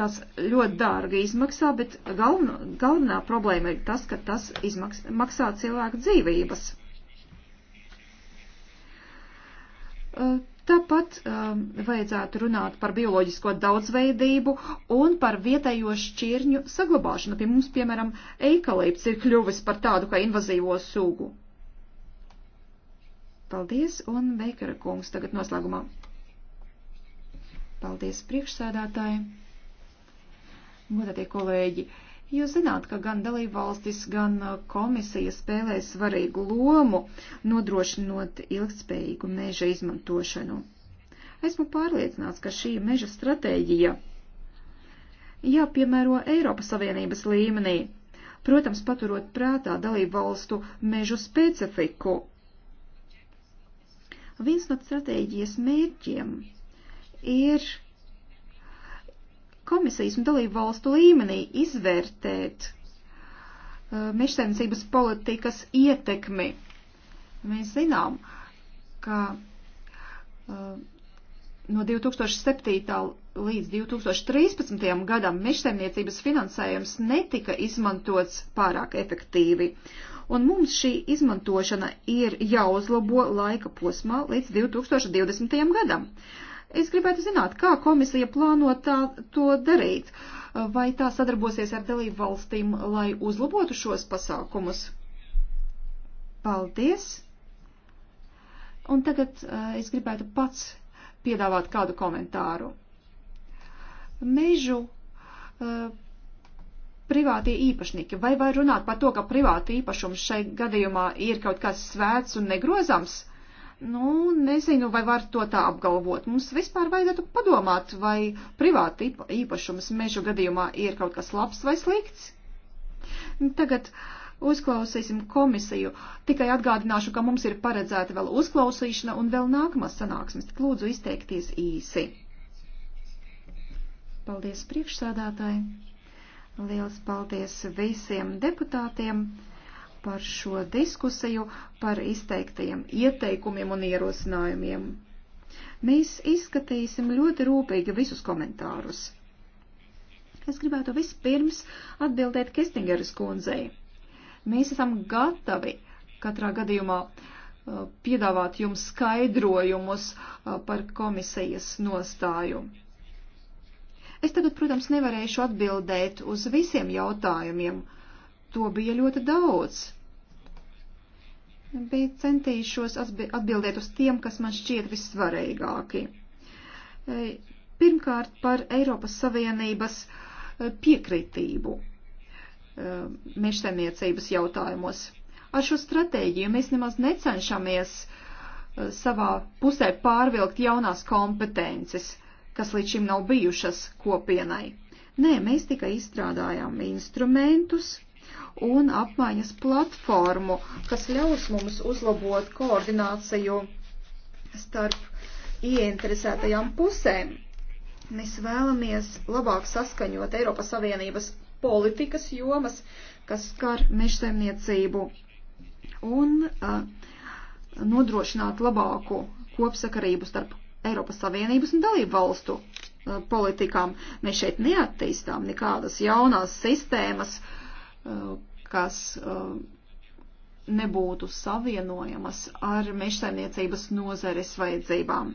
Speaker 2: Tas ļoti dārgi izmaksā, bet galveno, galvenā problēma ir tas, ka tas maksā cilvēku dzīvības. Tāpat um, vajadzētu runāt par bioloģisko daudzveidību un par vietējo šķirņu saglabāšanu. Pie mums, piemēram, eikalīps ir kļuvis par tādu kā invazīvo sugu. Paldies, un Beikara kungs tagad noslēgumā. Paldies priekšsēdētāji. Godātie kolēģi, jūs zināt, ka gan dalībvalstis, gan uh, komisija spēlē svarīgu lomu, nodrošinot ilgspējīgu meža izmantošanu. Esmu pārliecināts, ka šī meža stratēģija jāpiemēro Eiropas Savienības līmenī, protams, paturot prātā dalībvalstu mežu specifiku Viens no stratēģijas mērķiem ir komisijas un dalību valstu līmenī izvērtēt uh, mežsaimniecības politikas ietekmi. Mēs zinām, ka uh, no 2007. līdz 2013. gadam mežsaimniecības finansējums netika izmantots pārāk efektīvi. Uh, un mums šī izmantošana ir jāuzlabo laika posmā līdz 2020. gadam. Es gribētu zināt, kā komisija plāno tā, to darīt, vai tā sadarbosies ar dalību valstīm, lai uzlabotu šos pasākumus. Paldies! Un tagad uh, es gribētu pats piedāvāt kādu komentāru. Mežu uh, privātie īpašnieki? Vai var runāt par to, ka privāti īpašums šai gadījumā ir kaut kas svēts un negrozams? Nu, nezinu, vai var to tā apgalvot. Mums vispār vajadzētu padomāt, vai privāti īpašums mežu gadījumā ir kaut kas labs vai slikts. Tagad uzklausīsim komisiju. Tikai atgādināšu, ka mums ir paredzēta vēl uzklausīšana un vēl nākamās sanāksmes. Tik lūdzu izteikties īsi. Paldies priekšsēdētāji. Liels paldies visiem deputātiem par šo diskusiju, par izteiktajiem ieteikumiem un ierosinājumiem. Mēs izskatīsim ļoti rūpīgi visus komentārus. Es gribētu vispirms atbildēt Kestingeras kundzei. Mēs esam gatavi katrā gadījumā uh, piedāvāt jums skaidrojumus uh, par komisijas nostājumu Es tagad, protams, nevarēšu atbildēt uz visiem jautājumiem. To bija ļoti daudz. Bet centīšos atbildēt uz tiem, kas man šķiet vissvarīgāki. E, pirmkārt, par Eiropas Savienības e, piekritību e, mežsaimniecības jautājumos. Ar šo stratēģiju mēs nemaz necenšamies savā pusē pārvilkt jaunās kompetences kas līdz šim nav bijušas kopienai. Nē, mēs tikai izstrādājām instrumentus un apmaiņas platformu, kas ļaus mums uzlabot koordināciju starp ieinteresētajām pusēm. Mēs vēlamies labāk saskaņot Eiropas Savienības politikas jomas, kas skar mežsaimniecību un uh, nodrošināt labāku kopsakarību starp Eiropas Savienības un dalību valstu uh, politikām. Mēs šeit neattīstām nekādas jaunās sistēmas, uh, kas uh, nebūtu savienojamas ar mežsaimniecības nozares vajadzībām.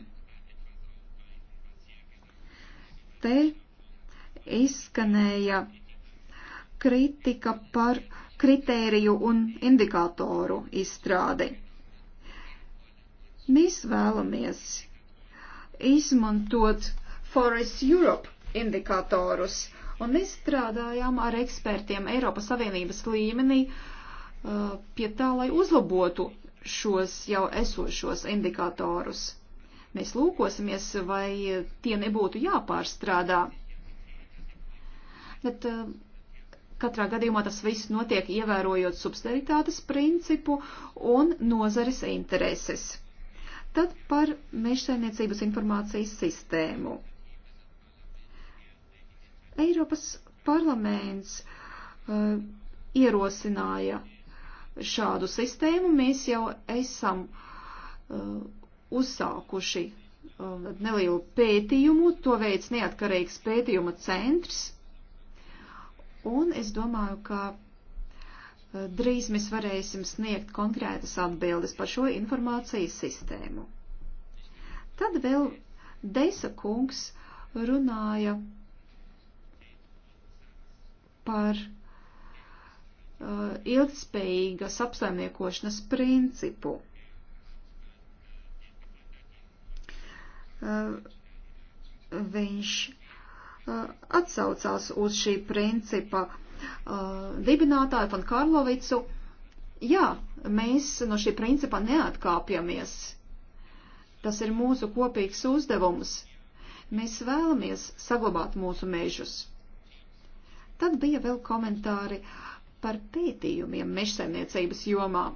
Speaker 2: Te izskanēja kritika par kritēriju un indikātoru izstrādi. Mēs vēlamies izmantot Forest Europe indikatorus, un mēs strādājām ar ekspertiem Eiropas Savienības līmenī uh, pie tā, lai uzlabotu šos jau esošos indikatorus. Mēs lūkosimies, vai tie nebūtu jāpārstrādā. Bet uh, katrā gadījumā tas viss notiek ievērojot subsidiaritātes principu un nozares intereses. Tad par mežsaimniecības informācijas sistēmu. Eiropas parlaments uh, ierosināja šādu sistēmu. Mēs jau esam uh, uzsākuši uh, nelielu pētījumu, to veids neatkarīgs pētījuma centrs. Un es domāju, ka drīz mēs varēsim sniegt konkrētas atbildes par šo informācijas sistēmu. Tad vēl Deisa kungs runāja par uh, ilgspējīgas apsaimniekošanas principu. Uh, viņš uh, atsaucās uz šī principa uh, uh, dibinātāju, Fan Karlovicu. Jā, mēs no šī principa neatkāpjamies. Tas ir mūsu kopīgs uzdevums. Mēs vēlamies saglabāt mūsu mežus. Tad bija vēl komentāri par pētījumiem mežsaimniecības jomā.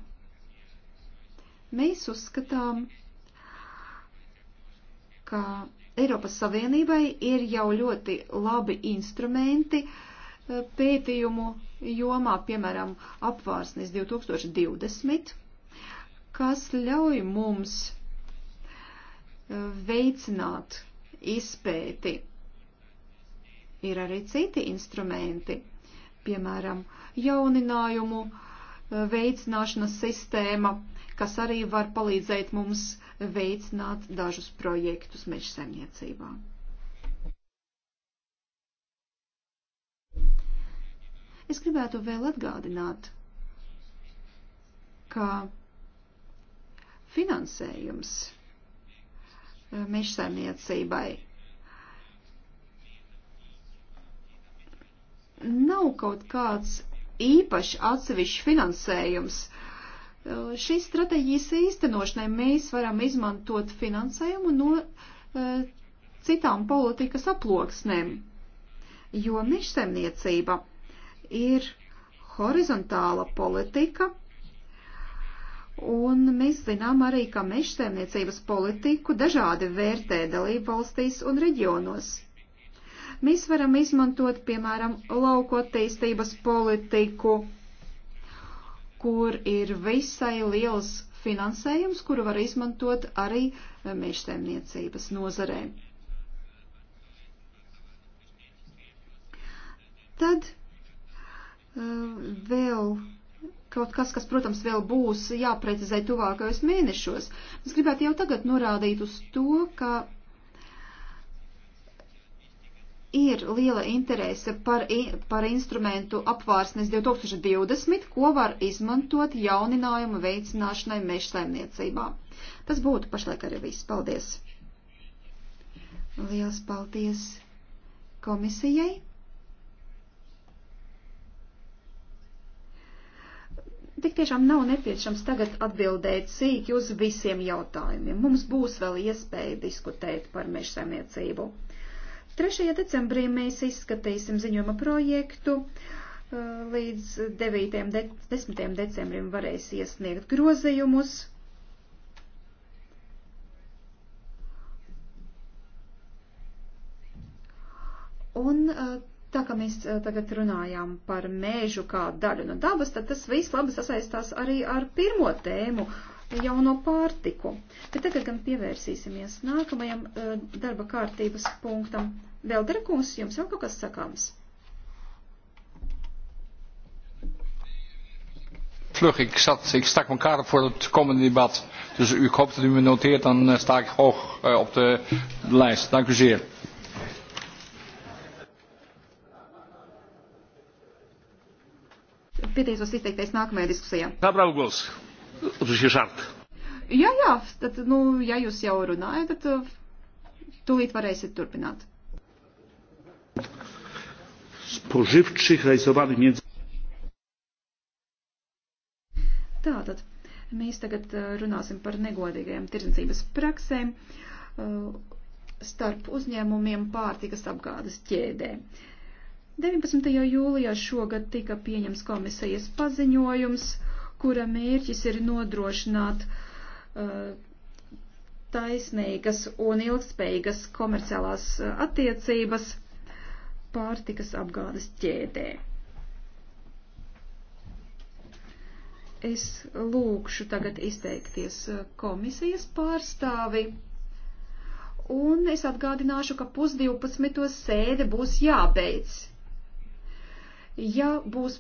Speaker 2: Mēs uzskatām, ka Eiropas Savienībai ir jau ļoti labi instrumenti uh, Eh, pētījumu jomā, piemēram, apvārsnes 2020, kas ļauj mums eh, veicināt izpēti. Ir arī citi instrumenti, piemēram, jauninājumu eh, veicināšanas sistēma, kas arī var palīdzēt mums veicināt dažus projektus mežsaimniecībā. Es gribētu vēl atgādināt, ka finansējums e, mežsaimniecībai nav kaut kāds īpaši atsevišķs finansējums. E, šīs stratēģijas īstenošanai mēs varam izmantot finansējumu no e, citām politikas aploksnēm, jo mežsaimniecība ir horizontāla politika, un mēs zinām arī, ka mežsēmniecības politiku dažādi vērtē dalību valstīs un reģionos. Mēs varam izmantot, piemēram, lauko attīstības politiku, kur ir visai liels finansējums, kuru var izmantot arī mežsēmniecības nozarē. Tad vēl kaut kas, kas, protams, vēl būs jāprecizē tuvākajos mēnešos. Es gribētu jau tagad norādīt uz to, ka ir liela interese par, par instrumentu apvārsnes 2020, ko var izmantot jauninājumu veicināšanai mežsaimniecībā. Tas būtu pašlaik arī viss. Paldies! Liels paldies komisijai! Tik tiešām nav nepieciešams tagad atbildēt sīki uz visiem jautājumiem. Mums būs vēl iespēja diskutēt par mežsaimniecību. 3. decembrī mēs izskatīsim ziņojuma projektu. Uh, līdz 9. De 10. decembrim varēs iesniegt grozījumus. Un uh, Tā kā mēs eh, tagad runājām par mēžu kā daļu no dabas, tad tas viss labi sasaistās arī ar pirmo tēmu jauno pārtiku. Bet tagad gan pievērsīsimies nākamajam eh, darba kārtības punktam. Velderkungs, jums vēl kaut kas sakāms?
Speaker 3: vlug. Ik, zat, ik stak mijn kaart voor het komende debat. Dus ik hoop dat u me noteert, dan eh, sta ik hoog uh, op de lijst. Dank u zeer.
Speaker 2: pieteicos izteikties nākamajā diskusijā.
Speaker 1: Pabraugos, uz šī šārta.
Speaker 2: Jā, jā, tad, nu, ja jūs jau runājat, tad uh, tūlīt varēsiet turpināt.
Speaker 1: Spoživčih realizovali między...
Speaker 2: Tātad, mēs tagad uh, runāsim par negodīgajām tirdzniecības praksēm uh, starp uzņēmumiem pārtikas apgādes ķēdē. 19. jūlijā šogad tika pieņems komisijas paziņojums, kura mērķis ir nodrošināt uh, taisnīgas un ilgspējīgas komerciālās uh, attiecības pārtikas apgādes ķēdē. Es lūkšu tagad izteikties uh, komisijas pārstāvi, un es atgādināšu, ka pusdivpadsmitos sēde būs jābeidz. Ja būs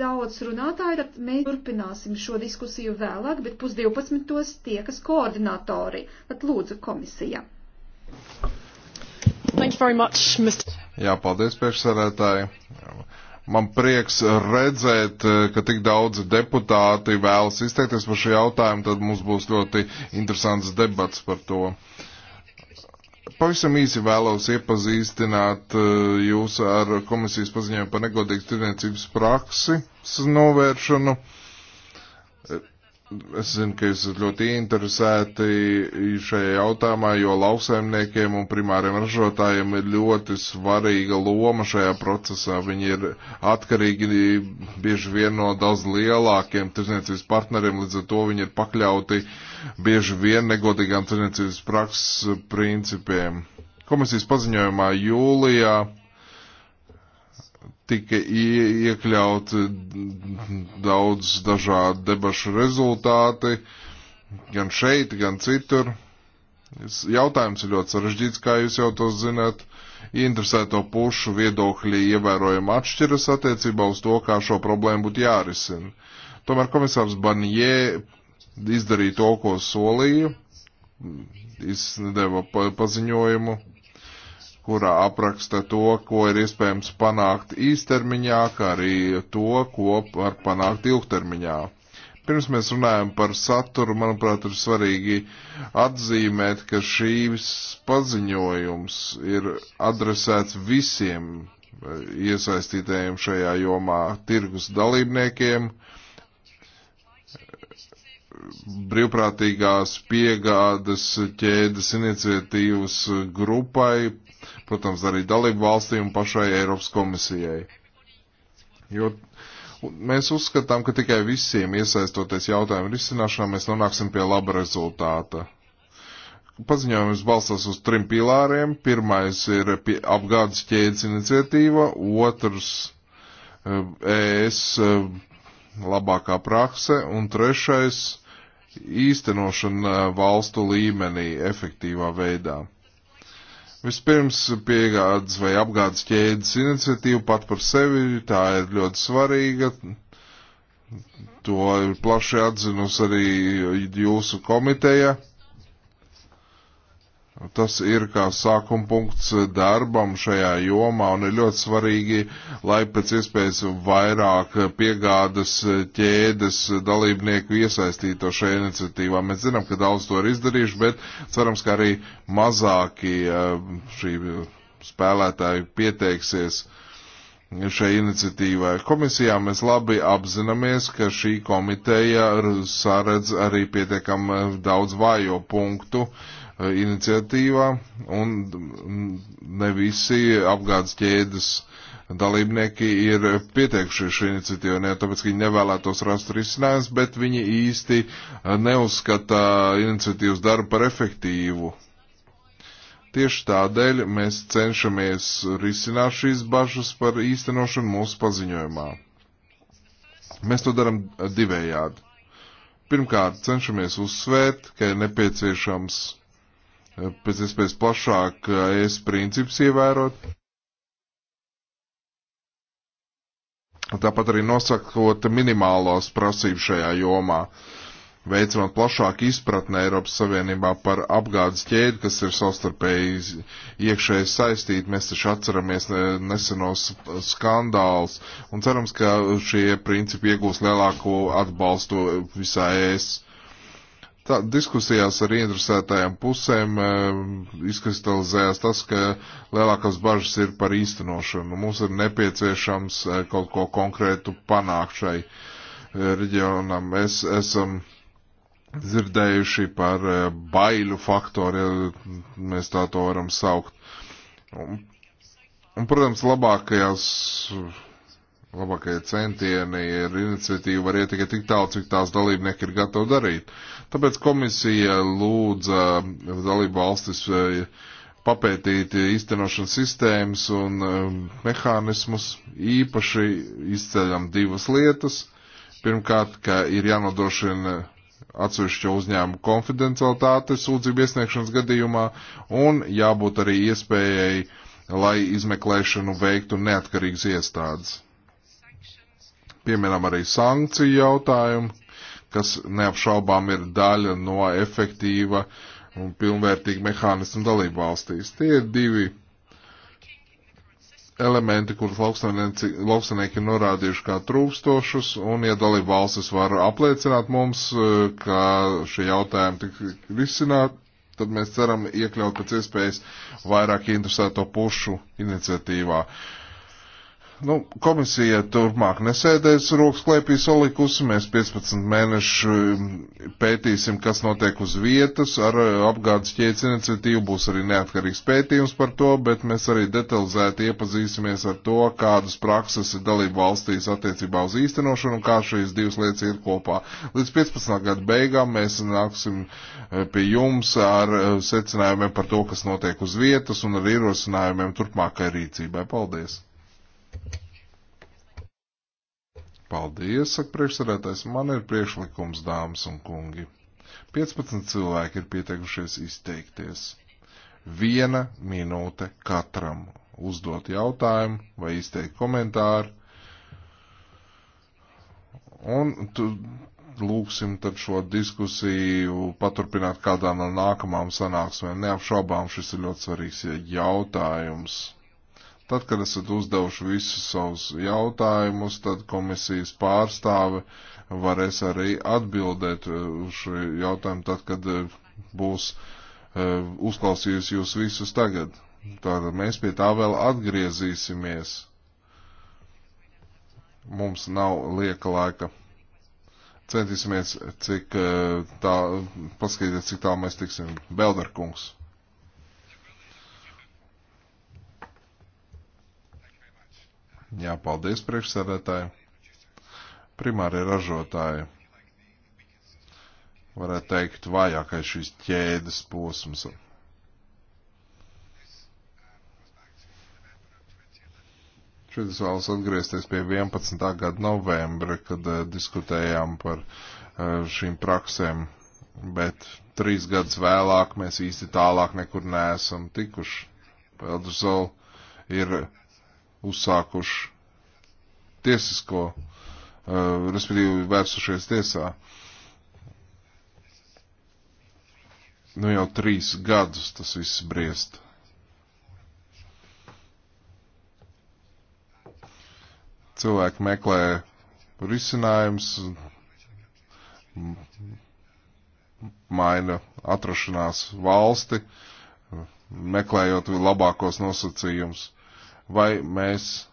Speaker 2: daudz runātāju, tad mēs turpināsim šo diskusiju vēlāk, bet pusdivpadsmitos tiekas koordinatori. Tad lūdzu komisija.
Speaker 1: Much, Mr. Jā, paldies priekšsēdētāji. Man prieks redzēt, ka tik daudzi deputāti vēlas izteikties par šo jautājumu, tad mums būs ļoti interesants debats par to. Uh, Pavisam īsi vēlos iepazīstināt eh, jūs ar komisijas paziņojumu par negodīgas tirdzniecības praksi novēršanu. Es zinu, ka esat ļoti interesēti šajā jautājumā, jo lauksaimniekiem un primāriem ražotājiem ir ļoti svarīga loma šajā procesā. Viņi ir atkarīgi bieži vien no daudz lielākiem tirdzniecības partneriem, līdz ar to viņi ir pakļauti bieži vien negodīgām tirdzniecības prakses principiem. Komisijas paziņojumā jūlijā tika iekļauti daudz dažādu debašu rezultāti, gan šeit, gan citur. Jautājums ir ļoti sarežģīts, kā jūs jau to zināt. Interesēto pušu viedokļi ievērojami atšķiras attiecībā uz to, kā šo problēmu būtu jārisina. Tomēr komisārs Banjē izdarīja to, ko solīja, izdeva paziņojumu kurā apraksta to, ko ir iespējams panākt īstermiņā, kā arī to, ko var panākt ilgtermiņā. Pirms mēs runājam par saturu, manuprāt, ir svarīgi atzīmēt, ka šīs paziņojums ir adresēts visiem iesaistītajiem šajā jomā tirgus dalībniekiem, brīvprātīgās piegādes ķēdes iniciatīvas grupai, protams, arī dalību valstīm un pašai Eiropas komisijai. Jo mēs uzskatām, ka tikai visiem iesaistoties jautājumu risināšanā mēs nonāksim pie laba rezultāta. Paziņojums balstās uz trim pilāriem. Pirmais ir apgādes ķēdes iniciatīva, otrs ES eh, e eh, labākā prakse un trešais īstenošana eh, valstu līmenī efektīvā veidā. Vispirms piegādes vai apgādes ķēdes iniciatīva pat par sevi, tā ir ļoti svarīga. To ir plaši atzinusi arī jūsu komiteja. Tas ir kā sākuma punkts darbam šajā jomā un ir ļoti svarīgi, lai pēc iespējas vairāk piegādas ķēdes dalībnieku iesaistīto šajā iniciatīvā. Mēs zinām, ka daudz to ir izdarījuši, bet cerams, ka arī mazāki eh, šī spēlētāji pieteiksies šai iniciatīvai. Komisijā mēs labi apzināmies, ka šī komiteja saredz arī pietiekam eh, daudz vājo punktu iniciatīvā, un ne visi apgādes ķēdes dalībnieki ir pieteikušies šī iniciatīva, ne tāpēc, ka viņi nevēlētos rast risinājums, bet viņi īsti neuzskata iniciatīvas darbu par efektīvu. Tieši tādēļ mēs cenšamies risināt šīs bažas par īstenošanu mūsu paziņojumā. Mēs to darām divējādi. Pirmkārt, cenšamies uzsvērt, ka ir nepieciešams pēc iespējas plašāk es princips ievērot. Tāpat arī nosakot minimālos prasību šajā jomā, veicinot plašāku izpratni Eiropas Savienībā par apgādes ķēdi, kas ir savstarpēji iekšēji saistīti. Mēs taču atceramies nesenos skandāls un cerams, ka šie principi iegūs lielāko atbalstu visā ES. Tā, diskusijās ar ieinteresētajām pusēm e, izkristalizējās tas, ka lielākās bažas ir par īstenošanu. Mums ir nepieciešams e, kaut ko konkrētu panākt šai e, reģionam. Es esam dzirdējuši par e, baiļu faktoru, ja mēs tā to varam saukt. Un, un protams, labākajās labākie centieni ir iniciatīva var iet tikai tik tālu, cik tās dalībnieki ir gatavi darīt. Uh, Tāpēc komisija lūdza dalību valstis eh, papētīt īstenošanas sistēmas un eh, mehānismus. Īpaši izceļam divas lietas. Pirmkārt, ka ir jānodrošina atsevišķo uzņēmumu konfidencialitāte sūdzību iesniegšanas gadījumā un jābūt arī iespējai, lai izmeklēšanu veiktu neatkarīgas iestādes. Pieminam arī sankciju jautājumu kas neapšaubām ir daļa no efektīva un pilnvērtīga mehānismu dalību valstīs. Tie ir divi elementi, kurus lauksanieki ir norādījuši kā trūkstošus, un ja dalību valstis var apliecināt mums, e, ka šie jautājumi tiks risināti, tad mēs ceram iekļaut pēc iespējas vairāk interesēto pušu iniciatīvā. Uh, Nu, komisija turpmāk nesēdēs rokas klēpī solikusi, mēs 15 mēnešu pētīsim, kas notiek uz vietas, ar apgādes ķēdes iniciatīvu būs arī neatkarīgs pētījums par to, bet mēs arī detalizēti iepazīsimies ar to, kādas prakses ir dalību valstīs attiecībā uz īstenošanu un kā šīs divas lietas iet kopā. Līdz 15. gada beigām mēs nāksim eh, pie jums ar eh, secinājumiem par to, kas notiek uz vietas un ar ierosinājumiem turpmākai rīcībai. Paldies! Paldies, saka priekšsarētājs. Man ir priekšlikums, dāmas un kungi. 15 cilvēki ir pieteikušies izteikties. Viena minūte katram uzdot jautājumu vai izteikt komentāru. Un tu, lūksim tad šo diskusiju paturpināt kādā no nākamām sanāksmēm. Neapšaubām šis ir ļoti svarīgs jautājums Tad, kad esat uzdevuši visus savus jautājumus, tad komisijas pārstāve varēs arī atbildēt eh, uz šo jautājumu, tad, kad eh, būs uh, uzklausījusi jūs visus tagad. Tātad mēs pie tā vēl atgriezīsimies. Mums nav lieka laika. Centīsimies, cik tā, paskatīties, cik tā mēs tiksim. Belderkungs. Jā, paldies priekšsēdētāji. Primārie ražotāji, varētu teikt, vājākais šīs ķēdes posms. Šeit es vēlos atgriezties pie 11. gada novembra, kad uh, diskutējām par uh, šīm praksēm, bet trīs gadus vēlāk mēs īsti tālāk nekur neesam tikuši. Peldzol ir uzsākuši tiesisko, uh, respektīvi vērsušies tiesā. Nu jau trīs gadus tas viss briest. Cilvēki meklē risinājums, maina atrašanās valsti, meklējot labākos nosacījumus vai mēs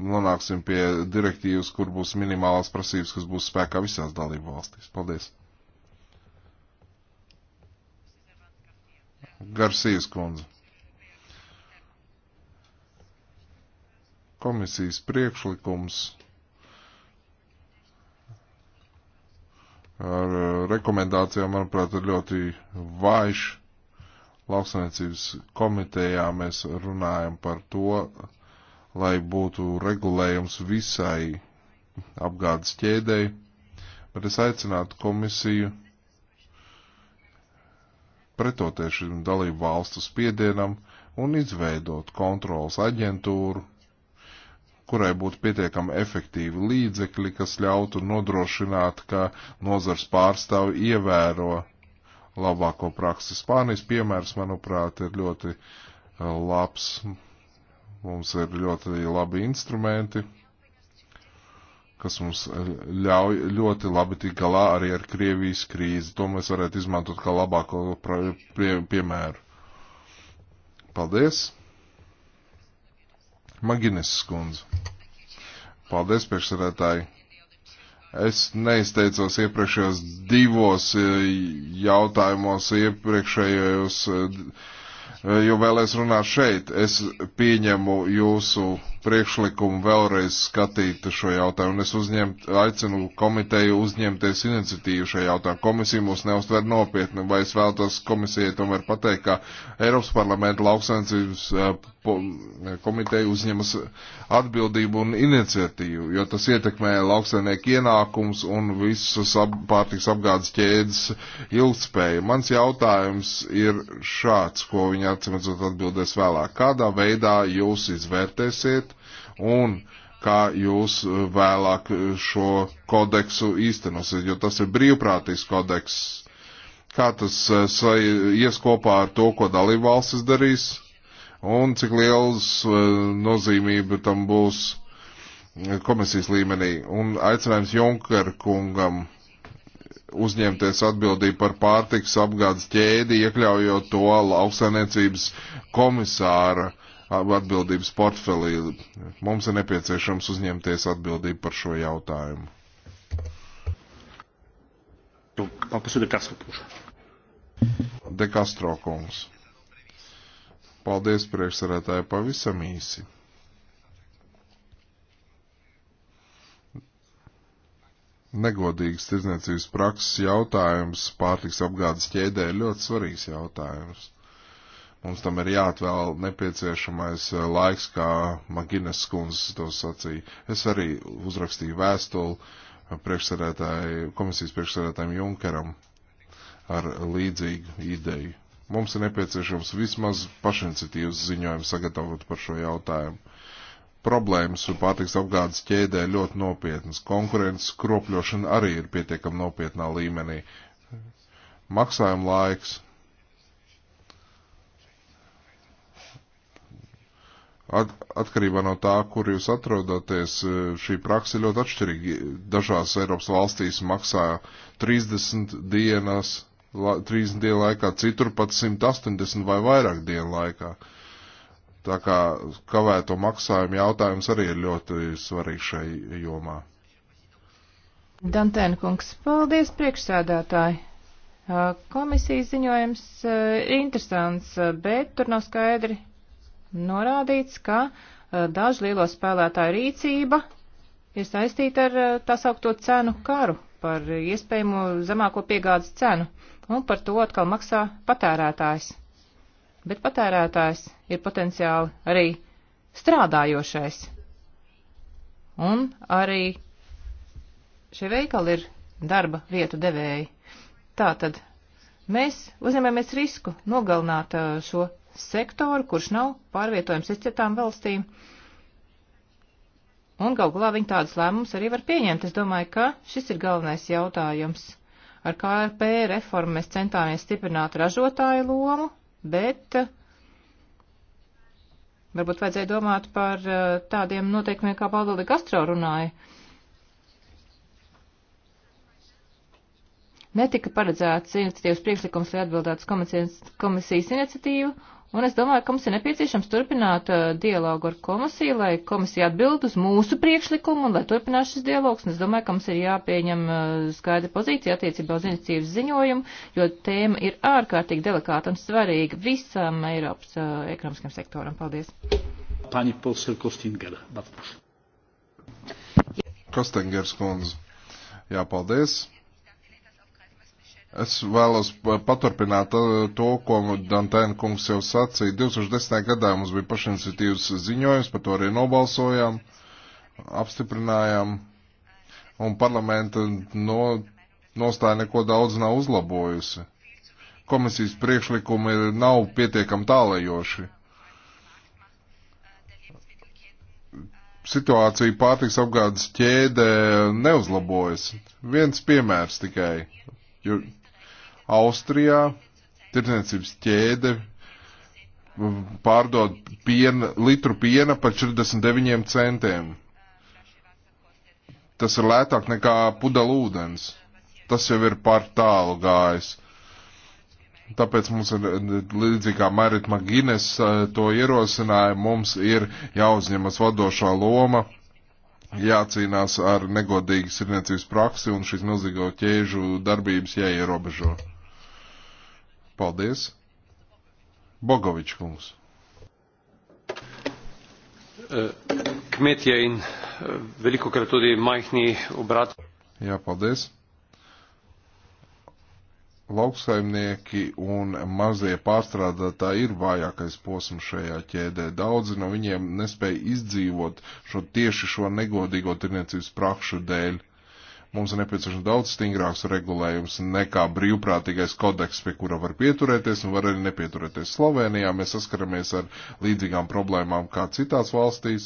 Speaker 1: nonāksim pie direktīvas, kur būs minimālās prasības, kas būs spēkā visās dalību valstīs. Paldies. Garsīs kundze. Komisijas priekšlikums ar rekomendācijām, manuprāt, ir ļoti vājš lauksaimniecības komitejā mēs runājam par to, lai būtu regulējums visai apgādes ķēdēji, bet es aicinātu komisiju pretoties šim dalību valstu spiedienam un izveidot kontrolas aģentūru, kurai būtu pietiekami efektīvi līdzekļi, kas ļautu nodrošināt, ka nozars pārstāvi ievēro labāko praksi. Spānijas piemērs, manuprāt, ir ļoti uh, labs. Mums ir ļoti labi instrumenti, kas mums uh, ļauj ļoti labi tikt galā arī ar Krievijas krīzi. To mēs varētu izmantot kā labāko pie, piemēru. Paldies! Maginis skundze. Paldies, priekšsarētāji! Es neizteicos iepriekšējos divos e, jautājumos, iepriekšējos, e, e, jo vēl es runāšu šeit. Es pieņemu jūsu priekšlikumu vēlreiz skatīt šo jautājumu. Es uzņemt, aicinu komiteju uzņemties iniciatīvu šajā jautājumā. Komisija mūs neuztver nopietni, vai es vēlos komisijai tomēr pateikt, ka Eiropas parlamenta lauksainicības komiteja uzņemas atbildību un iniciatīvu, jo tas ietekmē lauksainieku ienākums un visas ap, pārtiks apgādes ķēdes ilgspēju. Mans jautājums ir šāds, ko viņa atcīmredzot atbildēs vēlāk. Kādā veidā jūs izvērtēsiet un kā jūs eh, vēlāk eh, šo kodeksu īstenosiet, jo tas ir brīvprātīgs kodeks. Kā tas eh, ies kopā ar to, ko dalībvalstis darīs, un cik liels nozīmība tam būs komisijas līmenī. Un aicinājums Junker kungam uzņemties atbildību par pārtiks apgādes ķēdi, iekļaujot to lauksainiecības komisāra uh, atbildības portfelī. Mums ir nepieciešams uzņemties atbildību par šo jautājumu. De Castro kungs. Paldies priekšsarētāji pavisam īsi. Negodīgas tirdzniecības prakses jautājums pārtiks apgādes ķēdē ir ļoti svarīgs jautājums. Mums tam ir jāatvēl nepieciešamais eh, laiks, kā Magines skundze to sacīja. Es arī uzrakstīju vēstuli eh, priekšsarētāju, komisijas priekšsarētājiem Junkeram ar līdzīgu ideju. Mums ir nepieciešams vismaz pašiniciatīvas ziņojums sagatavot par šo jautājumu problēmas un pārtiks apgādes ķēdē ļoti nopietnas. Konkurences kropļošana arī ir pietiekami nopietnā līmenī. Maksājuma laiks, At, atkarībā no tā, kur jūs atrodaties, e, šī praksa ļoti atšķirīga. Dažās Eiropas valstīs maksā 30 dienas, 30 dienu laikā, citur pat 180 vai vairāk dienu laikā. Tā kā kavēto maksājumu jautājums arī ir ļoti svarīgs šai jomā.
Speaker 3: Dantēna kungs, paldies priekšsēdētāji. Komisijas ziņojums ir interesants, bet tur nav skaidri norādīts, ka eh, dažu lielo spēlētāju rīcība ir saistīta ar eh, tā saukto cenu karu par iespējamo zemāko piegādes cenu, un par to atkal maksā patērētājs. Bet patērētājs ir potenciāli arī strādājošais. Un arī šie veikali ir darba vietu devēji. Tātad mēs uzņemamies risku nogalināt eh, šo sektoru, kurš nav pārvietojams uz citām valstīm. Un gal galā viņi tādus lēmumus arī var pieņemt. Es domāju, ka šis ir galvenais jautājums. Ar KRP reformu mēs centāmies stiprināt ražotāju lomu, bet eh, varbūt vajadzēja domāt par eh, tādiem noteikumiem, kā Pāvili Gastro runāja. Netika paredzēts iniciatīvas priekšlikums, lai atbildētu komisijas iniciatīvu, Un es domāju, ka mums ir nepieciešams turpināt uh, dialogu ar komisiju, lai komisija atbild uz mūsu priekšlikumu un lai turpinās šis dialogs. Un es domāju, ka mums ir jāpieņem uh, skaidra pozīcija attiecībā uz iniciatīvas ziņojumu, jo tēma ir ārkārtīgi delikāta un svarīga visam Eiropas uh, ekonomiskam sektoram. Paldies.
Speaker 1: Pani Polsel Kostingera. Kostingers kundze. Jā, paldies. Es vēlos paturpināt uh, to, ko Dantēna kungs jau sacīja. 2010. gadā mums bija pašiniciatīvas ziņojums, par to arī nobalsojām, apstiprinājām, un parlamenta no, nostāja neko daudz nav uzlabojusi. Komisijas priekšlikumi nav pietiekam tālajoši. situācija pārtiks apgādes ķēdē neuzlabojas. Viens piemērs tikai. Jo Austrijā tirdzniecības ķēde mm, pārdod piena, litru piena par 49 centiem. Tas ir lētāk nekā pudel ūdens. Tas jau ir par tālu gājis. Tāpēc mums ir līdzīgi kā Marit Magines eh, to ierosināja, mums ir jāuzņemas vadošā loma, jācīnās ar negodīgas irniecības praksi un šīs milzīgo ķēžu darbības jāierobežo. Paldies. Bogovičs kungs.
Speaker 2: Kmetje in veliko krat tudi majhni obrat.
Speaker 1: Jā, paldies. Lauksaimnieki un mazie pārstrādātāji ir vājākais posms šajā ķēdē. Daudzi no viņiem nespēja izdzīvot šo tieši šo negodīgo tirniecības prakšu dēļ Mums ir nepieciešams daudz stingrāks regulējums nekā brīvprātīgais kodeks, pie kura var pieturēties un var arī nepieturēties. Slovenijā mēs saskaramies ar līdzīgām problēmām kā citās valstīs.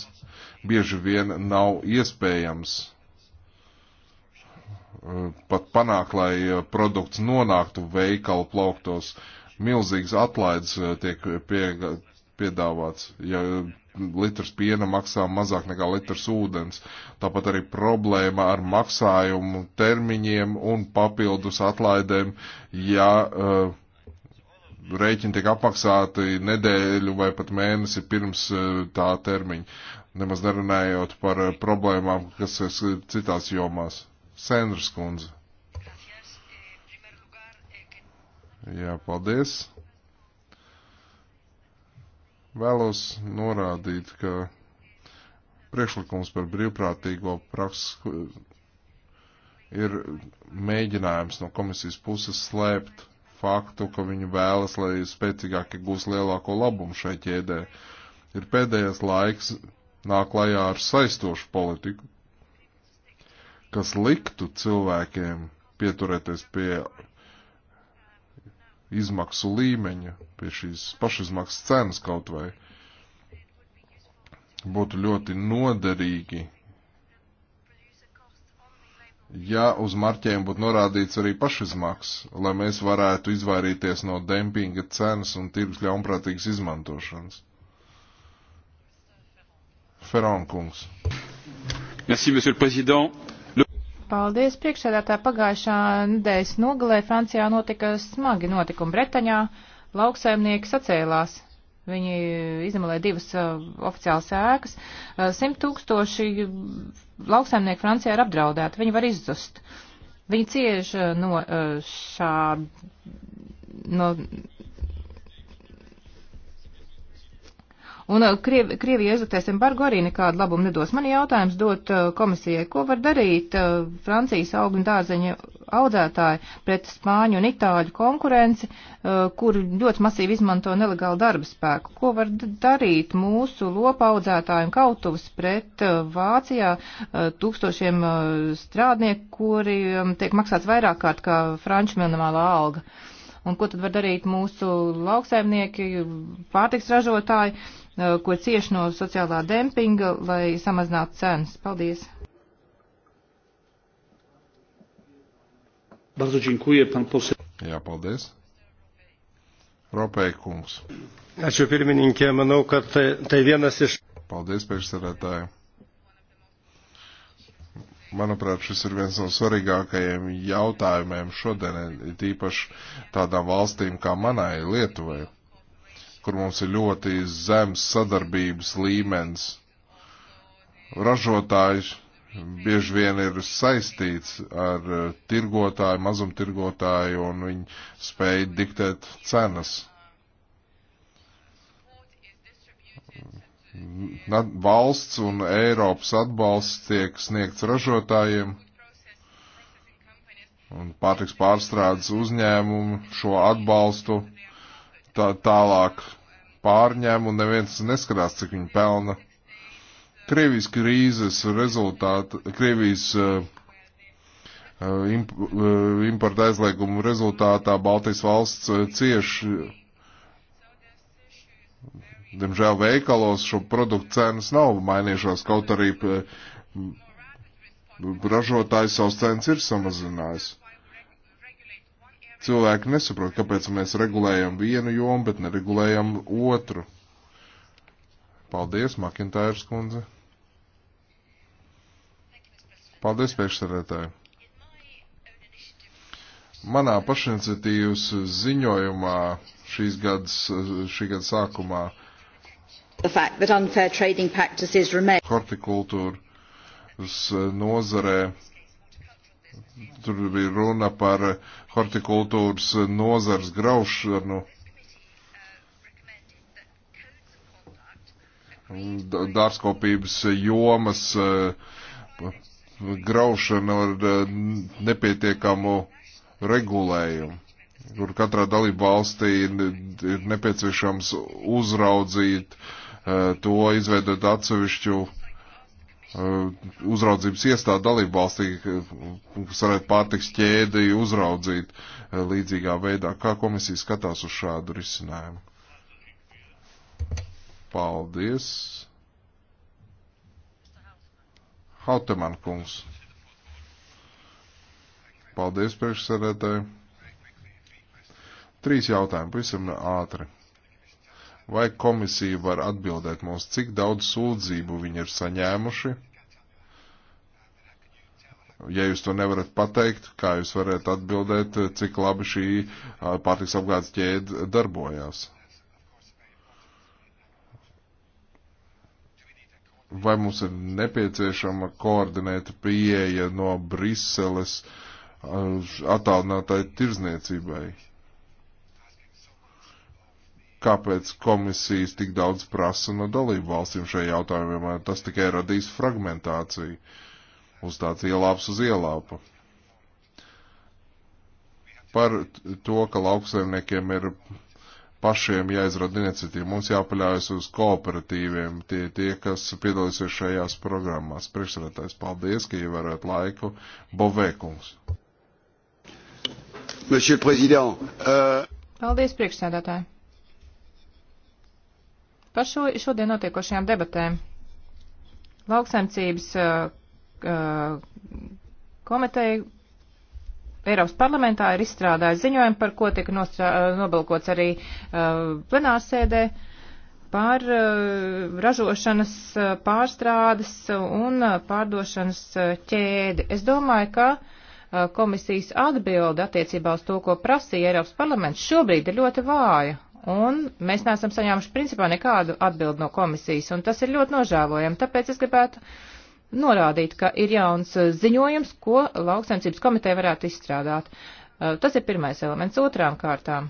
Speaker 1: Bieži vien nav iespējams eh, pat panākt, lai eh, produkts nonāktu veikalu plauktos. Milzīgas atlaides eh, tiek pie, piedāvāts, ja litrs piena maksā mazāk nekā litrs ūdens. Tāpat arī problēma ar maksājumu termiņiem un papildus atlaidēm, ja uh, rēķini tiek apmaksāti nedēļu vai pat mēnesi pirms eh, tā termiņa. Nemaz nerunājot par eh, problēmām, kas ir citās jomās. Sandra Skundze. Jā, paldies. Vēlos norādīt, ka priekšlikums par brīvprātīgo prakses ir mēģinājums no komisijas puses slēpt faktu, ka viņi vēlas, lai spēcīgākie gūs lielāko labumu šai ķēdē. Ir pēdējais laiks nāk klajā ar saistošu politiku, kas liktu cilvēkiem pieturēties pie izmaksu līmeņa, pie šīs pašizmaksas cenas kaut vai. Būtu ļoti noderīgi, ja uz marķējumu būtu norādīts arī pašizmaksas, lai mēs varētu izvairīties no dempinga cenas un tirgus ļaunprātīgas izmantošanas. Ferrankungs. Merci, monsieur le président
Speaker 3: Paldies, priekšsēdētā pagājušā nedēļas nogalē Francijā notika smagi notikumi Bretaņā. Lauksaimnieki sacēlās. Viņi izmolē divas uh, oficiālas ēkas. Uh, simt tūkstoši lauksaimnieki Francijā ir apdraudēti. Viņi var izzust. Viņi cieš uh, no uh, šā, no Un uh, Krievi, Krievija iezatēs embargo arī nekādu labumu nedos. Man jautājums dot uh, komisijai, ko var darīt uh, Francijas augļu un dārzeņu audzētāji pret Spāņu un Itāļu konkurenci, kur ļoti masīvi izmanto nelegālu darba spēku. Ko var darīt mūsu lopa audzētāji un kautuvs pret Vācijā tūkstošiem strādnieku, kuri tiek maksāts vairāk kārt kā franču minimālā alga? Un ko tad var darīt mūsu lauksaimnieki, pārtiks ražotāji? Eh, ko cieš no sociālā dempinga, lai samazinātu cenas. Paldies!
Speaker 1: Bardzo dziękuję, pan poseł. Jā, paldies. Ropēja kungs.
Speaker 3: Ačiū pirmininkė, manau, kad tai, tai vienas
Speaker 1: iš. Paldies, priekšsarētāji. Manuprāt, šis ir viens no svarīgākajiem jautājumiem šodien, tīpaši tādām valstīm kā manai Lietuvai kur mums ir ļoti zems sadarbības līmenis. Ražotājs bieži vien ir saistīts ar eh, tirgotāju, mazumtirgotāju, un viņi spēj diktēt cenas. Valsts un Eiropas atbalsts tiek sniegts ražotājiem, un pārtiks pārstrādes uzņēmumu šo atbalstu tā, tālāk pārņem un neviens neskatās, cik viņi pelna. Krievijas krīzes rezultāti, Krievijas uh, uh, imp, uh, importa aizliegumu rezultātā Baltijas valsts uh, cieši, diemžēl veikalos šo produktu cenas nav mainījušās, kaut arī uh, ražotājs savus cenas ir samazinājis. Cilvēki nesaprot, kāpēc mēs regulējam vienu jomu, bet neregulējam otru. Paldies, Makintājas kundze. Paldies, priekšsarētāji. Manā pašiniciatīvas ziņojumā šīs gadas, šī gada sākumā hortikultūras nozarē Tur bija runa par hortikultūras nozars graušanu. Dārzkopības jomas eh, graušana ar eh, nepietiekamu regulējumu, kur katrā dalība valstī ir nepieciešams uzraudzīt eh, to, izveidot atsevišķu uh, Uh, uzraudzības iestāde dalību valstī, uh, kas varētu pārtiks ķēdi uzraudzīt uh, līdzīgā veidā. Kā komisija skatās uz šādu risinājumu? Paldies. Hauteman kungs. Paldies priekšsēdētāji. Trīs jautājumi, pavisam ātri. Vai komisija var atbildēt mums, cik daudz sūdzību viņi ir saņēmuši? Ja jūs to nevarat pateikt, kā jūs varat atbildēt, cik labi šī pārtiks apgādes ķēde darbojās? Vai mums ir nepieciešama koordinēta pieeja no Briseles attālinātai tirzniecībai? kāpēc komisijas tik daudz prasa no dalību valstīm šajā jautājumā. Tas tikai radīs fragmentāciju uz tāds ielāps uz ielāpu. Par to, ka lauksaimniekiem ir pašiem jāizrada iniciatīva. Mums jāpaļaujas uz kooperatīviem, tie, tie kas piedalīsies šajās programmās. Priekšsēdētājs, paldies, ka ievērojat laiku. Bovēkungs. Euh,
Speaker 3: paldies, priekšsēdētāji. Par šo šodien notiekošajām debatēm. Lauksaimniecības eh, eh, komiteja Eiropas parlamentā ir izstrādājis ziņojumu, par ko tika nostrā, eh, nobalkots arī plenārsēdē par ražošanas pārstrādes un pārdošanas ķēdi. Es domāju, ka komisijas atbilde attiecībā uz to, ko prasīja Eiropas parlaments, šobrīd ir ļoti vāja. Un mēs neesam saņēmuši principā nekādu atbildi no komisijas, un tas ir ļoti nožēlojami. Tāpēc es gribētu norādīt, ka ir jauns uh, ziņojums, ko lauksaimniecības komiteja varētu izstrādāt. Uh, tas ir pirmais elements. Otrām kārtām.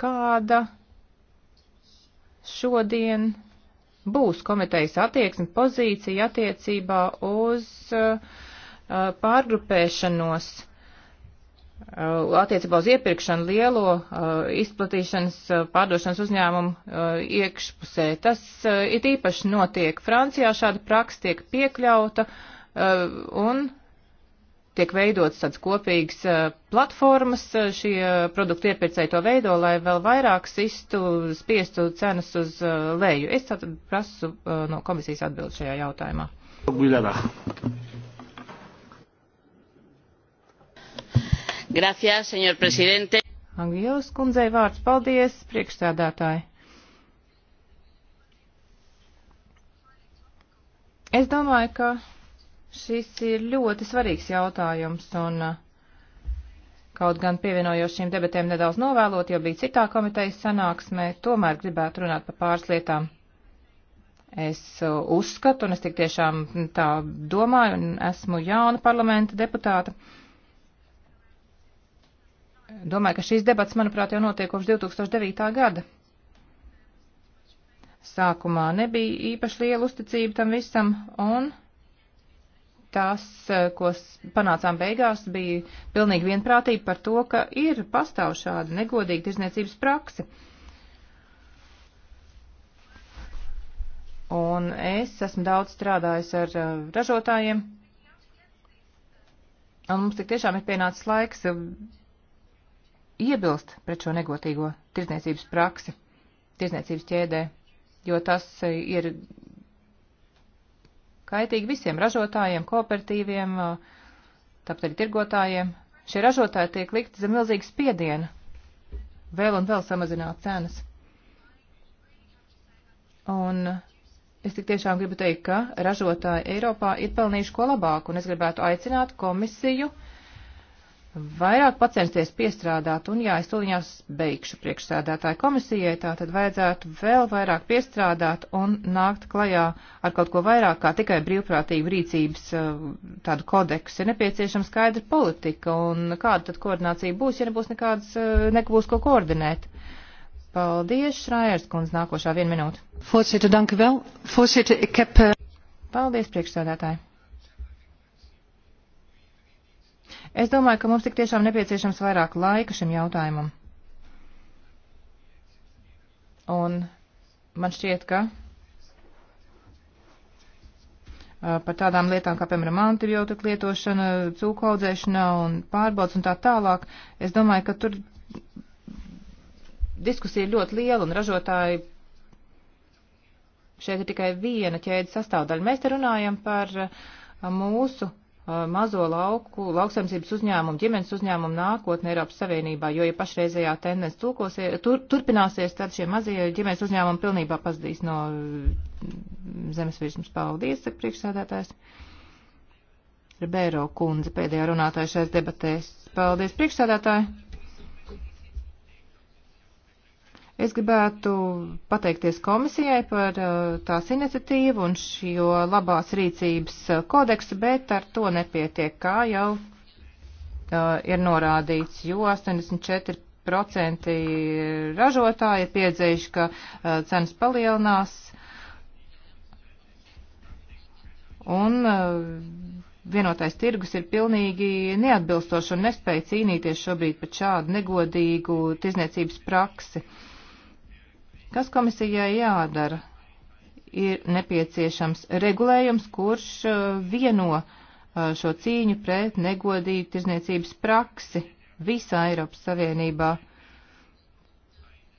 Speaker 3: Kāda šodien būs komitejas attieksme, pozīcija attiecībā uz uh, pārgrupēšanos? Uh, attiecībā uz iepirkšanu lielo uh, izplatīšanas uh, pārdošanas uzņēmumu uh, iekšpusē. Tas uh, it īpaši notiek Francijā, šāda praksa tiek piekļauta uh, un tiek veidotas tāds kopīgs platformas, šie produktu iepirkēji to veido, lai vēl vairāk sistu, spiestu cenas uz leju. Es tātad prasu no komisijas atbildu šajā jautājumā.
Speaker 1: Buļļarā. Gracias, señor
Speaker 3: presidente. Angielas kundzei vārds paldies, priekšstādātāji. Es domāju, ka šis ir ļoti svarīgs jautājums un uh, kaut gan pievienojos šīm debatēm nedaudz novēlot, jo bija citā komitejas sanāksmē, tomēr gribētu runāt par pāris lietām. Es uh, uzskatu, un es tik tiešām tā domāju, un esmu jauna parlamenta deputāta. Uh, Domāju, ka šīs debats, manuprāt, jau notiek kopš 2009. gada. Sākumā nebija īpaši liela uzticība tam visam, un tas, ko panācām beigās, bija pilnīgi vienprātība par to, ka ir pastāv šāda negodīga tirzniecības praksa. Un es esmu daudz strādājis ar uh, ražotājiem, un mums tik tiešām ir pienācis laiks uh, iebilst pret šo negotīgo tirdzniecības praksi, tirdzniecības ķēdē, jo tas ir kaitīgi visiem ražotājiem, kooperatīviem, tāpat arī tirgotājiem. Šie ražotāji tiek likti zem milzīga spiediena vēl un vēl samazināt cenas. Un es tik tiešām gribu teikt, ka ražotāji Eiropā ir pelnījuši ko labāku, un es gribētu aicināt komisiju uh, vairāk pacensties piestrādāt, un jā, es tuliņās beigšu priekšsēdētāju komisijai, tā tad vajadzētu vēl vairāk piestrādāt un nākt klajā ar kaut ko vairāk kā tikai brīvprātīgu rīcības eh, tādu kodeksu. Ir nepieciešama skaidra politika, un kāda tad koordinācija būs, ja nebūs nekādas, eh, nekabūs ko koordinēt. Paldies, Šrājers kundze, nākošā viena minūte. Voorzitter, dank u wel. Voorzitter, ik heb... Eh, Paldies, priekšsēdētāji. Es domāju, ka mums tik tiešām nepieciešams vairāk laika šim jautājumam. Un man šķiet, ka par tādām lietām kā, piemēram, antibiotika lietošana, cūku audzēšana un pārbaudas un tā tālāk. Es domāju, ka tur diskusija ir ļoti liela un ražotāji šeit ir tikai viena ķēdes sastāvdaļa. Mēs te runājam par mūsu Uh, mazo lauku, lauksaimniecības uzņēmumu, ģimenes uzņēmumu nākotni Eiropas Savienībā, jo, ja pašreizējā tendence tur, turpināsies, tad šie mazie ģimenes uzņēmumi pilnībā pazudīs no mm, zemes virsmas. Paldies, saka priekšsēdētājs. Ribeiro kundze pēdējā runātāja šais debatēs. Paldies, priekšsēdētāji! Es gribētu pateikties komisijai par uh, tās iniciatīvu un šo labās rīcības uh, kodeksu, bet ar to nepietiek, kā jau uh, ir norādīts, jo 84% ražotāji ir piedzējuši, ka cenas palielinās. Un vienotais tirgus ir pilnīgi neatbilstošs un nespēja cīnīties šobrīd pret šādu negodīgu tirzniecības praksi. Uh, Kas komisijai jādara? Ir nepieciešams regulējums, kurš uh, vieno uh, šo cīņu pret negodīgu tirzniecības praksi visā Eiropas Savienībā.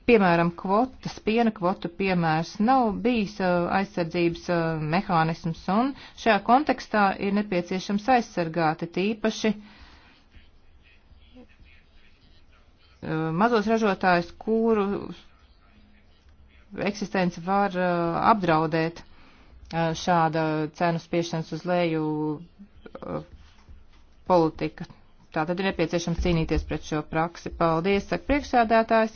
Speaker 3: Piemēram, kvotas, piena kvotu piemērs nav bijis uh, aizsardzības mehānisms, un šajā kontekstā ir nepieciešams aizsargāti tīpaši mazos ražotājus, kuru eksistenci var uh, apdraudēt uh, šāda cenu spiešanas uz leju uh, politika. Tā tad ir nepieciešams cīnīties pret šo praksi. Paldies, saka priekšsēdētājs.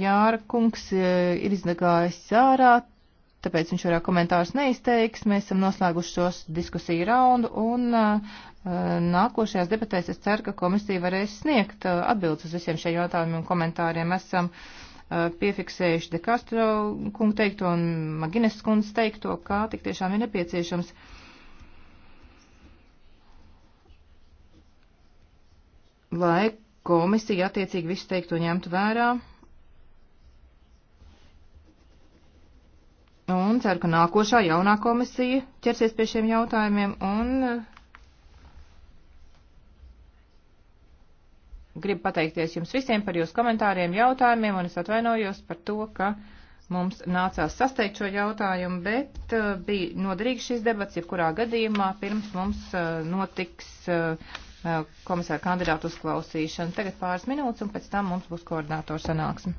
Speaker 3: Jāra kungs ir iznagājis ārā, tāpēc viņš vairāk komentārus neizteiks. Mēs esam noslēguši šos diskusiju raundu un nākošajās debatēs es ceru, ka komisija varēs sniegt atbildes uz visiem šiem jautājumiem un komentāriem. Esam uh, Eh, piefiksējuši De Castro kungu teikto un Magines kundas teikto, kā tik tiešām ir nepieciešams. Lai komisija attiecīgi visu teikto ņemtu vērā. Un ceru, ka nākošā jaunā komisija ķersies pie šiem jautājumiem un eh, gribu pateikties jums visiem par jūsu komentāriem, jautājumiem, un es atvainojos par to, ka mums nācās sasteigt šo jautājumu, bet uh, bija noderīgs šis debats, jebkurā gadījumā pirms mums uh, notiks uh, uh, komisāra kandidātu uzklausīšana. Tagad pāris minūtes, un pēc tam mums būs koordinātors sanāksme.